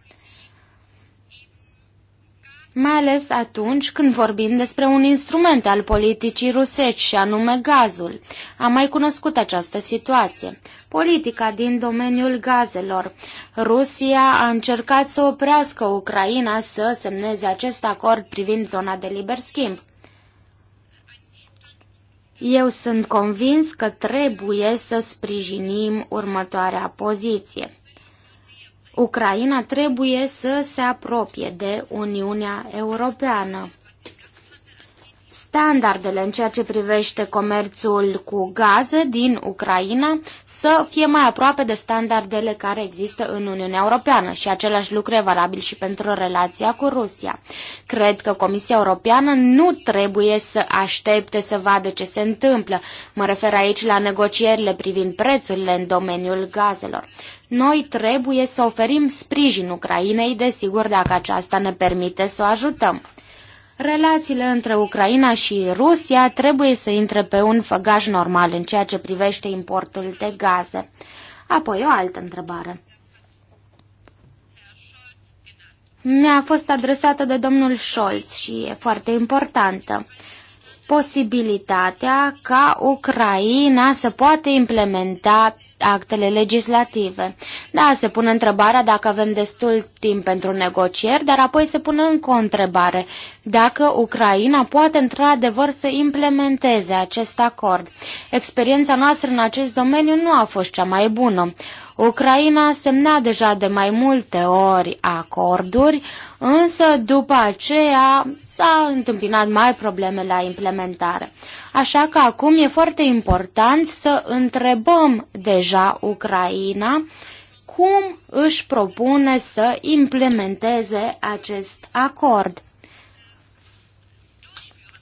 Mai ales atunci când vorbim despre un instrument al politicii ruseci și anume gazul. Am mai cunoscut această situație politica din domeniul gazelor. Rusia a încercat să oprească Ucraina să semneze acest acord privind zona de liber schimb. Eu sunt convins că trebuie să sprijinim următoarea poziție. Ucraina trebuie să se apropie de Uniunea Europeană standardele în ceea ce privește comerțul cu gaze din Ucraina să fie mai aproape de standardele care există în Uniunea Europeană și același lucru e valabil și pentru relația cu Rusia. Cred că Comisia Europeană nu trebuie să aștepte să vadă ce se întâmplă. Mă refer aici la negocierile privind prețurile în domeniul gazelor. Noi trebuie să oferim sprijin Ucrainei, desigur, dacă aceasta ne permite să o ajutăm. Relațiile între Ucraina și Rusia trebuie să intre pe un făgaș normal în ceea ce privește importul de gaze. Apoi o altă întrebare. Mi-a fost adresată de domnul Scholz și e foarte importantă posibilitatea ca Ucraina să poată implementa actele legislative. Da, se pune întrebarea dacă avem destul timp pentru negocieri, dar apoi se pune încă o întrebare dacă Ucraina poate într-adevăr să implementeze acest acord. Experiența noastră în acest domeniu nu a fost cea mai bună. Ucraina semnat deja de mai multe ori acorduri, însă după aceea s au întâmpinat mai probleme la implementare. Așa că acum e foarte important să întrebăm deja Ucraina cum își propune să implementeze acest acord.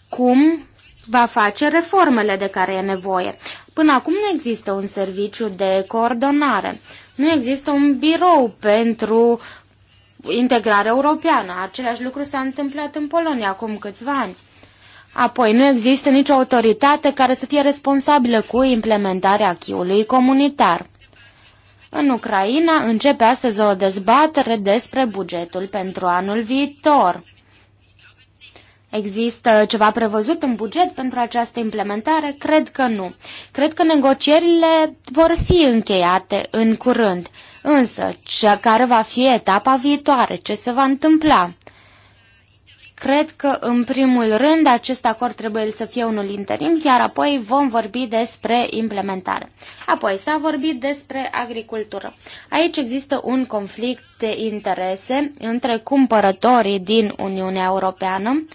Cum va face reformele de care e nevoie. Până acum nu există un serviciu de coordonare, nu există un birou pentru integrare europeană. Același lucru s-a întâmplat în Polonia acum câțiva ani. Apoi, nu există nicio autoritate care să fie responsabilă cu implementarea acquis comunitar. În Ucraina începe astăzi o dezbatere despre bugetul pentru anul viitor. Există ceva prevăzut în buget pentru această implementare? Cred că nu. Cred că negocierile vor fi încheiate în curând. Însă, ce care va fi etapa viitoare? Ce se va întâmpla? Cred că, în primul rând, acest acord trebuie să fie unul interim, iar apoi vom vorbi despre implementare. Apoi s-a vorbit despre agricultură. Aici există un conflict de interese între cumpărătorii din Uniunea Europeană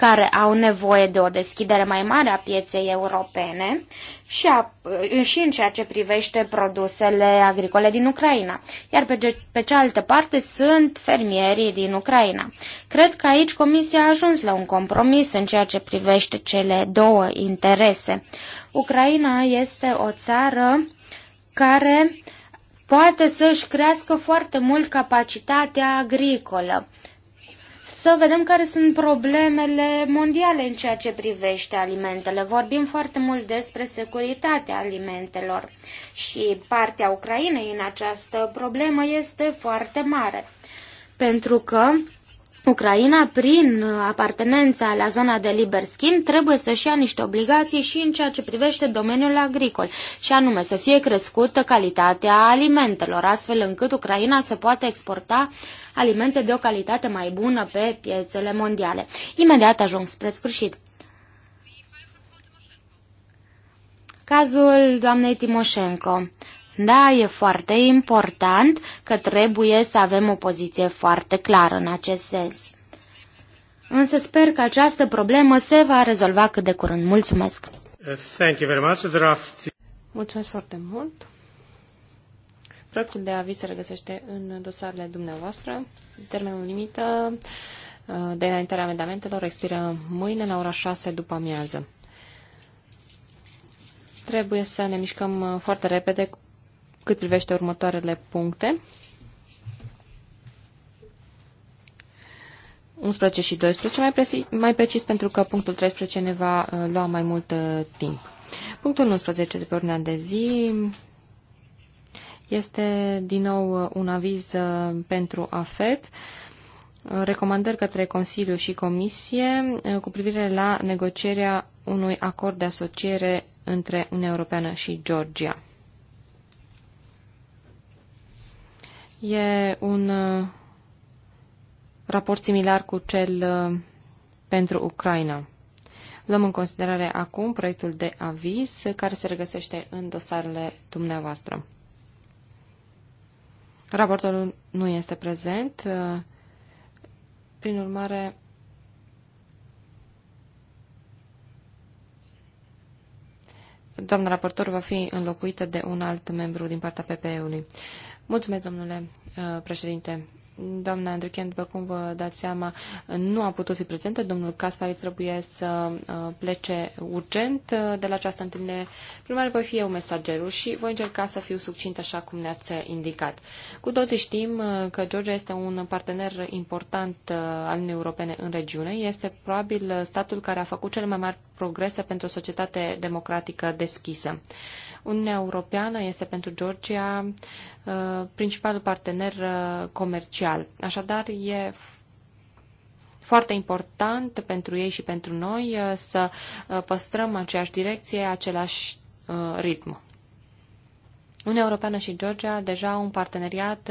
care au nevoie de o deschidere mai mare a pieței europene și, a, și în ceea ce privește produsele agricole din Ucraina. Iar pe, pe cealaltă parte sunt fermierii din Ucraina. Cred că aici Comisia a ajuns la un compromis în ceea ce privește cele două interese. Ucraina este o țară care poate să-și crească foarte mult capacitatea agricolă să vedem care sunt problemele mondiale în ceea ce privește alimentele. Vorbim foarte mult despre securitatea alimentelor și partea Ucrainei în această problemă este foarte mare. Pentru că Ucraina, prin apartenența la zona de liber schimb, trebuie să-și ia niște obligații și în ceea ce privește domeniul agricol, și anume să fie crescută calitatea alimentelor, astfel încât Ucraina să poată exporta alimente de o calitate mai bună pe piețele mondiale. Imediat ajung spre sfârșit. Cazul doamnei Timoșenko. Da, e foarte important că trebuie să avem o poziție foarte clară în acest sens. Însă sper că această problemă se va rezolva cât de curând. Mulțumesc! Thank you very much. Draft. Mulțumesc foarte mult! Proiectul de aviz se regăsește în dosarele dumneavoastră. Termenul limită uh, de înaintare amendamentelor expiră mâine la ora 6 după amiază. Trebuie să ne mișcăm uh, foarte repede cât privește următoarele puncte. 11 și 12, mai, preci, mai precis pentru că punctul 13 ne va uh, lua mai mult uh, timp. Punctul 11 de pe ordinea de zi este din nou uh, un aviz uh, pentru AFET, uh, recomandări către Consiliu și Comisie uh, cu privire la negocierea unui acord de asociere între Uniunea Europeană și Georgia. E un uh, raport similar cu cel uh, pentru Ucraina. Luăm în considerare acum proiectul de aviz care se regăsește în dosarele dumneavoastră. Raportorul nu este prezent. Uh, prin urmare, doamna raportor va fi înlocuită de un alt membru din partea PPE-ului. Mulțumesc, domnule uh, președinte. Doamna Andrichen, după cum vă dați seama, nu a putut fi prezentă. Domnul Caspari trebuie să uh, plece urgent uh, de la această întâlnire. Primar voi fi eu mesagerul și voi încerca să fiu succint așa cum ne-ați indicat. Cu toții știm că Georgia este un partener important al Uniunii Europene în regiune. Este probabil statul care a făcut cele mai mari progrese pentru o societate democratică deschisă. Uniunea Europeană este pentru Georgia uh, principalul partener uh, comercial. Așadar, e foarte important pentru ei și pentru noi uh, să păstrăm aceeași direcție, același ritm. Uniunea Europeană și Georgia deja au un parteneriat,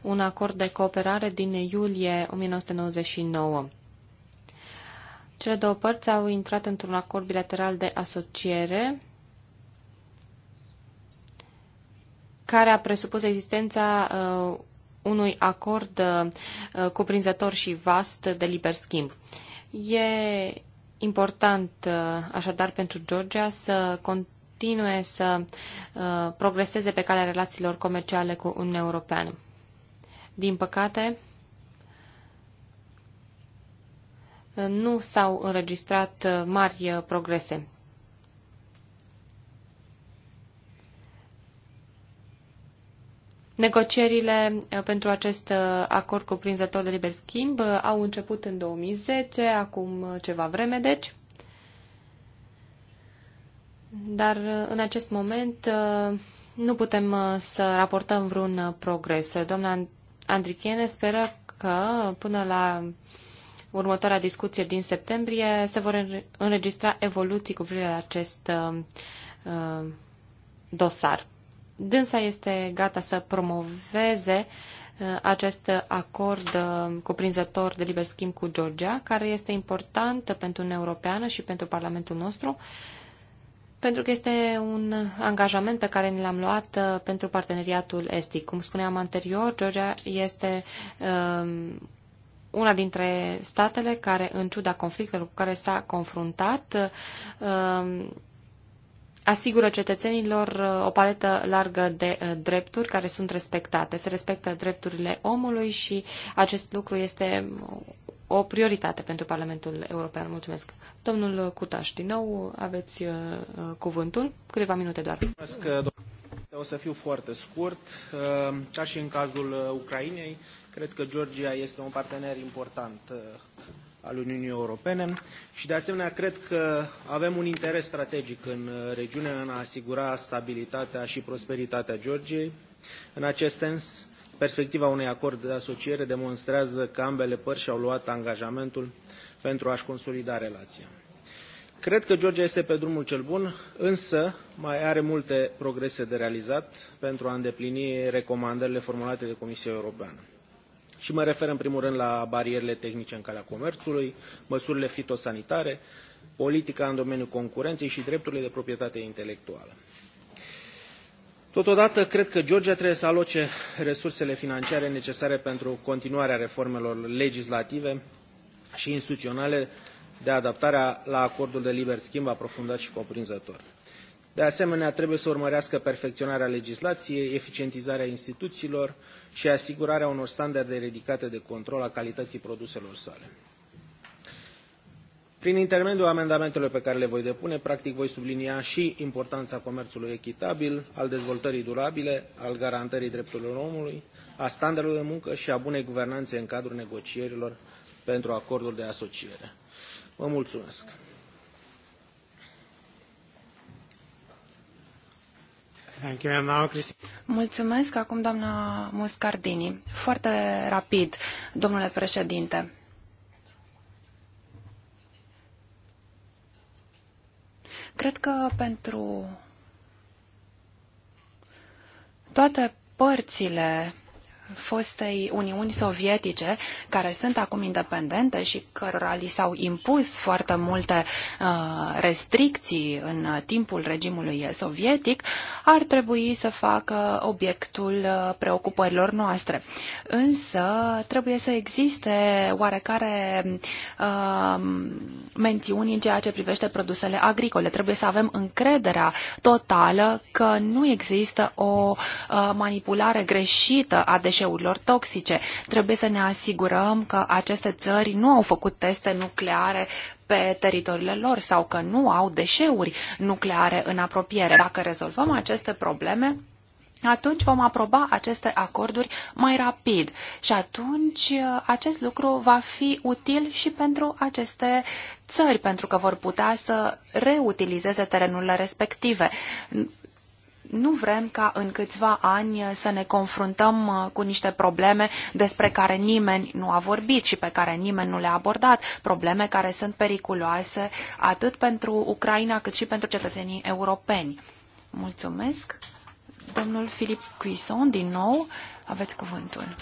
un acord de cooperare din iulie 1999. Cele două părți au intrat într-un acord bilateral de asociere care a presupus existența uh, unui acord uh, cuprinzător și vast de liber schimb. E important, uh, așadar, pentru Georgia să continue să progreseze pe calea relațiilor comerciale cu Uniunea Europeană. Din păcate, nu s-au înregistrat mari progrese. Negocierile uh, pentru acest uh, acord cuprinzător de liber schimb uh, au început în 2010, acum ceva vreme, deci. Dar în acest moment nu putem să raportăm vreun progres. Doamna Andrichiene speră că până la următoarea discuție din septembrie se vor înregistra evoluții cu privire la acest dosar. Dânsa este gata să promoveze uh, acest acord uh, cuprinzător de liber schimb cu Georgia, care este important pentru Uniunea Europeană și pentru Parlamentul nostru, pentru că este un angajament pe care ne l-am luat uh, pentru parteneriatul estic. Cum spuneam anterior, Georgia este um, una dintre statele care, în ciuda conflictelor cu care s-a confruntat, um, asigură cetățenilor uh, o paletă largă de uh, drepturi care sunt respectate. Se respectă drepturile omului și acest lucru este uh, o prioritate pentru Parlamentul European. Mulțumesc. Domnul Cutaș, din nou aveți cuvântul. Câteva minute doar. Mulțumesc, o să fiu foarte scurt. Ca și în cazul Ucrainei, cred că Georgia este un partener important al Uniunii Europene și de asemenea cred că avem un interes strategic în uh, regiune în a asigura stabilitatea și prosperitatea Georgiei. În acest sens, perspectiva unui acord de asociere demonstrează că ambele părți și-au luat angajamentul pentru a-și consolida relația. Cred că Georgia este pe drumul cel bun, însă mai are multe progrese de realizat pentru a îndeplini recomandările formulate de Comisia Europeană. Și mă refer în primul rând la barierele tehnice în calea comerțului, măsurile fitosanitare, politica în domeniul concurenței și drepturile de proprietate intelectuală. Totodată, cred că Georgia trebuie să aloce resursele financiare necesare pentru continuarea reformelor legislative și instituționale de adaptarea la acordul de liber schimb aprofundat și cuprinzător. De asemenea, trebuie să urmărească perfecționarea legislației, eficientizarea instituțiilor și asigurarea unor standarde ridicate de control a calității produselor sale. Prin intermediul amendamentelor pe care le voi depune, practic voi sublinia și importanța comerțului echitabil, al dezvoltării durabile, al garantării drepturilor omului, a standardelor de muncă și a bunei guvernanțe în cadrul negocierilor pentru acordul de asociere. Vă mulțumesc! Thank you. Now, Mulțumesc. Acum doamna Muscardini. Foarte rapid, domnule președinte. Cred că pentru toate părțile fostei Uniuni Sovietice, care sunt acum independente și cărora li s-au impus foarte multe uh, restricții în timpul regimului sovietic, ar trebui să facă obiectul uh, preocupărilor noastre. Însă trebuie să existe oarecare uh, mențiuni în ceea ce privește produsele agricole. Trebuie să avem încrederea totală că nu există o manipulare greșită a deșeurilor deșeurilor toxice. Trebuie să ne asigurăm că aceste țări nu au făcut teste nucleare pe teritoriile lor sau că nu au deșeuri nucleare în apropiere. Dacă rezolvăm aceste probleme, atunci vom aproba aceste acorduri mai rapid și atunci acest lucru va fi util și pentru aceste țări, pentru că vor putea să reutilizeze terenurile respective nu vrem ca în câțiva ani să ne confruntăm uh, cu niște probleme despre care nimeni nu a vorbit și pe care nimeni nu le-a abordat, probleme care sunt periculoase atât pentru Ucraina cât și pentru cetățenii europeni. Mulțumesc. Domnul Filip Cuison, din nou, aveți cuvântul.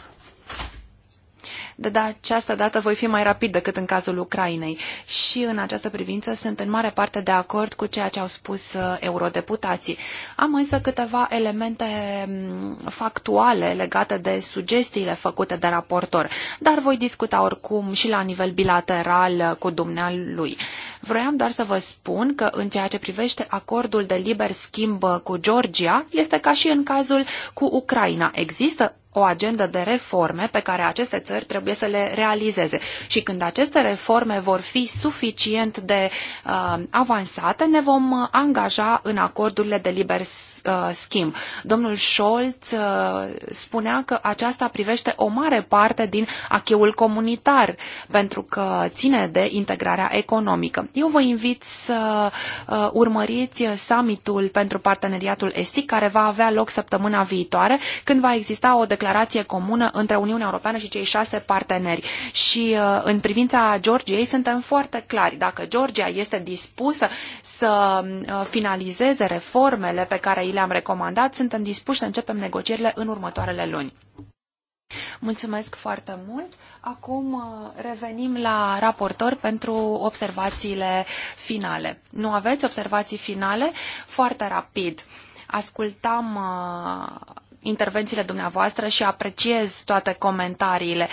De, da. această dată voi fi mai rapid decât în cazul Ucrainei și în această privință sunt în mare parte de acord cu ceea ce au spus uh, eurodeputații. Am însă câteva elemente mm, factuale legate de sugestiile făcute de raportor, dar voi discuta oricum și la nivel bilateral uh, cu dumnealui. Vroiam doar să vă spun că în ceea ce privește acordul de liber schimb uh, cu Georgia, este ca și în cazul cu Ucraina. Există o agendă de reforme pe care aceste țări trebuie să le realizeze. Și când aceste reforme vor fi suficient de uh, avansate, ne vom uh, angaja în acordurile de liber uh, schimb. Domnul Scholz uh, spunea că aceasta privește o mare parte din acheul comunitar, pentru că ține de integrarea economică. Eu vă invit să uh, urmăriți summitul pentru parteneriatul estic, care va avea loc săptămâna viitoare, când va exista o declarație declarație comună între Uniunea Europeană și cei șase parteneri. Și uh, în privința Georgiei suntem foarte clari. Dacă Georgia este dispusă să uh, finalizeze reformele pe care i le-am recomandat, suntem dispuși să începem negocierile în următoarele luni. Mulțumesc foarte mult. Acum uh, revenim la raportor pentru observațiile finale. Nu aveți observații finale? Foarte rapid. Ascultam intervențiile dumneavoastră și apreciez toate comentariile.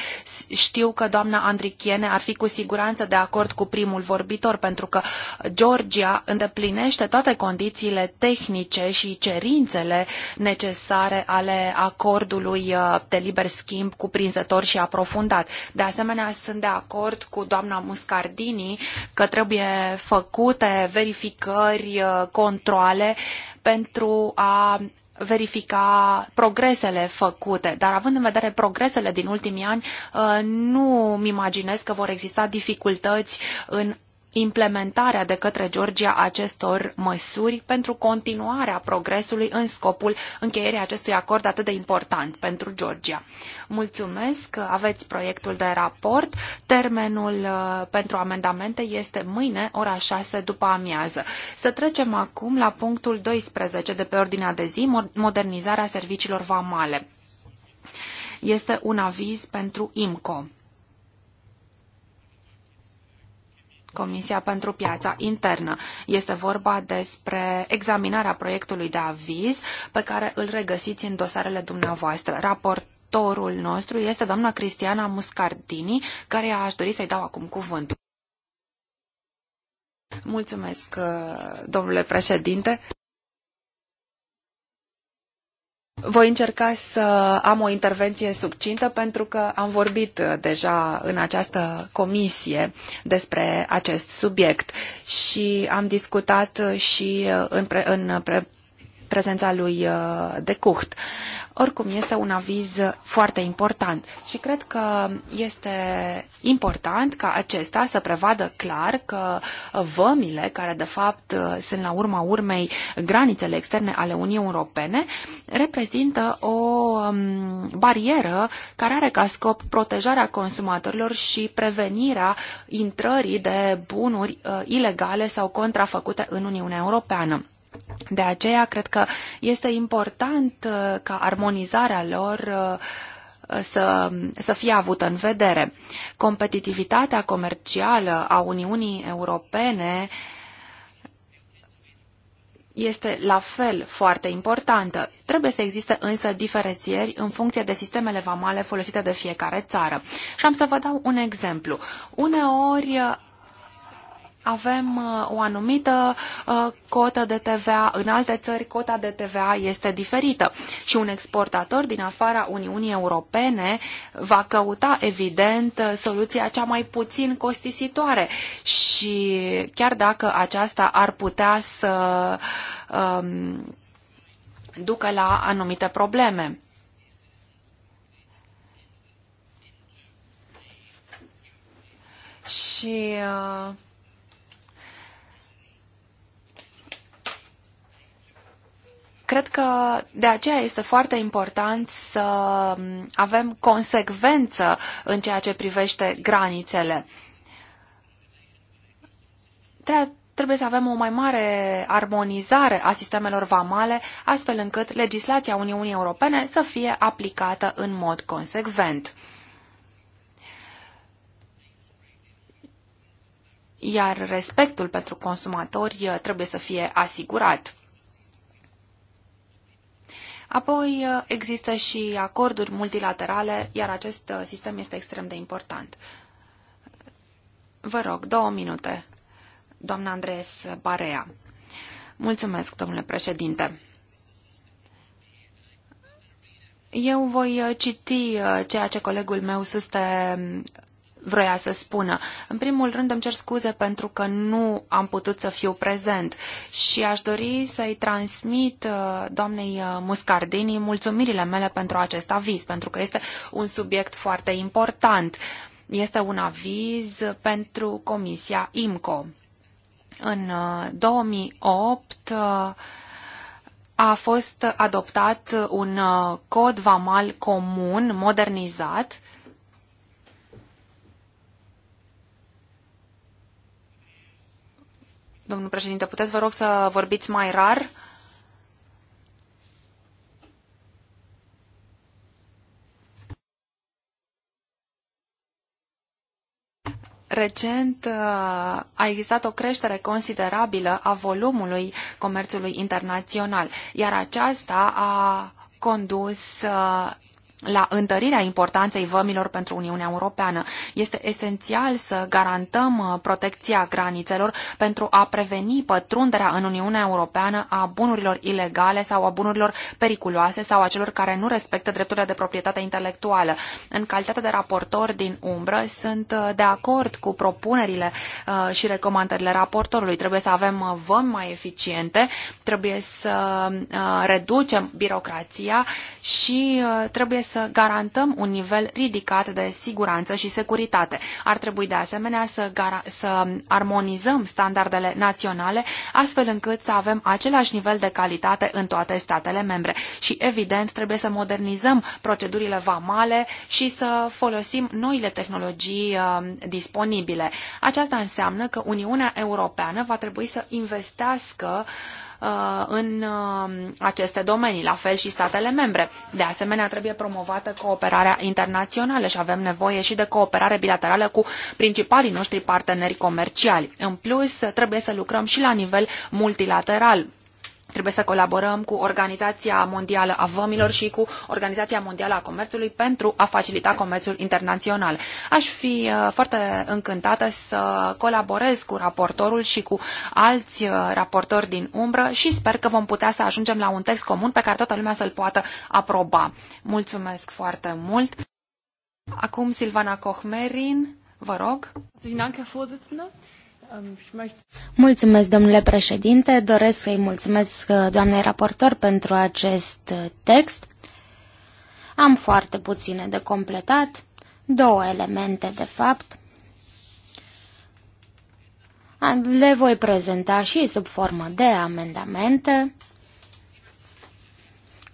Știu că doamna Andrichiene ar fi cu siguranță de acord cu primul vorbitor, pentru că Georgia îndeplinește toate condițiile tehnice și cerințele necesare ale acordului uh, de liber schimb cuprinzător și aprofundat. De asemenea, sunt de acord cu doamna Muscardini că trebuie făcute verificări, uh, controle pentru a verifica progresele făcute, dar având în vedere progresele din ultimii ani, uh, nu-mi imaginez că vor exista dificultăți în implementarea de către Georgia acestor măsuri pentru continuarea progresului în scopul încheierii acestui acord atât de important pentru Georgia. Mulțumesc aveți proiectul de raport. Termenul uh, pentru amendamente este mâine, ora 6 după amiază. Să trecem acum la punctul 12 de pe ordinea de zi, modernizarea serviciilor vamale. Este un aviz pentru IMCO. Comisia pentru Piața Internă. Este vorba despre examinarea proiectului de aviz pe care îl regăsiți în dosarele dumneavoastră. Raportorul nostru este doamna Cristiana Muscardini, care aș dori să-i dau acum cuvântul. Mulțumesc, domnule președinte. Voi încerca să am o intervenție succintă pentru că am vorbit uh, deja în această comisie despre acest subiect și am discutat uh, și uh, în, pre- în pre- prezența lui De Cucht. Oricum, este un aviz foarte important și cred că este important ca acesta să prevadă clar că vămile, care de fapt sunt la urma urmei granițele externe ale Uniunii Europene, reprezintă o um, barieră care are ca scop protejarea consumatorilor și prevenirea intrării de bunuri uh, ilegale sau contrafăcute în Uniunea Europeană. De aceea, cred că este important uh, ca armonizarea lor uh, să, să fie avută în vedere. Competitivitatea comercială a Uniunii Europene este la fel foarte importantă. Trebuie să existe însă diferențieri în funcție de sistemele vamale folosite de fiecare țară. Și am să vă dau un exemplu. Uneori avem uh, o anumită uh, cotă de TVA, în alte țări cota de TVA este diferită și un exportator din afara Uniunii Europene va căuta, evident, uh, soluția cea mai puțin costisitoare și chiar dacă aceasta ar putea să um, ducă la anumite probleme. Și uh, Cred că de aceea este foarte important să avem consecvență în ceea ce privește granițele. Trebuie să avem o mai mare armonizare a sistemelor vamale, astfel încât legislația Uniunii Europene să fie aplicată în mod consecvent. Iar respectul pentru consumatori uh, trebuie să fie asigurat. Apoi uh, există și acorduri multilaterale, iar acest uh, sistem este extrem de important. Vă rog, două minute, doamna Andres Barea. Mulțumesc, domnule președinte. Eu voi uh, citi ceea ce colegul meu Suste vroia să spună. În primul rând îmi cer scuze pentru că nu am putut să fiu prezent și aș dori să-i transmit uh, doamnei uh, Muscardini mulțumirile mele pentru acest aviz, pentru că este un subiect foarte important. Este un aviz pentru Comisia IMCO. În 2008 uh, a fost adoptat un cod vamal comun modernizat Domnul președinte, puteți vă rog să vorbiți mai rar? Recent uh, a existat o creștere considerabilă a volumului comerțului internațional, iar aceasta a condus uh, la întărirea importanței vămilor pentru Uniunea Europeană. Este esențial să garantăm uh, protecția granițelor pentru a preveni pătrunderea în Uniunea Europeană a bunurilor ilegale sau a bunurilor periculoase sau a celor care nu respectă drepturile de proprietate intelectuală. În calitate de raportor din umbră, sunt uh, de acord cu propunerile uh, și recomandările raportorului. Trebuie să avem văm mai eficiente, trebuie să reducem birocrația și trebuie să să garantăm un nivel ridicat de siguranță și securitate. Ar trebui de asemenea să, să armonizăm standardele naționale astfel încât să avem același nivel de calitate în toate statele membre. Și evident trebuie să modernizăm procedurile vamale și să folosim noile tehnologii uh, disponibile. Aceasta înseamnă că Uniunea Europeană va trebui să investească uh, Uh, în uh, aceste domenii, la fel și statele membre. De asemenea, trebuie promovată cooperarea internațională și avem nevoie și de cooperare bilaterală cu principalii noștri parteneri comerciali. În plus, trebuie să lucrăm și la nivel multilateral Trebuie să colaborăm cu Organizația Mondială a Vămilor și cu Organizația Mondială a Comerțului pentru a facilita comerțul internațional. Aș fi uh, foarte încântată să colaborez cu raportorul și cu alți uh, raportori din umbră și sper că vom putea să ajungem la un text comun pe care toată lumea să-l poată aproba. Mulțumesc foarte mult! Acum Silvana Kohmerin, vă rog. Mulțumesc, Um, mulțumesc, domnule președinte. Doresc să-i mulțumesc uh, doamnei raportor pentru acest uh, text. Am foarte puține de completat, două elemente de fapt. Le voi prezenta și sub formă de amendamente,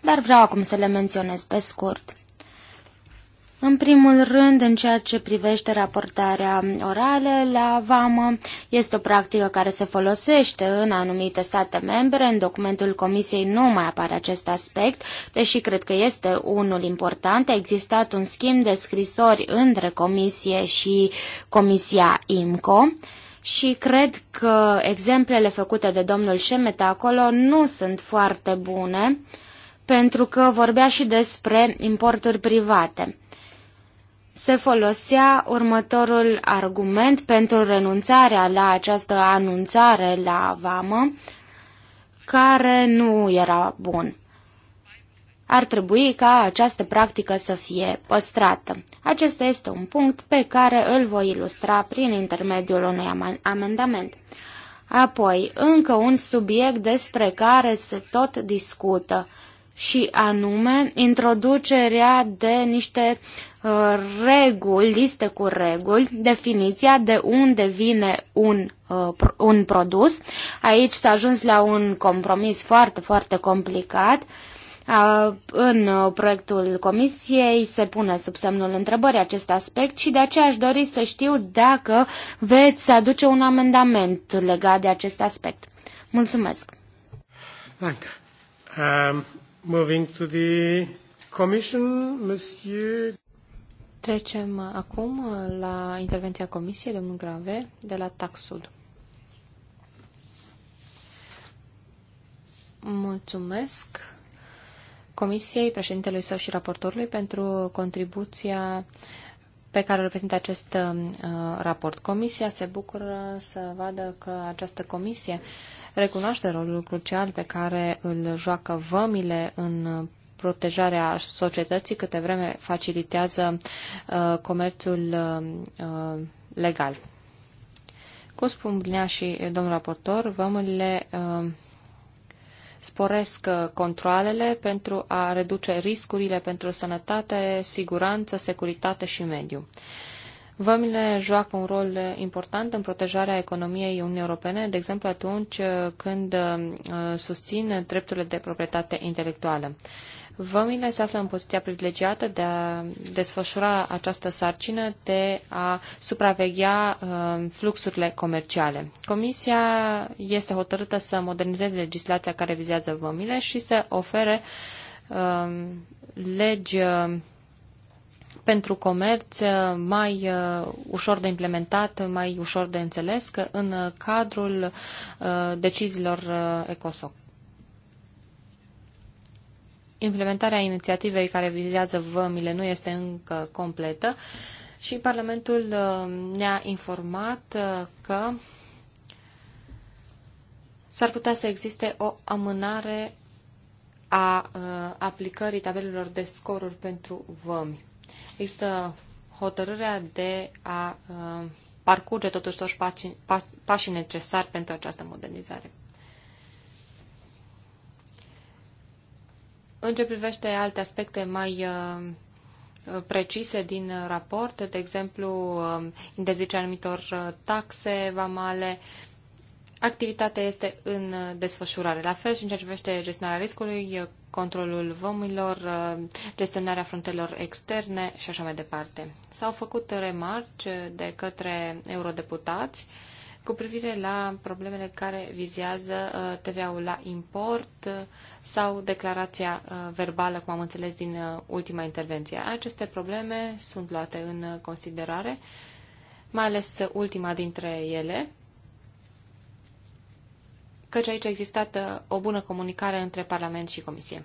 dar vreau acum să le menționez pe scurt. În primul rând, în ceea ce privește raportarea orală la vamă, este o practică care se folosește în anumite state membre. În documentul Comisiei nu mai apare acest aspect, deși cred că este unul important. A existat un schimb de scrisori între Comisie și Comisia IMCO și cred că exemplele făcute de domnul Șemeta acolo nu sunt foarte bune pentru că vorbea și despre importuri private se folosea următorul argument pentru renunțarea la această anunțare la vamă, care nu era bun. Ar trebui ca această practică să fie păstrată. Acesta este un punct pe care îl voi ilustra prin intermediul unui amendament. Apoi, încă un subiect despre care se tot discută – și anume introducerea de niște uh, reguli, liste cu reguli, definiția de unde vine un, uh, un produs. Aici s-a ajuns la un compromis foarte, foarte complicat. Uh, în proiectul comisiei se pune sub semnul întrebării acest aspect și de aceea aș dori să știu dacă veți aduce un amendament legat de acest aspect. Mulțumesc! you. Um... Moving to the Commission, Monsieur. Trecem acum la intervenția Comisiei, domnul Grave, de la Taxud. Mulțumesc Comisiei, președintelui său și raportorului pentru contribuția pe care o reprezintă acest uh, raport. Comisia se bucură să vadă că această comisie uh, recunoaște rolul crucial pe care îl joacă vămile în protejarea societății câte vreme facilitează uh, comerțul uh, uh legal. Cum spunea și domnul raportor, vămurile uh, sporesc uh, controlele pentru a reduce riscurile pentru sănătate, siguranță, securitate și mediu. Uh, Vămile joacă un rol important în protejarea economiei Uniunii Europene, de exemplu atunci când uh, susțin drepturile de proprietate intelectuală. Vămile se află în poziția privilegiată de a desfășura această sarcină de a supraveghea uh, fluxurile comerciale. Comisia este hotărâtă să modernizeze legislația care vizează vămile și să ofere uh, legi pentru comerț uh, mai uh, ușor de implementat, mai ușor de înțeles că în uh, cadrul deciziilor ECOSOC. Implementarea inițiativei care vizează vămile nu este încă completă și Parlamentul ne-a informat că s-ar putea să existe o amânare a aplicării tabelelor de scoruri pentru vămi. Există hotărârea de a uh, parcurge totuși toți pașii necesari pentru această modernizare. În ce privește alte aspecte mai uh, precise din raport, de exemplu, uh, interzicerea anumitor taxe vamale, activitatea este în uh, desfășurare. La fel și în ceea ce privește gestionarea riscului, uh, controlul vomilor, uh, gestionarea frontelor externe și așa mai departe. S-au făcut remarci de către eurodeputați cu privire la problemele care vizează TVA-ul la import sau declarația verbală, cum am înțeles din ultima intervenție. Aceste probleme sunt luate în considerare, mai ales ultima dintre ele, căci aici a existat uh, o bună comunicare între Parlament și Comisie.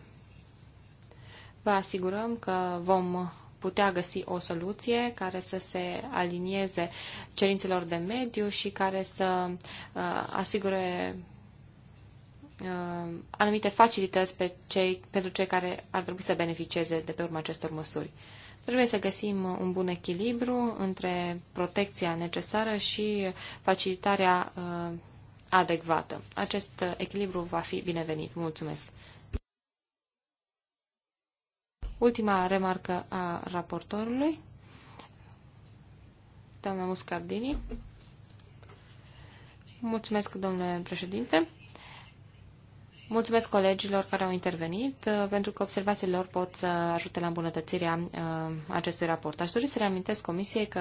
Vă asigurăm că vom putea găsi o soluție care să se alinieze cerințelor de mediu și care să uh, asigure uh, anumite facilități pe cei, pentru cei care ar trebui să beneficieze de pe urma acestor măsuri. Trebuie să găsim un bun echilibru între protecția necesară și facilitarea uh, adecvată. Acest uh, echilibru va fi binevenit. Mulțumesc! Ultima remarcă a raportorului, doamna Muscardini. Mulțumesc, domnule președinte. Mulțumesc colegilor care au intervenit, uh, pentru că observațiile lor pot să ajute la îmbunătățirea uh, acestui raport. Aș dori să reamintesc Comisiei că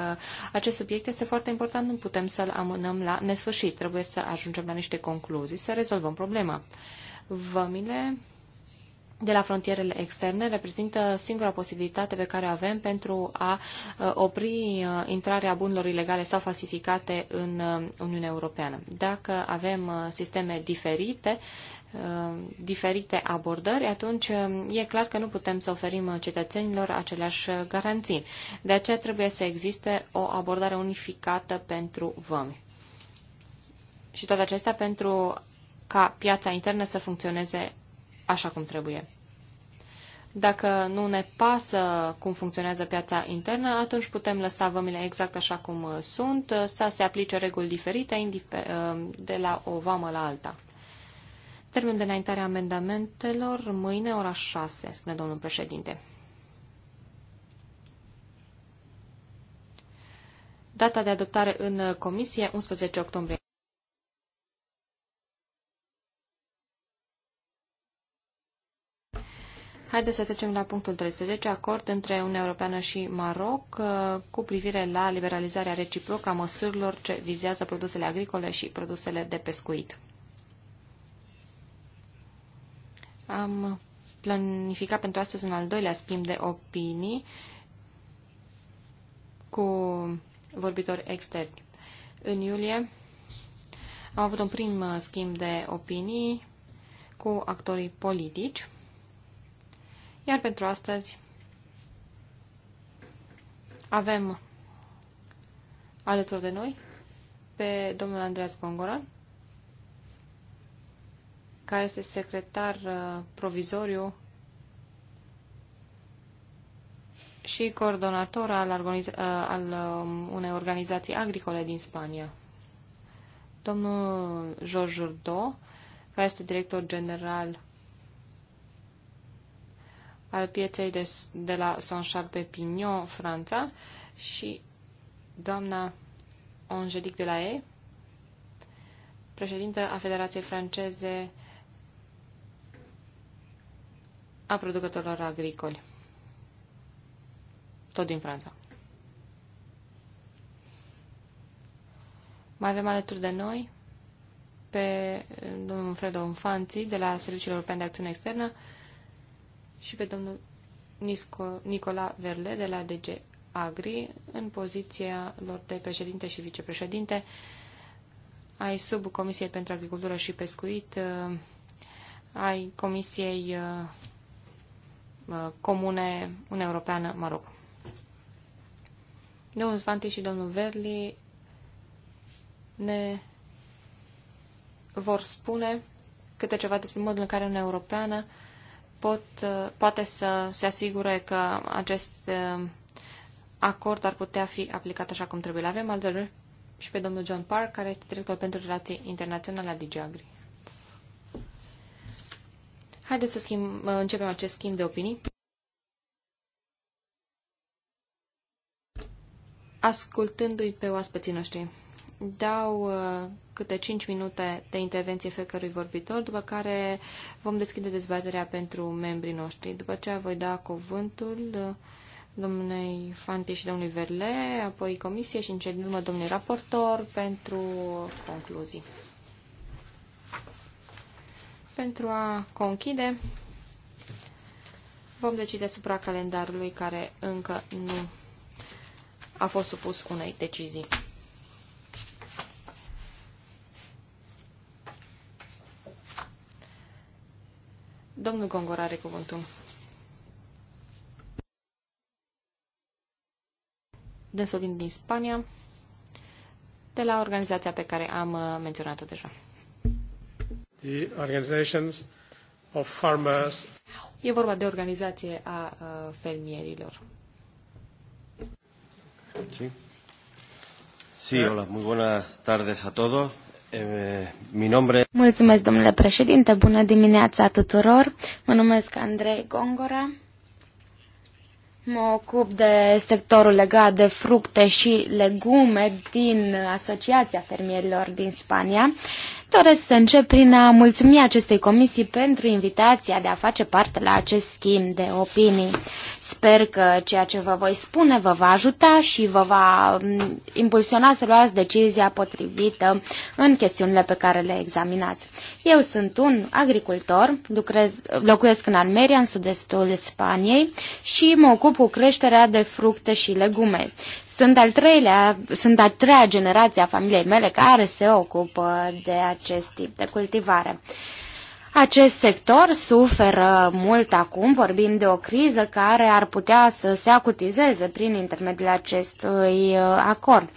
acest subiect este foarte important, nu putem să-l amânăm la nesfârșit, trebuie să ajungem la niște concluzii, să rezolvăm problema. Vămile de la frontierele externe reprezintă singura posibilitate pe care o avem pentru a uh, opri intrarea bunurilor ilegale sau falsificate în Uniunea Europeană. Dacă avem sisteme diferite, Uh, diferite abordări, atunci uh, e clar că nu putem să oferim uh, cetățenilor aceleași garanții. De aceea trebuie să existe o abordare unificată pentru vămi. Și toate acestea pentru ca piața internă să funcționeze așa cum trebuie. Dacă nu ne pasă cum funcționează piața internă, atunci putem lăsa vămile exact așa cum sunt, să se aplice reguli diferite de la o vamă la alta. Termen de înaintare a amendamentelor mâine ora 6, spune domnul președinte. Data de adoptare în comisie 11 octombrie. Haideți să trecem la punctul 13, acord între Uniunea Europeană și Maroc uh, cu privire la liberalizarea reciprocă a măsurilor ce vizează produsele agricole și produsele de pescuit. Am planificat pentru astăzi un al doilea schimb de opinii cu vorbitori externi. În iulie am avut un prim schimb de opinii cu actorii politici, iar pentru astăzi avem alături de noi pe domnul Andreas Gongoran, care este secretar uh, provizoriu și coordonator al, uh, al um, unei organizații agricole din Spania. Domnul George Urdo, care este director general al pieței de, de la Saint-Charles-Pépignon, Franța, și doamna Angelique de la E, președintă a Federației Franceze a producătorilor agricoli. Tot din Franța. Mai avem alături de noi pe eh, domnul Fredo Infanti de la Serviciul European de Acțiune Externă și pe domnul Nisco, Nicola Verle de la DG Agri în poziția lor de președinte și vicepreședinte ai sub Comisiei pentru agricultură și pescuit, eh, ai comisiei eh, Uh, comune Uniunea Europeană, mă rog. Domnul Sfanti și domnul Verli ne vor spune câte ceva despre modul în care Uniunea Europeană pot, uh, poate să se asigure că acest uh, acord ar putea fi aplicat așa cum trebuie. L avem al și pe domnul John Park, care este director pentru relații internaționale la DigiAgri. Haideți să schimb, începem acest schimb de opinii. Ascultându-i pe oaspeții noștri, dau uh, câte 5 minute de intervenție fiecărui vorbitor, după care vom deschide dezbaterea pentru membrii noștri. După aceea voi da cuvântul uh, domnului Fanti și domnului Verle, apoi comisie și în cele urmă domnului raportor pentru concluzii. Pentru a conchide, vom decide supra calendarului care încă nu a fost supus unei decizii. Domnul Gongor are cuvântul. Dânsul din Spania, de la organizația pe care am uh, menționat-o deja the organizations of farmers. E vorba de organizație a fermierilor. Sí. Sí, hola, muy buenas tardes a todos. Eh, mi nombre... Mulțumesc, domnule președinte, bună dimineața tuturor. Mă numesc Andrei Gongora. Mă ocup de sectorul legat de fructe și legume din Asociația Fermierilor din Spania. Doresc să încep prin a mulțumi acestei comisii pentru invitația de a face parte la acest schimb de opinii. Sper că ceea ce vă voi spune vă va ajuta și vă va mm, impulsiona să luați decizia potrivită în chestiunile pe care le examinați. Eu sunt un agricultor, lucrez, locuiesc în Almeria, în sud-estul Spaniei și mă ocup cu creșterea de fructe și legume. Sunt, al treilea, sunt a treia generație a familiei mele care se ocupă de acest tip de cultivare. Acest sector suferă mult acum, vorbim de o criză care ar putea să se acutizeze prin intermediul acestui uh, acord.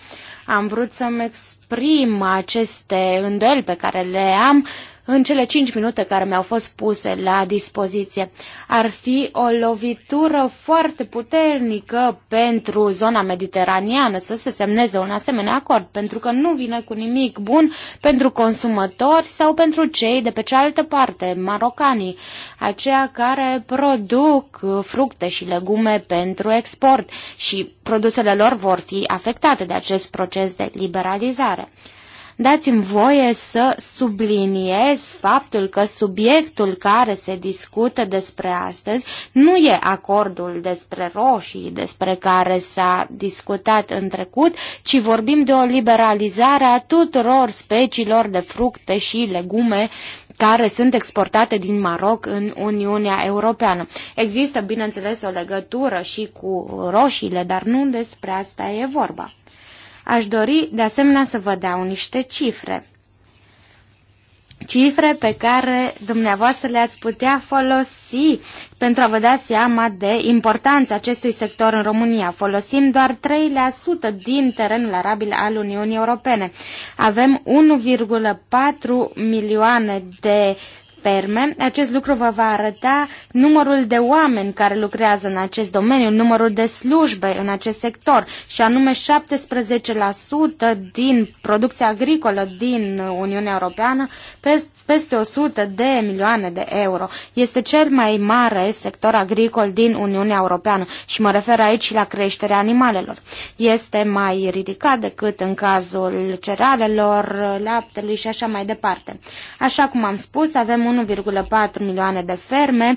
Am vrut să-mi exprim aceste îndoieli pe care le am în cele cinci minute care mi-au fost puse la dispoziție. Ar fi o lovitură foarte puternică pentru zona mediteraneană să se semneze un asemenea acord, pentru că nu vine cu nimic bun pentru consumatori sau pentru cei de pe cealaltă parte, marocanii, aceia care produc fructe și legume pentru export și produsele lor vor fi afectate de acest proces de liberalizare. Dați-mi voie să subliniez faptul că subiectul care se discută despre astăzi nu e acordul despre roșii despre care s-a discutat în trecut, ci vorbim de o liberalizare a tuturor speciilor de fructe și legume care sunt exportate din Maroc în Uniunea Europeană. Există, bineînțeles, o legătură și cu roșiile, dar nu despre asta e vorba. Aș dori de asemenea să vă dau niște cifre. Cifre pe care dumneavoastră le-ați putea folosi pentru a vă da seama de importanța acestui sector în România. Folosim doar 3% din terenul arabil al Uniunii Europene. Avem 1,4 milioane de sperme, acest lucru vă va arăta numărul de oameni care lucrează în acest domeniu, numărul de slujbe în acest sector și anume 17% din producția agricolă din Uniunea Europeană, peste 100 de milioane de euro. Este cel mai mare sector agricol din Uniunea Europeană și mă refer aici la creșterea animalelor. Este mai ridicat decât în cazul cerealelor, laptelui și așa mai departe. Așa cum am spus, avem un 1,4 milioane de ferme,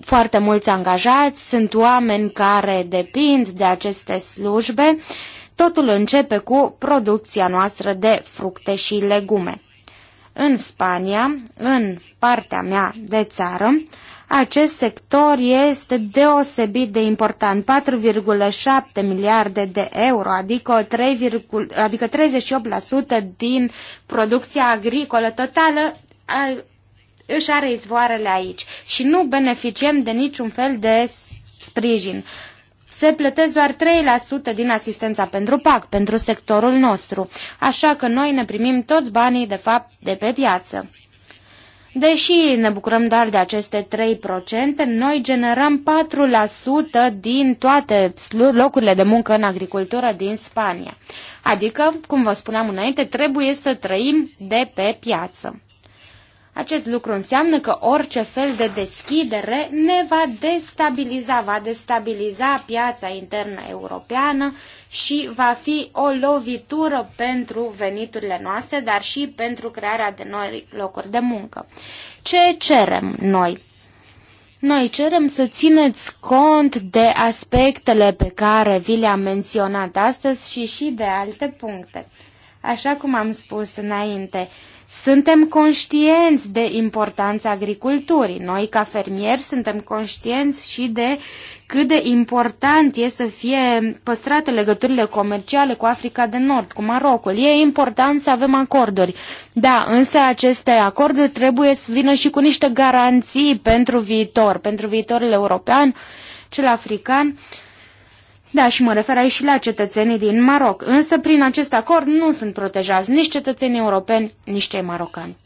foarte mulți angajați, sunt oameni care depind de aceste slujbe. Totul începe cu producția noastră de fructe și legume. În Spania, în partea mea de țară, acest sector este deosebit de important, 4,7 miliarde de euro, adică, 3, adică 38% din producția agricolă totală își are izvoarele aici și nu beneficiem de niciun fel de sprijin. Se plătesc doar 3% din asistența pentru PAC, pentru sectorul nostru, așa că noi ne primim toți banii, de fapt, de pe piață. Deși ne bucurăm doar de aceste 3%, noi generăm 4% din toate locurile de muncă în agricultură din Spania. Adică, cum vă spuneam înainte, trebuie să trăim de pe piață. Acest lucru înseamnă că orice fel de deschidere ne va destabiliza, va destabiliza piața internă europeană și va fi o lovitură pentru veniturile noastre, dar și pentru crearea de noi locuri de muncă. Ce cerem noi? Noi cerem să țineți cont de aspectele pe care vi le-am menționat astăzi și și de alte puncte. Așa cum am spus înainte, suntem conștienți de importanța agriculturii. Noi, ca fermieri, suntem conștienți și de cât de important e să fie păstrate legăturile comerciale cu Africa de Nord, cu Marocul. E important să avem acorduri. Da, însă aceste acorduri trebuie să vină și cu niște garanții pentru viitor, pentru viitorul european, cel african. Uh, da, și mă refer aici și la cetățenii din Maroc, însă prin acest acord nu sunt protejați nici cetățenii europeni, nici cei marocani.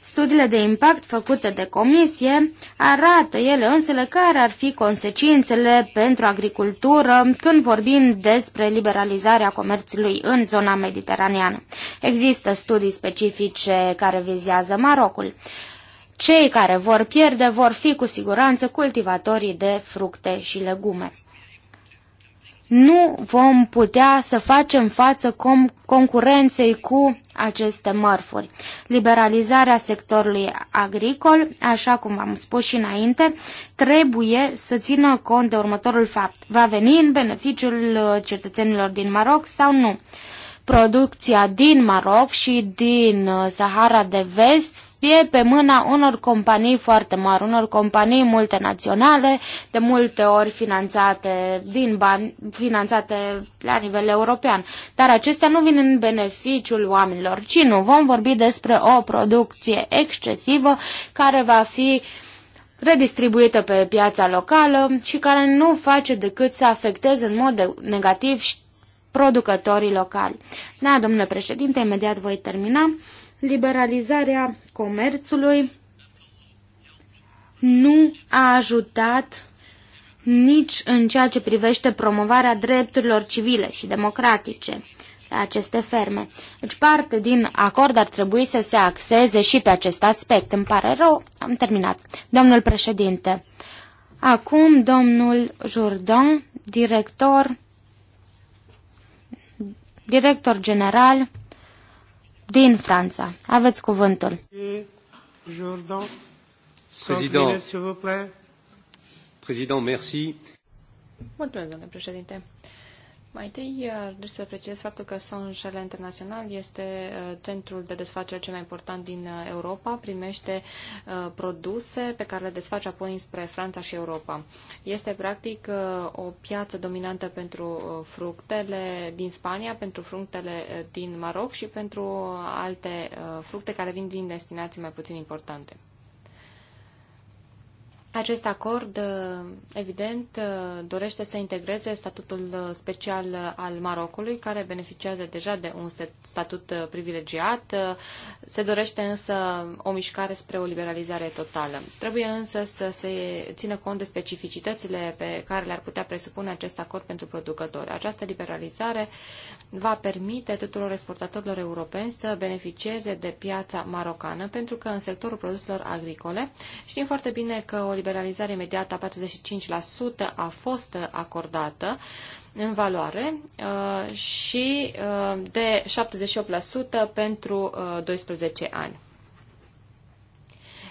Studiile de impact făcute de comisie arată ele însele care ar fi consecințele pentru agricultură când vorbim despre liberalizarea comerțului în zona mediteraneană. Există studii specifice care vizează Marocul. Cei care vor pierde vor fi cu siguranță cultivatorii de fructe și legume. Nu vom putea să facem față com concurenței cu aceste mărfuri. Liberalizarea sectorului agricol, așa cum am spus și înainte, trebuie să țină cont de următorul fapt. Va veni în beneficiul uh, cetățenilor din Maroc sau nu? producția din Maroc și din uh, Sahara de Vest e pe mâna unor companii foarte mari, unor companii multinaționale, de multe ori finanțate din bani, finanțate la nivel european. Dar acestea nu vin în beneficiul oamenilor, ci nu. Vom vorbi despre o producție excesivă care va fi redistribuită pe piața locală și care nu face decât să afecteze în mod negativ producătorii locali. Da, domnule președinte, imediat voi termina. Liberalizarea comerțului nu a ajutat nici în ceea ce privește promovarea drepturilor civile și democratice la aceste ferme. Deci parte din acord ar trebui să se axeze și pe acest aspect. Îmi pare rău, am terminat. Domnul președinte, acum domnul Jourdan, director director general din Franța. Aveți cuvântul. președinte, Mulțumesc, domnule președinte. Mai întâi, trebuie uh, să precizez faptul că Sonjele Internațional este uh, centrul de desfacere cel mai important din uh, Europa, primește produse pe care le desface apoi spre Franța și Europa. Este practic o piață dominantă pentru fructele din Spania, pentru fructele din Maroc și pentru alte fructe care vin din destinații mai puțin importante. Acest acord, uh, evident, uh, dorește să integreze statutul uh, special al Marocului, care beneficiază deja de un statut privilegiat. Se dorește însă o mișcare spre o liberalizare totală. Trebuie însă să se țină cont de specificitățile pe care le-ar putea presupune acest acord pentru producători. Această liberalizare va permite tuturor exportatorilor europeni să beneficieze de piața marocană, pentru că în sectorul produselor agricole știm foarte bine că o liberalizare imediată a 45% a fost acordată în valoare uh, și uh, de 78% pentru 12 uh, ani.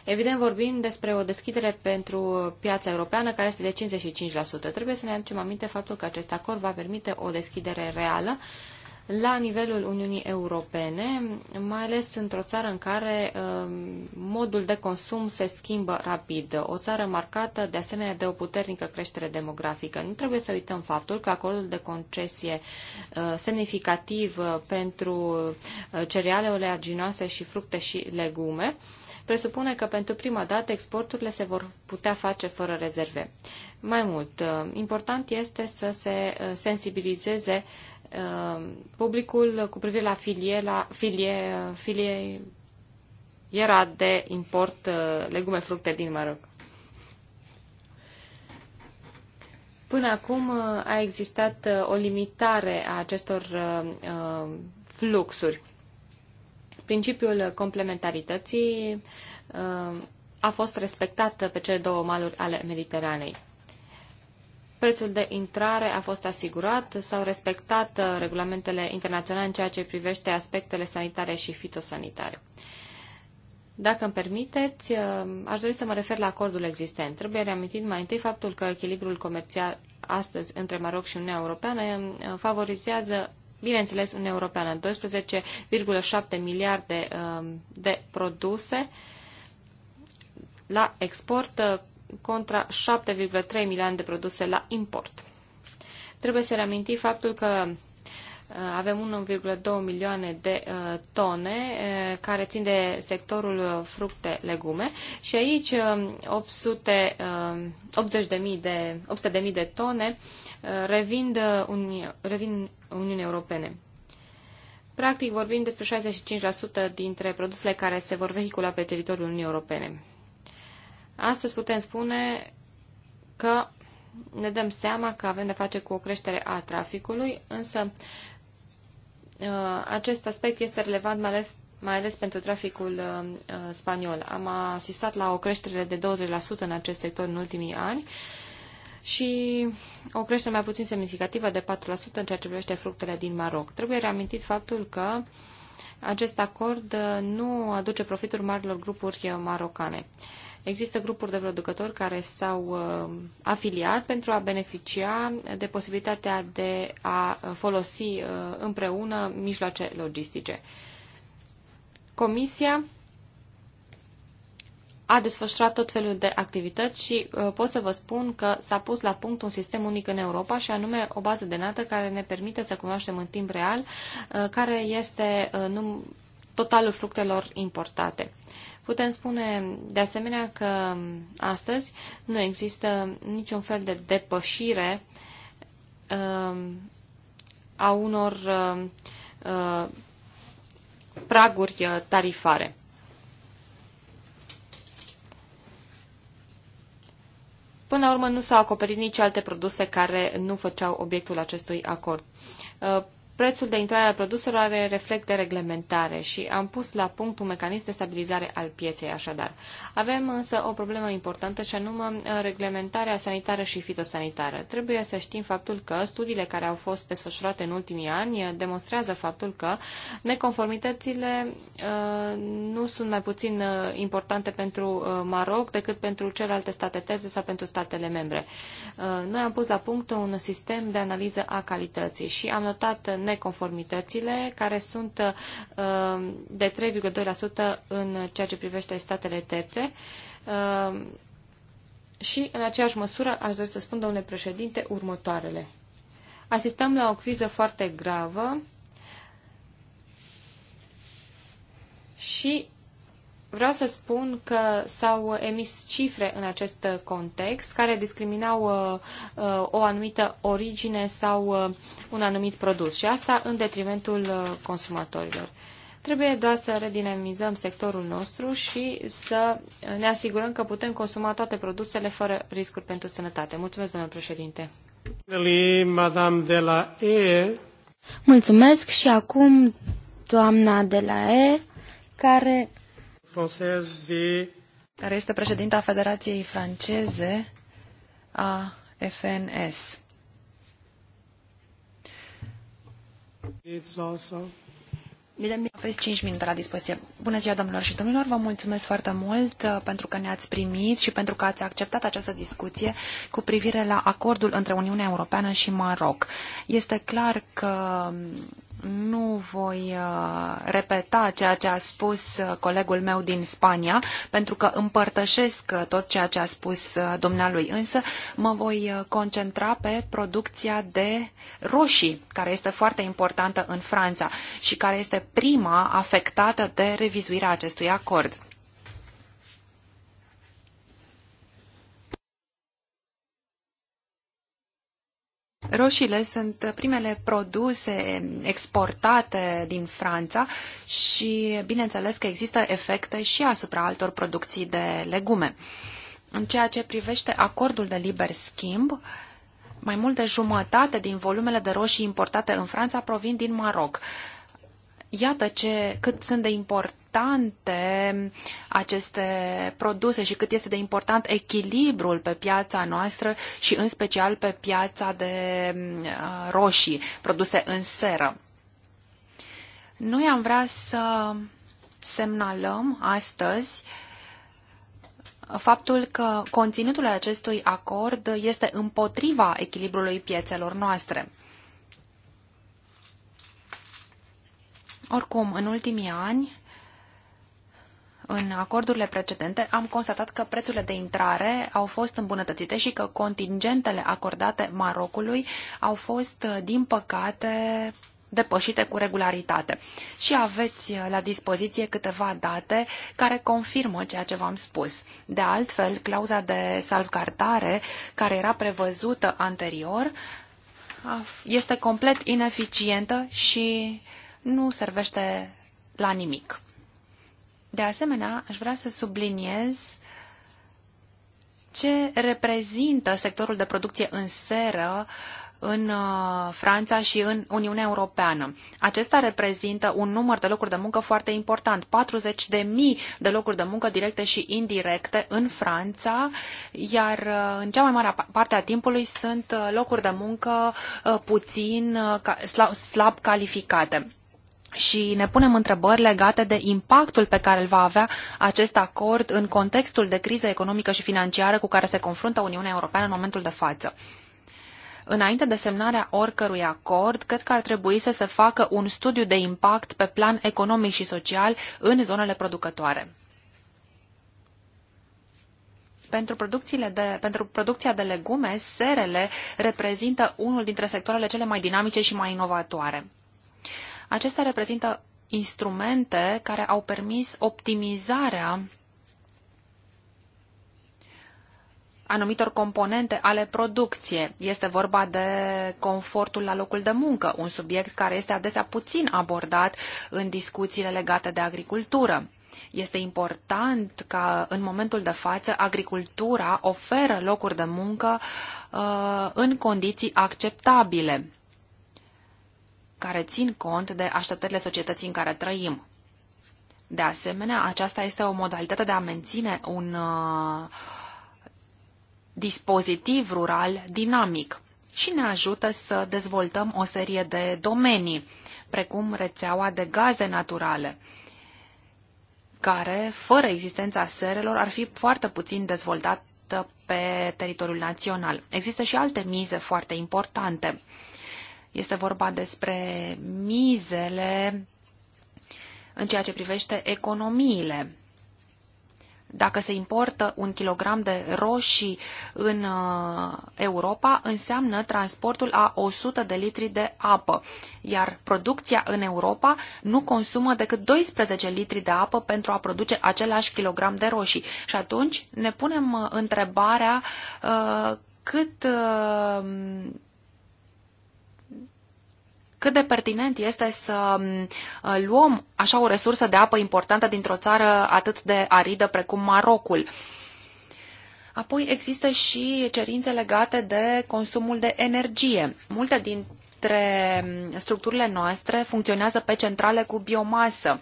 Evident, vorbim despre o deschidere pentru piața europeană care este de 55%. Trebuie să ne aducem aminte faptul că acest acord va permite o deschidere reală uh, la nivelul Uniunii Europene, mai ales într-o țară în care um, modul de consum se schimbă rapid, o țară marcată de asemenea de o puternică creștere demografică. Nu trebuie să uităm faptul că acordul de concesie uh, semnificativ uh, pentru uh, cereale oleaginoase și fructe și legume presupune că pentru prima dată exporturile se vor putea face fără rezerve. Mai mult, important este să se sensibilizeze Uh, publicul cu privire la filie, la filie, filie era de import uh, legume, fructe din Maroc. Până acum uh, a existat o limitare a acestor fluxuri. Principiul complementarității a fost respectat pe cele două maluri ale Mediteranei prețul de intrare a fost asigurat, s-au respectat uh, regulamentele internaționale în ceea ce privește aspectele sanitare și fitosanitare. Dacă îmi permiteți, uh, aș dori să mă refer la acordul existent. Trebuie reamintit mai întâi faptul că echilibrul comercial astăzi între Maroc și Uniunea Europeană uh, favorizează bineînțeles, Uniunea Europeană, 12,7 miliarde de produse la export contra 7,3 milioane de produse la import. Trebuie să reaminti faptul că uh, avem 1,2 milioane de uh, tone uh, care țin de sectorul fructe-legume și aici 800.000 de, de, 800 de, de tone revin, Uni, revin Uniunii Europene. Practic vorbim despre 65% dintre produsele care se vor vehicula pe teritoriul Uniunii Europene. Astăzi putem spune că ne dăm seama că avem de face cu o creștere a traficului, însă uh, acest aspect este relevant mai ales, mai ales pentru traficul uh, uh, spaniol. Am asistat la o creștere de 20% în acest sector în ultimii ani și o creștere mai puțin semnificativă de 4% în ceea ce privește fructele din Maroc. Trebuie reamintit faptul că acest acord nu aduce profituri marilor grupuri marocane. Uh, Există grupuri de producători care s-au uh, afiliat pentru a beneficia de posibilitatea de a folosi uh, împreună mijloace logistice. Comisia a desfășurat tot felul de activități și uh, pot să vă spun că s-a pus la punct un sistem unic în Europa și anume o bază de nată care ne permite să cunoaștem în timp real uh, care este uh, num- totalul fructelor importate. Uh, Putem spune de asemenea că astăzi nu există niciun fel de depășire um, a unor um, uh, praguri uh, tarifare. Până la urmă nu s-au acoperit nici alte produse care nu făceau obiectul acestui acord. Uh, prețul de intrare al produselor are reflect de reglementare și am pus la punct un mecanism de stabilizare al pieței așadar. Avem însă o problemă importantă și anume uh, reglementarea sanitară și fitosanitară. Trebuie să știm faptul că studiile care au fost desfășurate în ultimii ani uh, demonstrează faptul că neconformitățile uh, nu sunt mai puțin importante pentru Maroc decât pentru celelalte state teze sau pentru statele membre. Noi am pus la punct un sistem de analiză a calității și am notat neconformitățile, care sunt uh, de 3,2% în ceea ce privește statele terțe. Uh, și, în aceeași măsură, aș dori să spun, domnule președinte, următoarele. Asistăm la o criză foarte gravă și Vreau să spun că s-au emis cifre în acest context care discriminau uh, uh, o anumită origine sau uh, un anumit produs și asta în detrimentul consumatorilor. Trebuie doar să redinamizăm sectorul nostru și să ne asigurăm că putem consuma toate produsele fără riscuri pentru sănătate. Mulțumesc, domnule președinte. Mulțumesc și acum doamna de la E, care care este președinta Federației Franceze a FNS. Aveți 5 minute la dispoziție. Bună ziua, domnilor și domnilor, vă mulțumesc foarte mult uh, pentru că ne-ați primit și pentru că ați acceptat această discuție cu privire la acordul între Uniunea Europeană și Maroc. Este clar că um, nu voi uh, repeta ceea ce a spus uh, colegul meu din Spania, pentru că împărtășesc uh, tot ceea ce a spus dumnealui, însă mă voi concentra pe producția de roșii, care este foarte importantă în Franța și care este prima afectată de revizuirea acestui acord. Roșiile sunt primele produse exportate din Franța și bineînțeles că există efecte și asupra altor producții de legume. În ceea ce privește acordul de liber schimb, mai mult de jumătate din volumele de roșii importate în Franța provin din Maroc. Iată ce, cât sunt de importante aceste produse și cât este de important echilibrul pe piața noastră și în special pe piața de mm, uh, roșii, produse în seră. Noi am vrea să semnalăm astăzi faptul că conținutul acestui acord este împotriva echilibrului piețelor noastre. Oricum, în ultimii ani, în acordurile precedente, am constatat că prețurile de intrare au fost îmbunătățite și că contingentele acordate Marocului au fost, din păcate, depășite cu regularitate. Și aveți uh, la dispoziție câteva date care confirmă ceea ce v-am spus. De altfel, clauza de salvgardare care era prevăzută anterior este complet ineficientă și uh, nu servește la nimic. De asemenea, aș vrea să subliniez ce reprezintă sectorul de producție în seră în uh, Franța și în Uniunea Europeană. Acesta reprezintă un număr de locuri de muncă foarte important, 40 de mii de locuri de muncă directe și indirecte în Franța, iar uh, în cea mai mare parte a timpului sunt uh, locuri de muncă puțin slab calificate și ne punem întrebări legate de impactul pe care îl va avea acest acord în contextul de criză economică și financiară cu care se confruntă Uniunea Europeană în momentul de față. Înainte de semnarea oricărui acord, cred că ar trebui să se facă un studiu de impact pe plan economic și social în zonele producătoare. Pentru, producțiile de, pentru producția de legume, serele reprezintă unul dintre sectoarele cele mai dinamice și mai inovatoare. Acestea reprezintă instrumente care au permis optimizarea anumitor componente ale producției. Este vorba de confortul la locul de muncă, un subiect care este adesea puțin abordat în discuțiile legate de agricultură. Este important ca în momentul de față agricultura oferă locuri de muncă uh, în condiții acceptabile care țin cont de așteptările societății în care trăim. De asemenea, aceasta este o modalitate de a menține un uh, dispozitiv rural dinamic și ne ajută să dezvoltăm o serie de domenii, precum rețeaua de gaze naturale, care, fără existența serelor, ar fi foarte puțin dezvoltată pe teritoriul național. Există și alte mize foarte importante este vorba despre mizele în ceea ce privește economiile. Dacă se importă un kilogram de roșii în uh, Europa, înseamnă transportul a 100 de litri de apă, iar producția în Europa nu consumă decât 12 litri de apă pentru a produce același kilogram de roșii. Și atunci ne punem uh, întrebarea uh, cât cât de pertinent este să mm, uh, luăm așa o resursă de apă importantă dintr-o țară atât de aridă precum Marocul. Apoi există și cerințe legate de consumul de energie. Multe dintre mm, structurile noastre funcționează pe centrale cu biomasă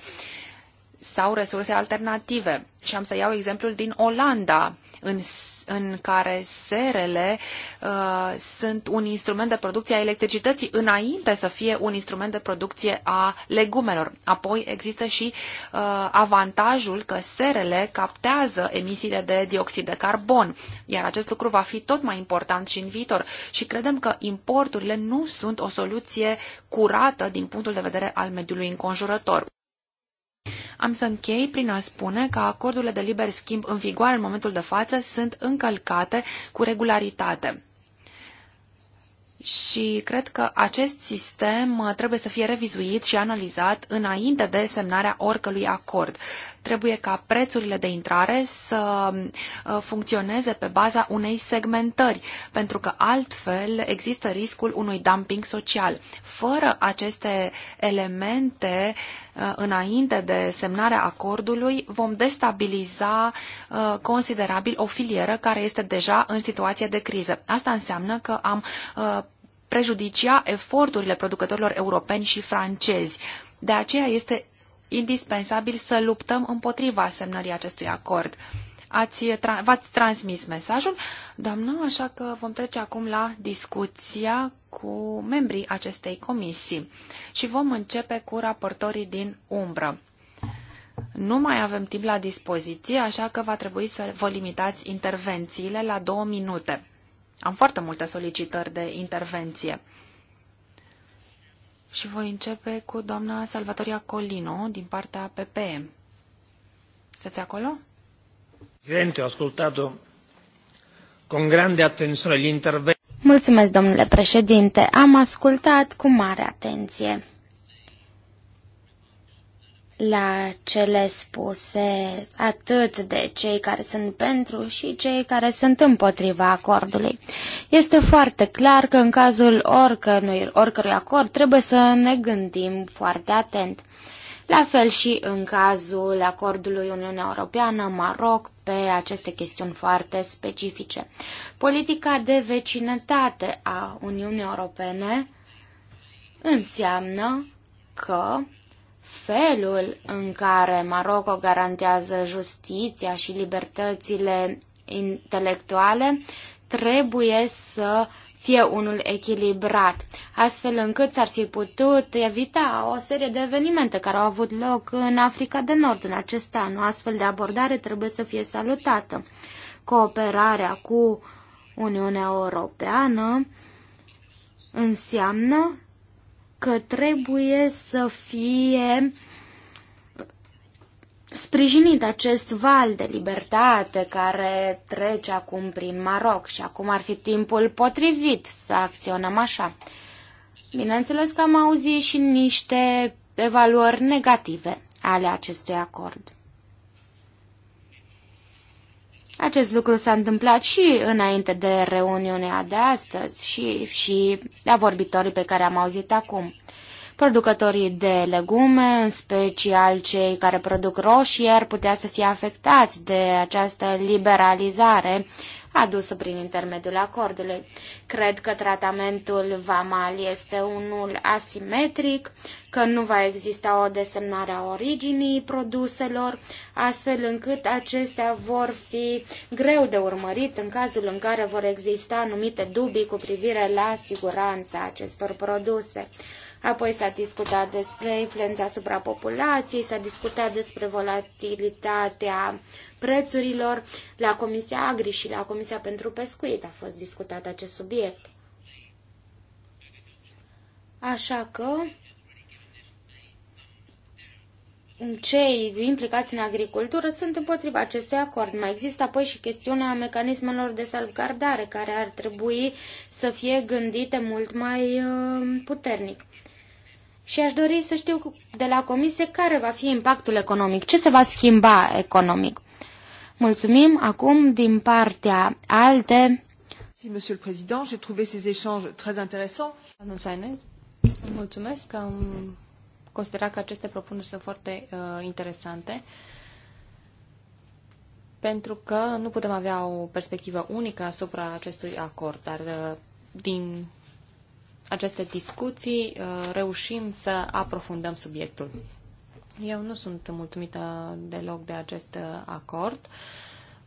sau resurse alternative. Și am să iau exemplul din Olanda. În în care serele uh, sunt un instrument de producție a electricității înainte să fie un instrument de producție a legumelor. Apoi există și uh, avantajul că serele captează emisiile de dioxid de carbon, iar acest lucru va fi tot mai important și în viitor și credem că importurile nu sunt o soluție curată din punctul de vedere al mediului înconjurător. Am să închei prin a spune că acordurile de liber schimb în vigoare în momentul de față sunt încălcate cu regularitate. Și cred că acest sistem uh, trebuie să fie revizuit și analizat înainte de semnarea oricălui acord. Trebuie ca prețurile de intrare să uh, funcționeze pe baza unei segmentări, pentru că altfel există riscul unui dumping social. Fără aceste elemente uh, înainte de semnarea acordului, vom destabiliza uh, considerabil o filieră care este deja în situație de criză. Asta înseamnă că am prejudicia eforturile producătorilor europeni și francezi. De aceea este indispensabil să luptăm împotriva semnării acestui acord. Ați, v-ați transmis mesajul, doamnă, așa că vom trece acum la discuția cu membrii acestei comisii și vom începe cu raportorii din umbră. Nu mai avem timp la dispoziție, așa că va trebui să vă limitați intervențiile la două minute. Am foarte multe solicitări de intervenție și voi începe cu doamna Salvatoria Colino din partea PPM. Sunteți acolo? Presidente, ho ascoltato con grande attenzione gli interventi. Mulțumesc, domnule președinte. Am ascultat cu mare atenție la cele spuse atât de cei care sunt pentru și cei care sunt împotriva acordului. Este foarte clar că în cazul oricărui, oricărui acord trebuie să ne gândim foarte atent. La fel și în cazul acordului Uniunea Europeană-Maroc pe aceste chestiuni foarte specifice. Politica de vecinătate a Uniunii Europene înseamnă că felul în care Maroco garantează justiția și libertățile intelectuale trebuie să fie unul echilibrat, astfel încât s-ar fi putut evita o serie de evenimente care au avut loc în Africa de Nord în acest an. O astfel de abordare trebuie să fie salutată. Cooperarea cu Uniunea Europeană înseamnă că trebuie să fie sprijinit acest val de libertate care trece acum prin Maroc și acum ar fi timpul potrivit să acționăm așa. Bineînțeles că am auzit și niște evaluări negative ale acestui acord. Acest lucru s-a întâmplat și înainte de reuniunea de astăzi și, și la vorbitorii pe care am auzit acum. Producătorii de legume, în special cei care produc roșii, ar putea să fie afectați de această liberalizare adusă prin intermediul acordului. Cred că tratamentul VAMAL este unul asimetric, că nu va exista o desemnare a originii produselor, astfel încât acestea vor fi greu de urmărit în cazul în care vor exista anumite dubii cu privire la siguranța acestor produse. Apoi s-a discutat despre influența asupra populației, s-a discutat despre volatilitatea prețurilor. La Comisia Agri și la Comisia pentru Pescuit a fost discutat acest subiect. Așa că cei implicați în agricultură sunt împotriva acestui acord. Mai există apoi și chestiunea mecanismelor de salvgardare, care ar trebui să fie gândite mult mai uh, puternic. Și aș dori să știu de la comisie care va fi impactul economic, ce se va schimba economic. Mulțumim acum din partea alte. Monsieur le Président, j'ai trouvé ces échanges très intéressants. Mulțumesc, am considerat că aceste propuneri sunt foarte uh, interesante pentru că nu putem avea o perspectivă unică asupra acestui acord, dar uh, din aceste discuții uh, reușim să aprofundăm subiectul. Eu nu sunt mulțumită deloc de acest uh, acord.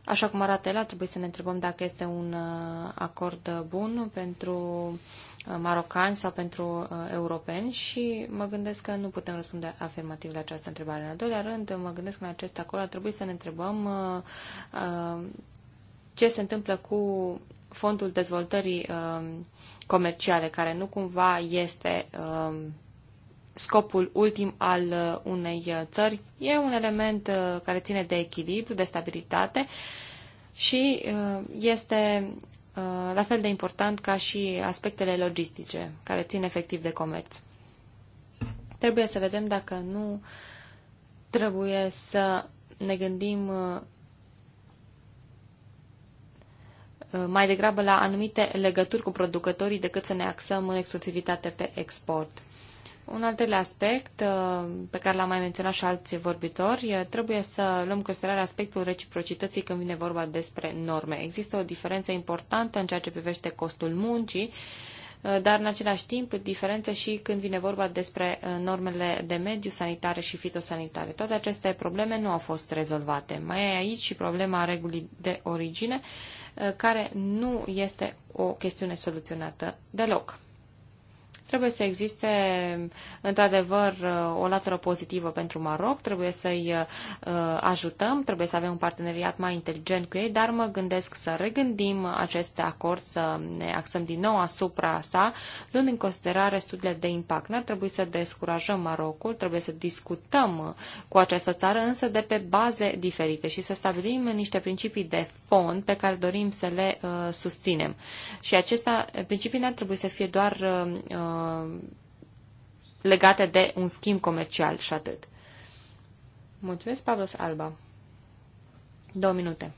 Așa cum arată el, trebuie să ne întrebăm dacă este un uh, acord uh, bun pentru marocani sau pentru europeni și mă gândesc că nu putem răspunde afirmativ la această întrebare. În al doilea rând, mă gândesc că în acest acord ar trebui să ne întrebăm ce se întâmplă cu fondul dezvoltării comerciale, care nu cumva este scopul ultim al uh, unei uh, țări. E un element uh, care ține de echilibru, de stabilitate și este la fel de important ca și aspectele logistice, care țin efectiv de comerț. Trebuie să vedem dacă nu trebuie să ne gândim mai degrabă la anumite legături cu producătorii decât să ne axăm în exclusivitate pe export. Un al treilea aspect uh, pe care l-am mai menționat și alți vorbitori, trebuie să luăm considerare aspectul reciprocității când vine vorba despre norme. Există o diferență importantă în ceea ce privește costul muncii, uh, dar în același timp diferență și când vine vorba despre uh, normele de mediu, sanitare și fitosanitare. Toate aceste probleme nu au fost rezolvate. Mai e aici și problema regulii de origine, care nu este o chestiune soluționată deloc. Trebuie să existe, într-adevăr, o latură pozitivă pentru Maroc, trebuie să-i uh, ajutăm, trebuie să avem un parteneriat mai inteligent cu ei, dar mă gândesc să regândim acest acord, să ne axăm din nou asupra sa, luând în considerare studiile de impact. N-ar trebui să descurajăm Marocul, trebuie să discutăm cu această țară, însă de pe baze diferite și să stabilim niște principii de fond pe care dorim să le uh, susținem. Și acestea, n ar trebui să fie doar uh, uh Uh, legate de un schimb comercial și atât. Mulțumesc, Pavlos Alba. Două minute.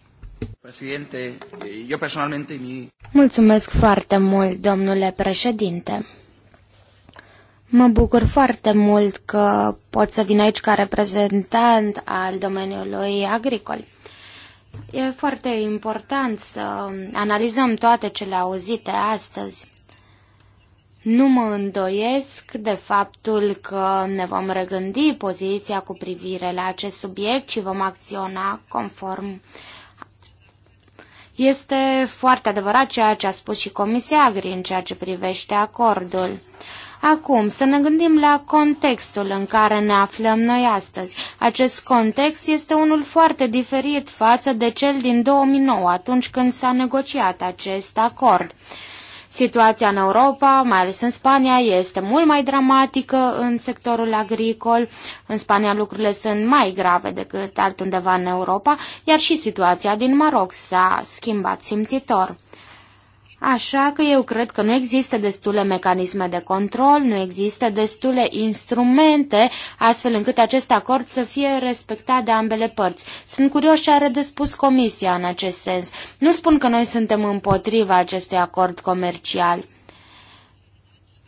Președinte, eu eh, personalmente mi... Mulțumesc foarte mult, domnule președinte. Mă bucur foarte mult că pot să vin aici ca reprezentant al domeniului agricol. E foarte important să analizăm toate cele auzite astăzi. Nu mă îndoiesc de faptul că ne vom regândi poziția cu privire la acest subiect și vom acționa conform. Este foarte adevărat ceea ce a spus și Comisia Agri în ceea ce privește acordul. Acum, să ne gândim la contextul în care ne aflăm noi astăzi. Acest context este unul foarte diferit față de cel din 2009, atunci când s-a negociat acest acord. Situația în Europa, mai ales în Spania, este mult mai dramatică în sectorul agricol. În Spania lucrurile sunt mai grave decât altundeva în Europa, iar și situația din Maroc s-a schimbat simțitor. Așa că eu cred că nu există destule mecanisme de control, nu există destule instrumente astfel încât acest acord să fie respectat de ambele părți. Sunt curios ce are de spus Comisia în acest sens. Nu spun că noi suntem împotriva acestui acord comercial.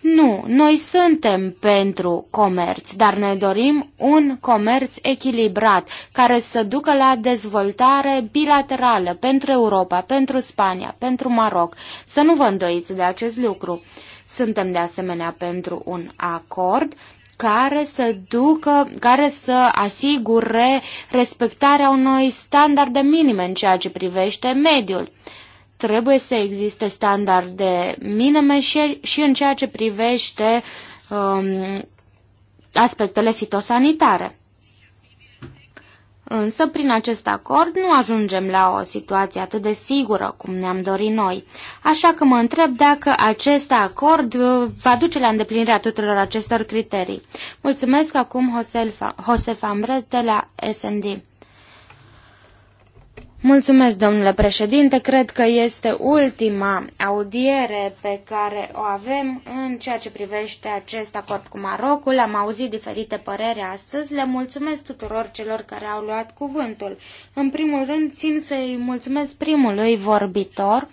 Nu, noi suntem pentru comerț, dar ne dorim un comerț echilibrat, care să ducă la dezvoltare bilaterală pentru Europa, pentru Spania, pentru Maroc. Să nu vă îndoiți de acest lucru. Suntem de asemenea pentru un acord care să ducă, care să asigure respectarea unui standarde minime în ceea ce privește mediul trebuie să existe standarde minime și, și în ceea ce privește um, aspectele fitosanitare. Însă, prin acest acord, nu ajungem la o situație atât de sigură cum ne-am dorit noi. Așa că mă întreb dacă acest acord uh, va duce la îndeplinirea tuturor acestor criterii. Mulțumesc acum Josef Ambrez de la SND. Mulțumesc, domnule președinte. Cred că este ultima audiere pe care o avem în ceea ce privește acest acord cu Marocul. Am auzit diferite păreri astăzi. Le mulțumesc tuturor celor care au luat cuvântul. În primul rând, țin să-i mulțumesc primului vorbitor,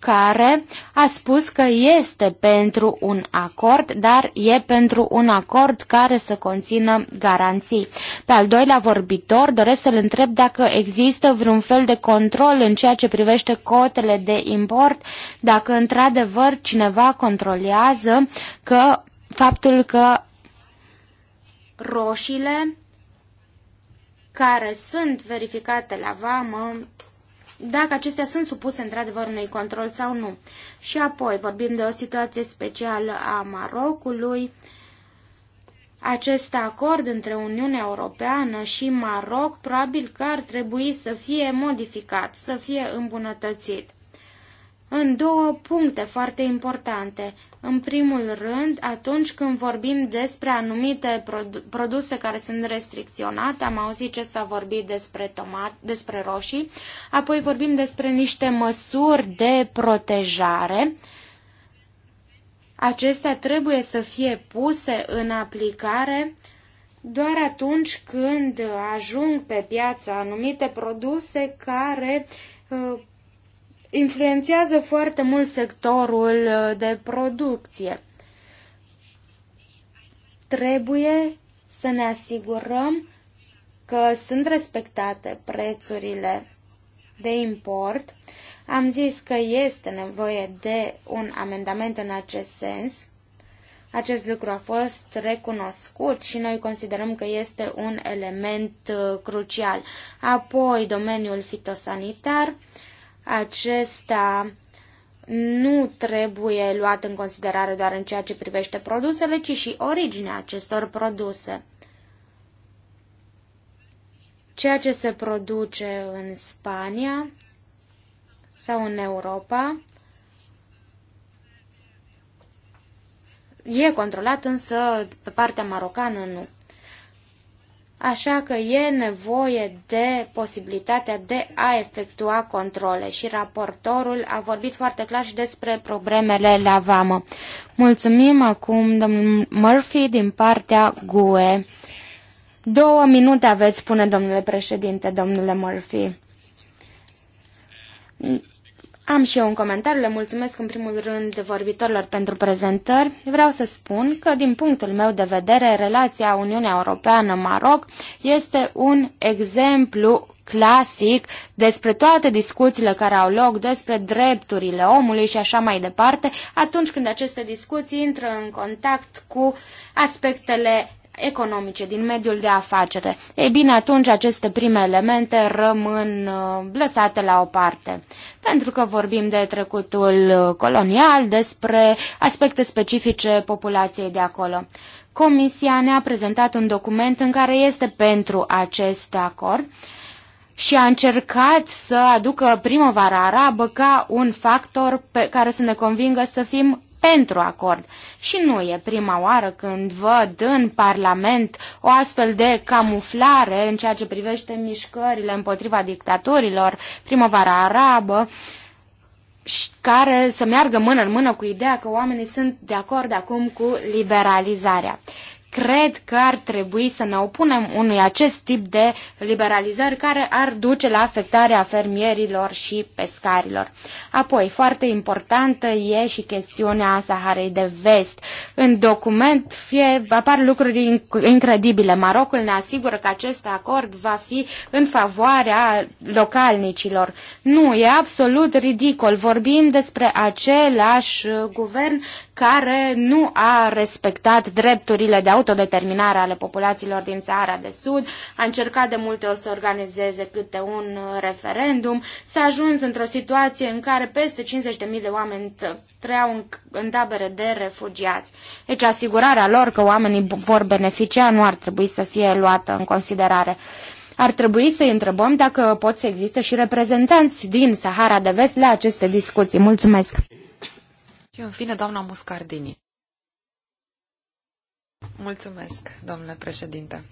care a spus că este pentru un acord, dar e pentru un acord care să conțină garanții. Pe al doilea vorbitor doresc să-l întreb dacă există vreun fel de control în ceea ce privește cotele de import, dacă într-adevăr cineva controlează că faptul că roșiile care sunt verificate la vamă dacă acestea sunt supuse într-adevăr unui control sau nu. Și apoi vorbim de o situație specială a Marocului. Acest acord între Uniunea Europeană și Maroc probabil că ar trebui să fie modificat, să fie îmbunătățit în două puncte foarte importante. În primul rând, atunci când vorbim despre anumite produse care sunt restricționate, am auzit ce s-a vorbit despre, tomat, despre roșii, apoi vorbim despre niște măsuri de protejare. Acestea trebuie să fie puse în aplicare doar atunci când ajung pe piață anumite produse care uh, influențează foarte mult sectorul uh, de producție. Trebuie să ne asigurăm că sunt respectate prețurile de import. Am zis că este nevoie de un amendament în acest sens. Acest lucru a fost recunoscut și noi considerăm că este un element uh, crucial. Apoi, domeniul fitosanitar. Uh, acesta nu trebuie luat în considerare doar în ceea ce privește produsele, ci și originea acestor produse. Ceea ce se produce în Spania sau în Europa e controlat, însă pe partea marocană nu. Așa că e nevoie de posibilitatea de a efectua controle și raportorul a vorbit foarte clar și despre problemele la vamă. Mulțumim acum domnul Murphy din partea GUE. Două minute aveți, spune domnule președinte, domnule Murphy. Am și eu un comentariu, le mulțumesc în primul rând vorbitorilor pentru prezentări. Vreau să spun că, din punctul meu de vedere, relația Uniunea Europeană-Maroc este un exemplu clasic despre toate discuțiile care au loc despre drepturile omului și așa mai departe, atunci când aceste discuții intră în contact cu aspectele economice, din mediul de afacere. Ei bine, atunci aceste prime elemente rămân uh, lăsate la o parte, pentru că vorbim de trecutul uh, colonial, despre aspecte specifice populației de acolo. Comisia ne-a prezentat un document în care este pentru acest acord și a încercat să aducă primăvara arabă ca un factor pe care să ne convingă să fim pentru acord. Și nu e prima oară când văd în Parlament o astfel de camuflare în ceea ce privește mișcările împotriva dictaturilor, primăvara arabă, care să meargă mână în mână cu ideea că oamenii sunt de acord acum cu liberalizarea cred că ar trebui să ne opunem unui acest tip de liberalizări care ar duce la afectarea fermierilor și pescarilor. Apoi, foarte importantă e și chestiunea Saharei de Vest. În document fie, apar lucruri incredibile. Marocul ne asigură că acest acord va fi în favoarea localnicilor. Nu, e absolut ridicol. Vorbim despre același guvern care nu a respectat drepturile de autodeterminare ale populațiilor din Sahara de Sud, a încercat de multe ori să organizeze câte un referendum, s-a ajuns într-o situație în care peste 50.000 de oameni trăiau în, în tabere de refugiați. Deci asigurarea lor că oamenii vor beneficia nu ar trebui să fie luată în considerare ar trebui să întrebăm dacă pot să existe și reprezentanți din Sahara de Vest la aceste discuții. Mulțumesc! în fine, doamna Muscardini. Mulțumesc, domnule președinte.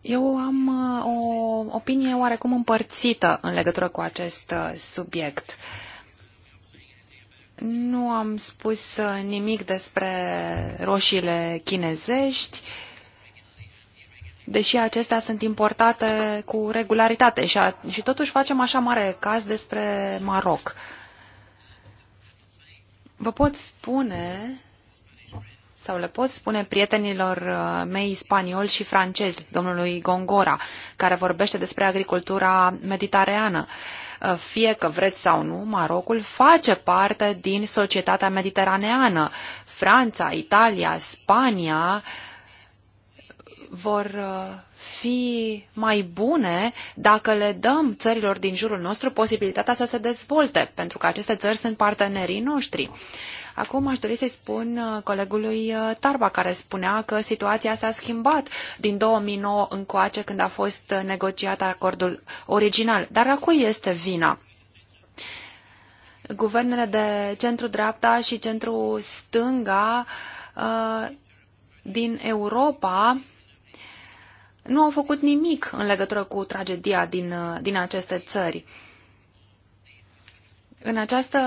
Eu am uh, o opinie oarecum împărțită în legătură cu acest uh, subiect. Nu am spus uh, nimic despre roșiile chinezești, deși acestea sunt importate cu regularitate și, a, și totuși facem așa mare caz despre Maroc. Vă pot spune sau le pot spune prietenilor uh, mei spanioli și francezi, domnului Gongora, care vorbește despre agricultura mediteraneană. Uh, fie că vreți sau nu, Marocul face parte din societatea mediteraneană. Franța, Italia, Spania uh, vor uh, fi mai bune dacă le dăm țărilor din jurul nostru posibilitatea să se dezvolte, pentru că aceste țări sunt partenerii noștri. Acum aș dori să-i spun uh, colegului uh, Tarba, care spunea că situația s-a schimbat din 2009 încoace, când a fost negociat acordul original. Dar a cui este vina? Guvernele de centru-dreapta și centru-stânga din Europa nu au făcut nimic în legătură cu tragedia din, uh, din aceste țări. În această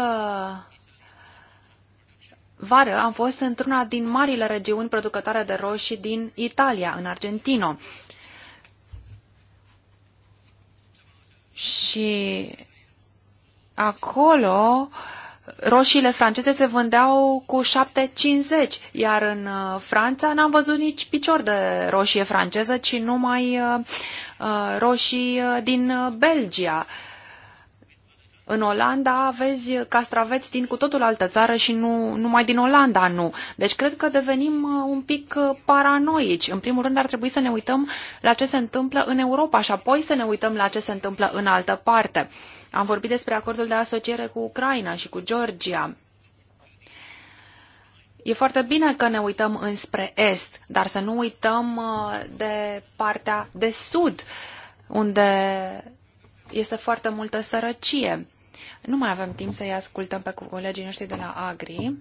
vară am fost într-una din marile regiuni producătoare de roșii din Italia, în Argentino. Și acolo uh, roșiile franceze se vândeau cu 7,50, iar în uh, Franța n-am văzut nici picior de roșie franceză, ci numai uh, uh, roșii din Belgia. În Olanda vezi castraveți din cu totul altă țară și nu numai din Olanda nu. Deci cred că devenim uh, un pic uh, paranoici. În primul rând ar trebui să ne uităm la ce se întâmplă în Europa și apoi să ne uităm la ce se întâmplă în altă parte. Am vorbit despre acordul de asociere cu Ucraina și cu Georgia. E foarte bine că ne uităm înspre est, dar să nu uităm uh, de partea de sud, unde este foarte multă sărăcie. Nu mai avem timp să-i ascultăm pe colegii noștri de la Agri,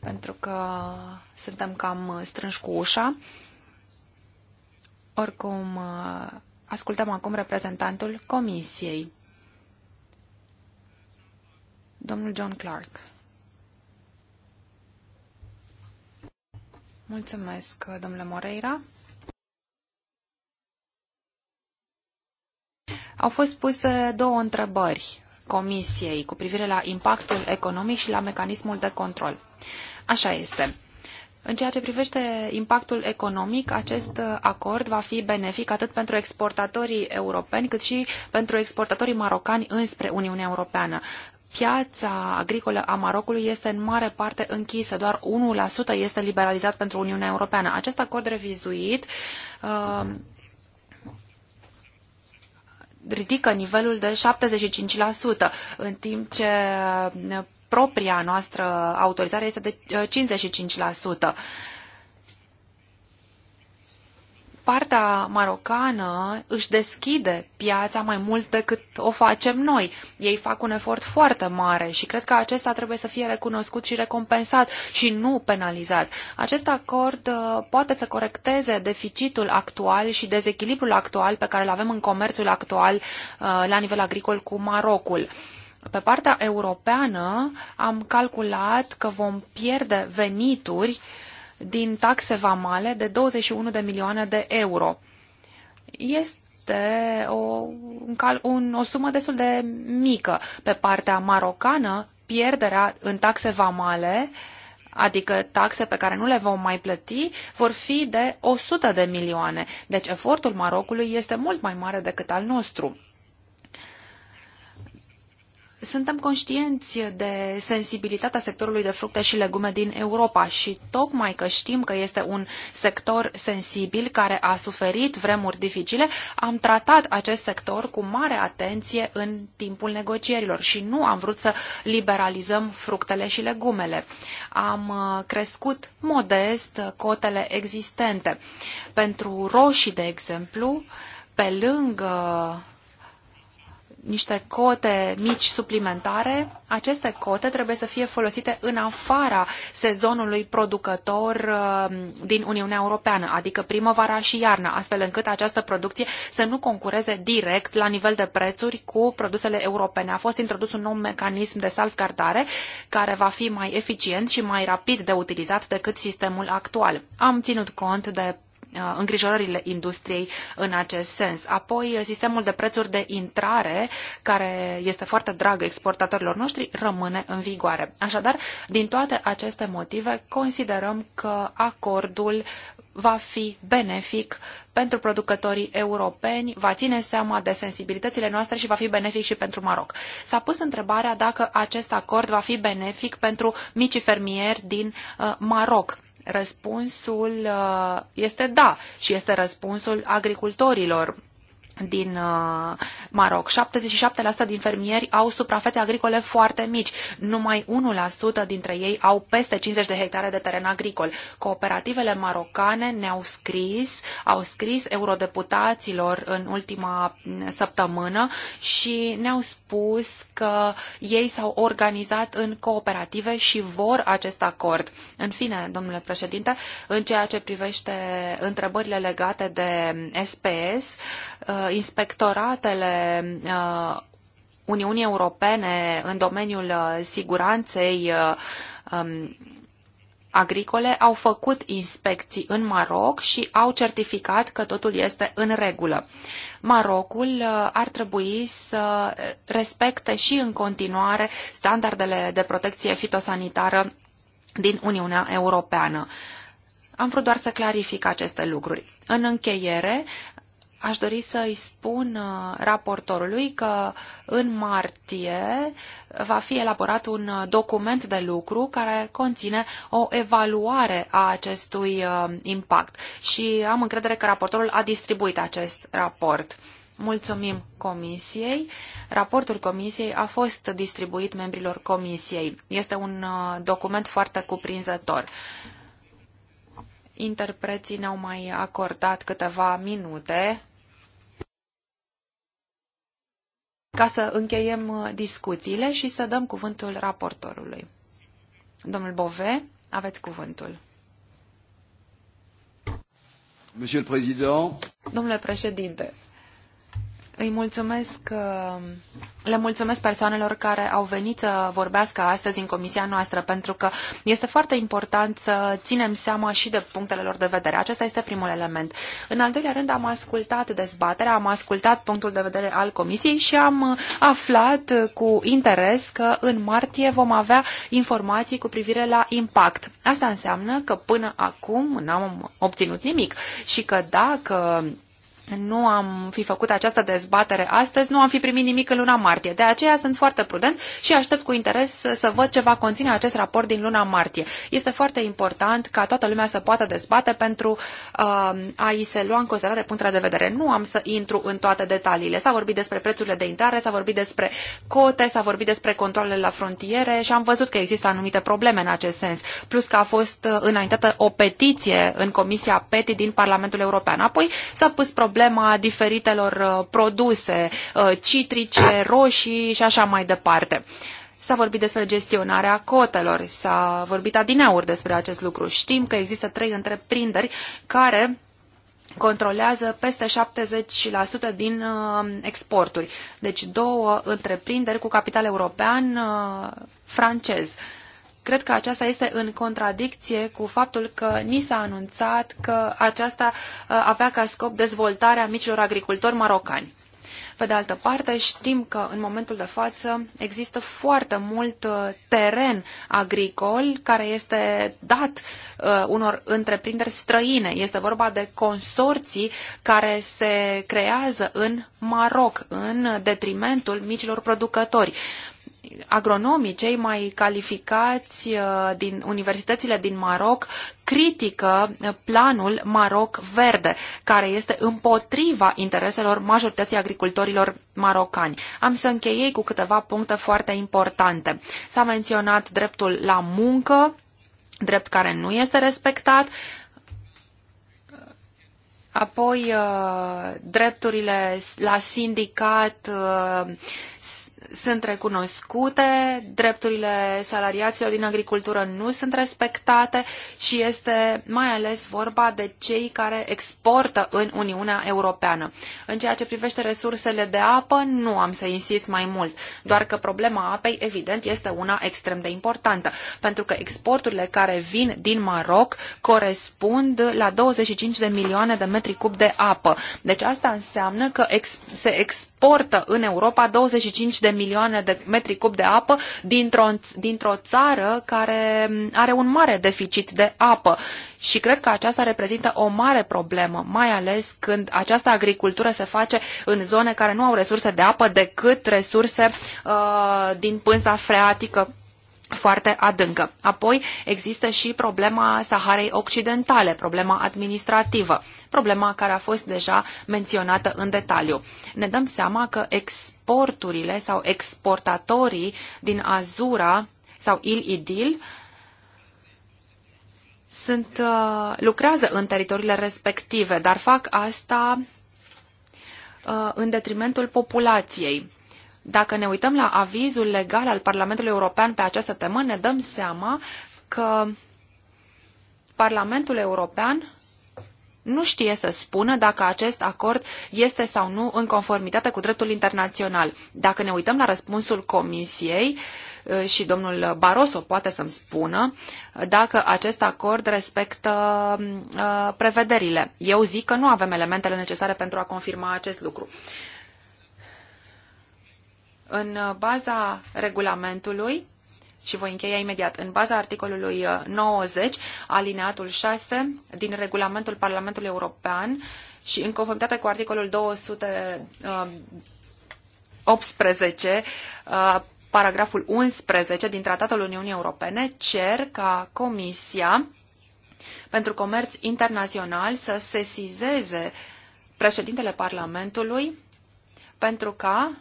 pentru că suntem cam strânși cu ușa. Oricum, ascultăm acum reprezentantul Comisiei, domnul John Clark. Mulțumesc, domnule Moreira. Au fost puse două întrebări Comisiei cu privire la impactul economic și la mecanismul de control. Așa este. În ceea ce privește impactul economic, acest acord va fi benefic atât pentru exportatorii europeni, cât și pentru exportatorii marocani înspre Uniunea Europeană. Piața agricolă a Marocului este în mare parte închisă, doar 1% este liberalizat pentru Uniunea Europeană. Acest acord revizuit uh, ridică nivelul de 75%, în timp ce uh, propria noastră autorizare este de 55%. Uh, partea marocană își deschide piața mai mult decât o facem noi. Ei fac un efort foarte mare și cred că acesta trebuie să fie recunoscut și recompensat și nu penalizat. Acest acord uh, poate să corecteze deficitul actual și dezechilibrul actual pe care îl avem în comerțul actual uh, la nivel agricol cu Marocul. Pe partea europeană am calculat că vom pierde venituri uh, din taxe vamale de 21 de milioane de euro. Este o, un cal, un, o sumă destul de mică. Pe partea marocană, pierderea în taxe vamale adică taxe pe care nu le vom mai plăti, vor fi de 100 de milioane. Deci efortul Marocului este mult mai mare decât al nostru. Suntem conștienți de sensibilitatea sectorului de fructe și legume din Europa și tocmai că știm că este un sector sensibil care a suferit vremuri dificile, am tratat acest sector cu mare atenție în timpul negocierilor și nu am vrut să liberalizăm fructele și legumele. Am uh, crescut modest cotele existente. Pentru roșii, de exemplu, pe lângă niște cote mici suplimentare, aceste cote trebuie să fie folosite în afara sezonului producător uh, din Uniunea Europeană, adică primăvara și iarna, astfel încât această producție să nu concureze direct la nivel de prețuri cu produsele europene. A fost introdus un nou mecanism de salvgardare care va fi mai eficient și mai rapid de utilizat decât sistemul actual. Am ținut cont de Uh, îngrijorările industriei în acest sens. Apoi, uh, sistemul de prețuri de intrare, care este foarte drag exportatorilor noștri, rămâne în vigoare. Așadar, din toate aceste motive, considerăm că acordul va fi benefic pentru producătorii europeni, va ține seama de sensibilitățile noastre și va fi benefic și pentru Maroc. S-a pus întrebarea dacă acest acord va fi benefic pentru micii fermieri din uh, Maroc. Răspunsul uh, este da și este răspunsul agricultorilor din uh, Maroc. 77% din fermieri au suprafețe agricole foarte mici. Numai 1% dintre ei au peste 50 de hectare de teren agricol. Cooperativele marocane ne-au scris, au scris eurodeputaților în ultima mm, săptămână și ne-au spus că ei s-au organizat în cooperative și vor acest acord. În fine, domnule președinte, în ceea ce privește întrebările legate de SPS, uh, inspectoratele uh, Uniunii Europene în domeniul uh, siguranței uh, um, agricole au făcut inspecții în Maroc și au certificat că totul este în regulă. Marocul ar trebui să respecte și în continuare standardele de protecție fitosanitară din Uniunea Europeană. Am vrut doar să clarific aceste lucruri. În încheiere, aș dori să i spun uh, raportorului că în martie va fi elaborat un uh, document de lucru care conține o evaluare a acestui uh, impact și am încredere că raportorul a distribuit acest raport. Mulțumim comisiei. Raportul comisiei a fost distribuit membrilor comisiei. Este un document foarte cuprinzător interpreții ne-au mai acordat câteva minute ca să încheiem uh, discuțiile și să dăm cuvântul raportorului. Domnul Bove, aveți cuvântul. Monsieur le Président. Domnule președinte, îi mulțumesc, uh, le mulțumesc persoanelor care au venit să vorbească astăzi în comisia noastră, pentru că este foarte important să ținem seama și de punctele lor de vedere. Acesta este primul element. În al doilea rând, am ascultat dezbaterea, am ascultat punctul de vedere al comisiei și am uh, aflat uh, cu interes că în martie vom avea informații cu privire la impact. Asta înseamnă că până acum n-am obținut nimic și că dacă nu am fi făcut această dezbatere astăzi, nu am fi primit nimic în luna martie. De aceea sunt foarte prudent și aștept cu interes să văd ce va conține acest raport din luna martie. Este foarte important ca toată lumea să poată dezbate pentru uh, um, a-i se lua în considerare punctele de vedere. Nu am să intru în toate detaliile. S-a vorbit despre prețurile de intrare, s-a vorbit despre cote, s-a vorbit despre controlele la frontiere și am văzut că există anumite probleme în acest sens. Plus că a fost uh, înaintată o petiție în Comisia PETI din Parlamentul European. Apoi s-a pus probleme problema diferitelor uh, produse, uh, citrice, roșii și așa mai departe. S-a vorbit despre gestionarea cotelor, s-a vorbit adineaur despre acest lucru. Știm că există trei întreprinderi care controlează peste 70% din uh, exporturi. Deci două întreprinderi cu capital european francez. Cred că aceasta este în contradicție cu faptul că ni s-a anunțat că aceasta uh, avea ca scop dezvoltarea micilor agricultori marocani. Pe de altă parte, știm că în momentul de față există foarte mult uh, teren agricol care este dat uh, unor întreprinderi străine. Este vorba de consorții care se creează în Maroc, în detrimentul micilor producători agronomii cei mai calificați uh, din universitățile din Maroc critică uh, planul Maroc Verde, care este împotriva intereselor majorității agricultorilor marocani. Am să încheiei cu câteva puncte foarte importante. S-a menționat dreptul la muncă, drept care nu este respectat, Apoi, uh, drepturile la sindicat sunt recunoscute, drepturile salariaților din agricultură nu sunt respectate și este mai ales vorba de cei care exportă în Uniunea Europeană. În ceea ce privește resursele de apă, nu am să insist mai mult, doar că problema apei, evident, este una extrem de importantă, pentru că exporturile care vin din Maroc corespund la 25 de milioane de metri cub de apă. Deci asta înseamnă că ex- se exportă importă în Europa 25 de milioane de metri cub de apă dintr-o, dintr-o țară care are un mare deficit de apă. Și cred că aceasta reprezintă o mare problemă, mai ales când această agricultură se face în zone care nu au resurse de apă decât resurse uh, din pânza freatică foarte adâncă. Apoi există și problema Saharei Occidentale, problema administrativă, problema care a fost deja menționată în detaliu. Ne dăm seama că exporturile sau exportatorii din Azura sau Il-Idil sunt, uh, lucrează în teritoriile respective, dar fac asta uh, în detrimentul populației. Dacă ne uităm la avizul legal al Parlamentului European pe această temă, ne dăm seama că Parlamentul European nu știe să spună dacă acest acord este sau nu în conformitate cu dreptul internațional. Dacă ne uităm la răspunsul Comisiei, uh, și domnul Barroso poate să-mi spună uh, dacă acest acord respectă uh, prevederile. Eu zic că nu avem elementele necesare pentru a confirma acest lucru. În uh, baza regulamentului, și voi încheia imediat, în baza articolului 90, uh, alineatul 6 din regulamentul Parlamentului European și în conformitate cu articolul 218, uh, paragraful 11 din Tratatul Uniunii Europene, cer ca Comisia pentru Comerț Internațional să sesizeze președintele Parlamentului pentru ca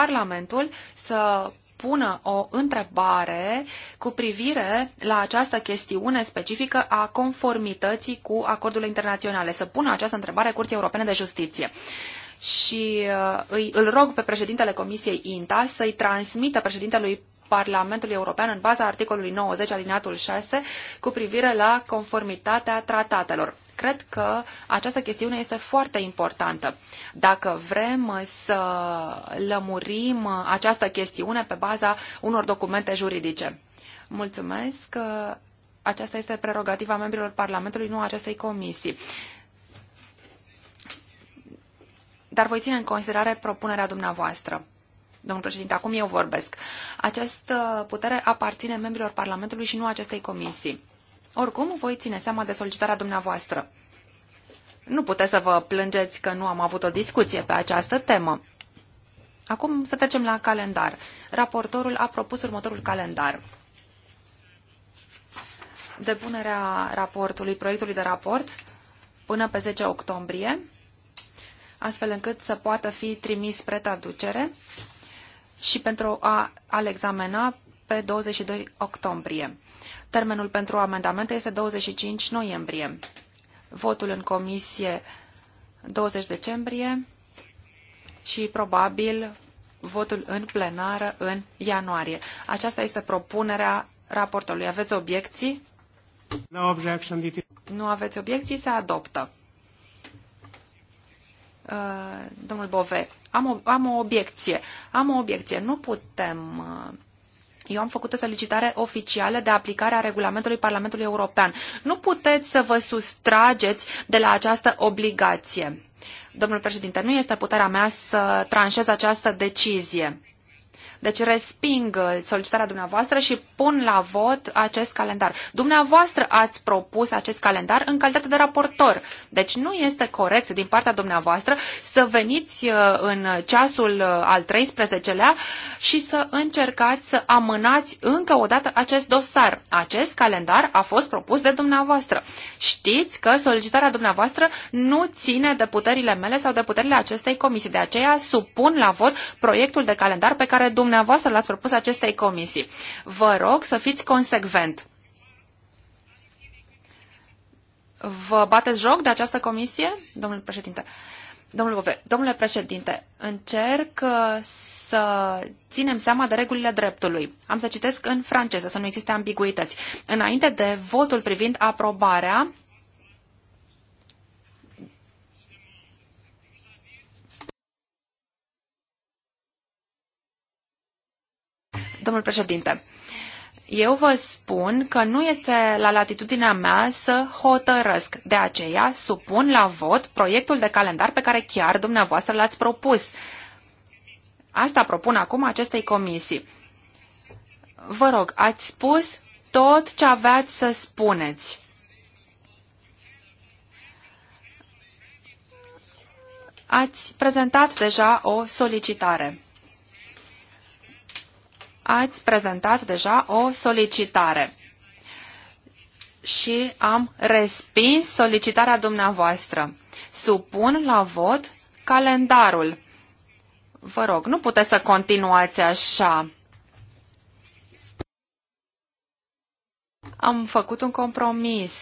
Parlamentul să pună o întrebare cu privire la această chestiune specifică a conformității cu acordurile internaționale, să pună această întrebare Curții Europene de Justiție și uh, îi, îl rog pe președintele Comisiei INTA să-i transmită președintelui Parlamentului European în baza articolului 90 alineatul 6 cu privire la conformitatea tratatelor. Cred că această chestiune este foarte importantă. Dacă vrem să lămurim această chestiune pe baza unor documente juridice. Mulțumesc. Aceasta este prerogativa membrilor Parlamentului, nu acestei comisii dar voi ține în considerare propunerea dumneavoastră. Domnul președinte, acum eu vorbesc. Această putere aparține membrilor Parlamentului și nu acestei comisii. Oricum, voi ține seama de solicitarea dumneavoastră. Nu puteți să vă plângeți că nu am avut o discuție pe această temă. Acum să trecem la calendar. Raportorul a propus următorul calendar. Depunerea raportului, proiectului de raport, până pe 10 octombrie, astfel încât să poată fi trimis spre traducere și pentru a, a-l examena pe 22 octombrie. Termenul pentru amendamente este 25 noiembrie. Votul în comisie 20 decembrie și probabil votul în plenară în ianuarie. Aceasta este propunerea raportului. Aveți obiecții? No objection. Nu aveți obiecții? Se adoptă. Uh, domnul Bove, am o, am o obiecție. Am o obiecție. Nu putem uh, eu am făcut o solicitare oficială de aplicare a regulamentului Parlamentului European. Nu puteți să vă sustrageți de la această obligație. Domnul președinte, nu este puterea mea să tranșez această decizie. Deci resping uh, solicitarea dumneavoastră și pun la vot acest calendar. Dumneavoastră ați propus acest calendar în calitate de raportor. Deci nu este corect din partea dumneavoastră să veniți uh, în ceasul uh, al 13-lea și să încercați să amânați încă o dată acest dosar. Acest calendar a fost propus de dumneavoastră. Știți că solicitarea dumneavoastră nu ține de puterile mele sau de puterile acestei comisii. De aceea supun la vot proiectul de calendar pe care dumneavoastră dumneavoastră l-ați propus acestei comisii. Vă rog să fiți consecvent. Vă bateți joc de această comisie, domnule președinte? Domnule, Bove, domnule președinte, încerc uh, să ținem seama de regulile dreptului. Am să citesc în franceză, să nu existe ambiguități. Înainte de votul privind aprobarea, Domnul președinte, eu vă spun că nu este la latitudinea mea să hotărăsc. De aceea supun la vot proiectul de calendar pe care chiar dumneavoastră l-ați propus. Asta propun acum acestei comisii. Vă rog, ați spus tot ce aveați să spuneți. Ați prezentat deja o solicitare ați prezentat deja o solicitare și am respins solicitarea dumneavoastră. Supun la vot calendarul. Vă rog, nu puteți să continuați așa. Am făcut un compromis.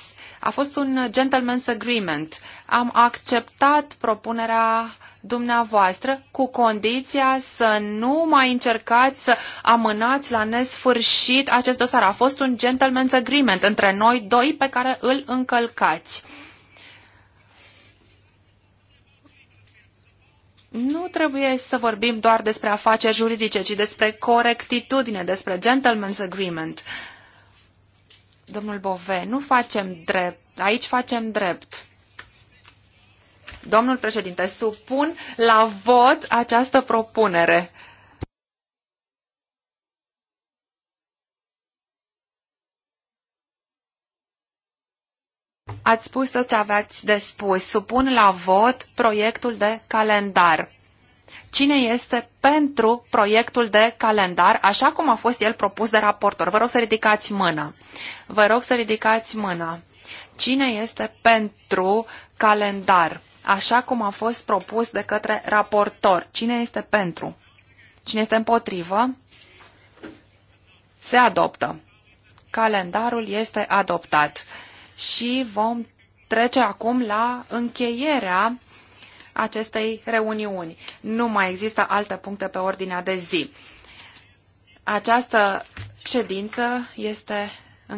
A fost un gentleman's agreement. Am acceptat propunerea dumneavoastră cu condiția să nu mai încercați să amânați la nesfârșit acest dosar. A fost un gentleman's agreement între noi doi pe care îl încălcați. Nu trebuie să vorbim doar despre afaceri juridice, ci despre corectitudine, despre gentleman's agreement. Uh, Domnul Bove, nu facem drept. Aici facem drept. Domnul președinte, supun la vot această propunere. Ați spus tot ce aveați de spus. Supun la vot proiectul de calendar. Cine este pentru proiectul de calendar, așa cum a fost el propus de raportor? Vă rog să ridicați mâna. Vă rog să ridicați mâna. Cine este pentru calendar, așa cum a fost propus de către raportor? Cine este pentru? Cine este împotrivă? Se adoptă. Calendarul este adoptat. Și vom trece acum la încheierea acestei reuniuni. Nu mai există alte puncte pe ordinea de zi. Această ședință este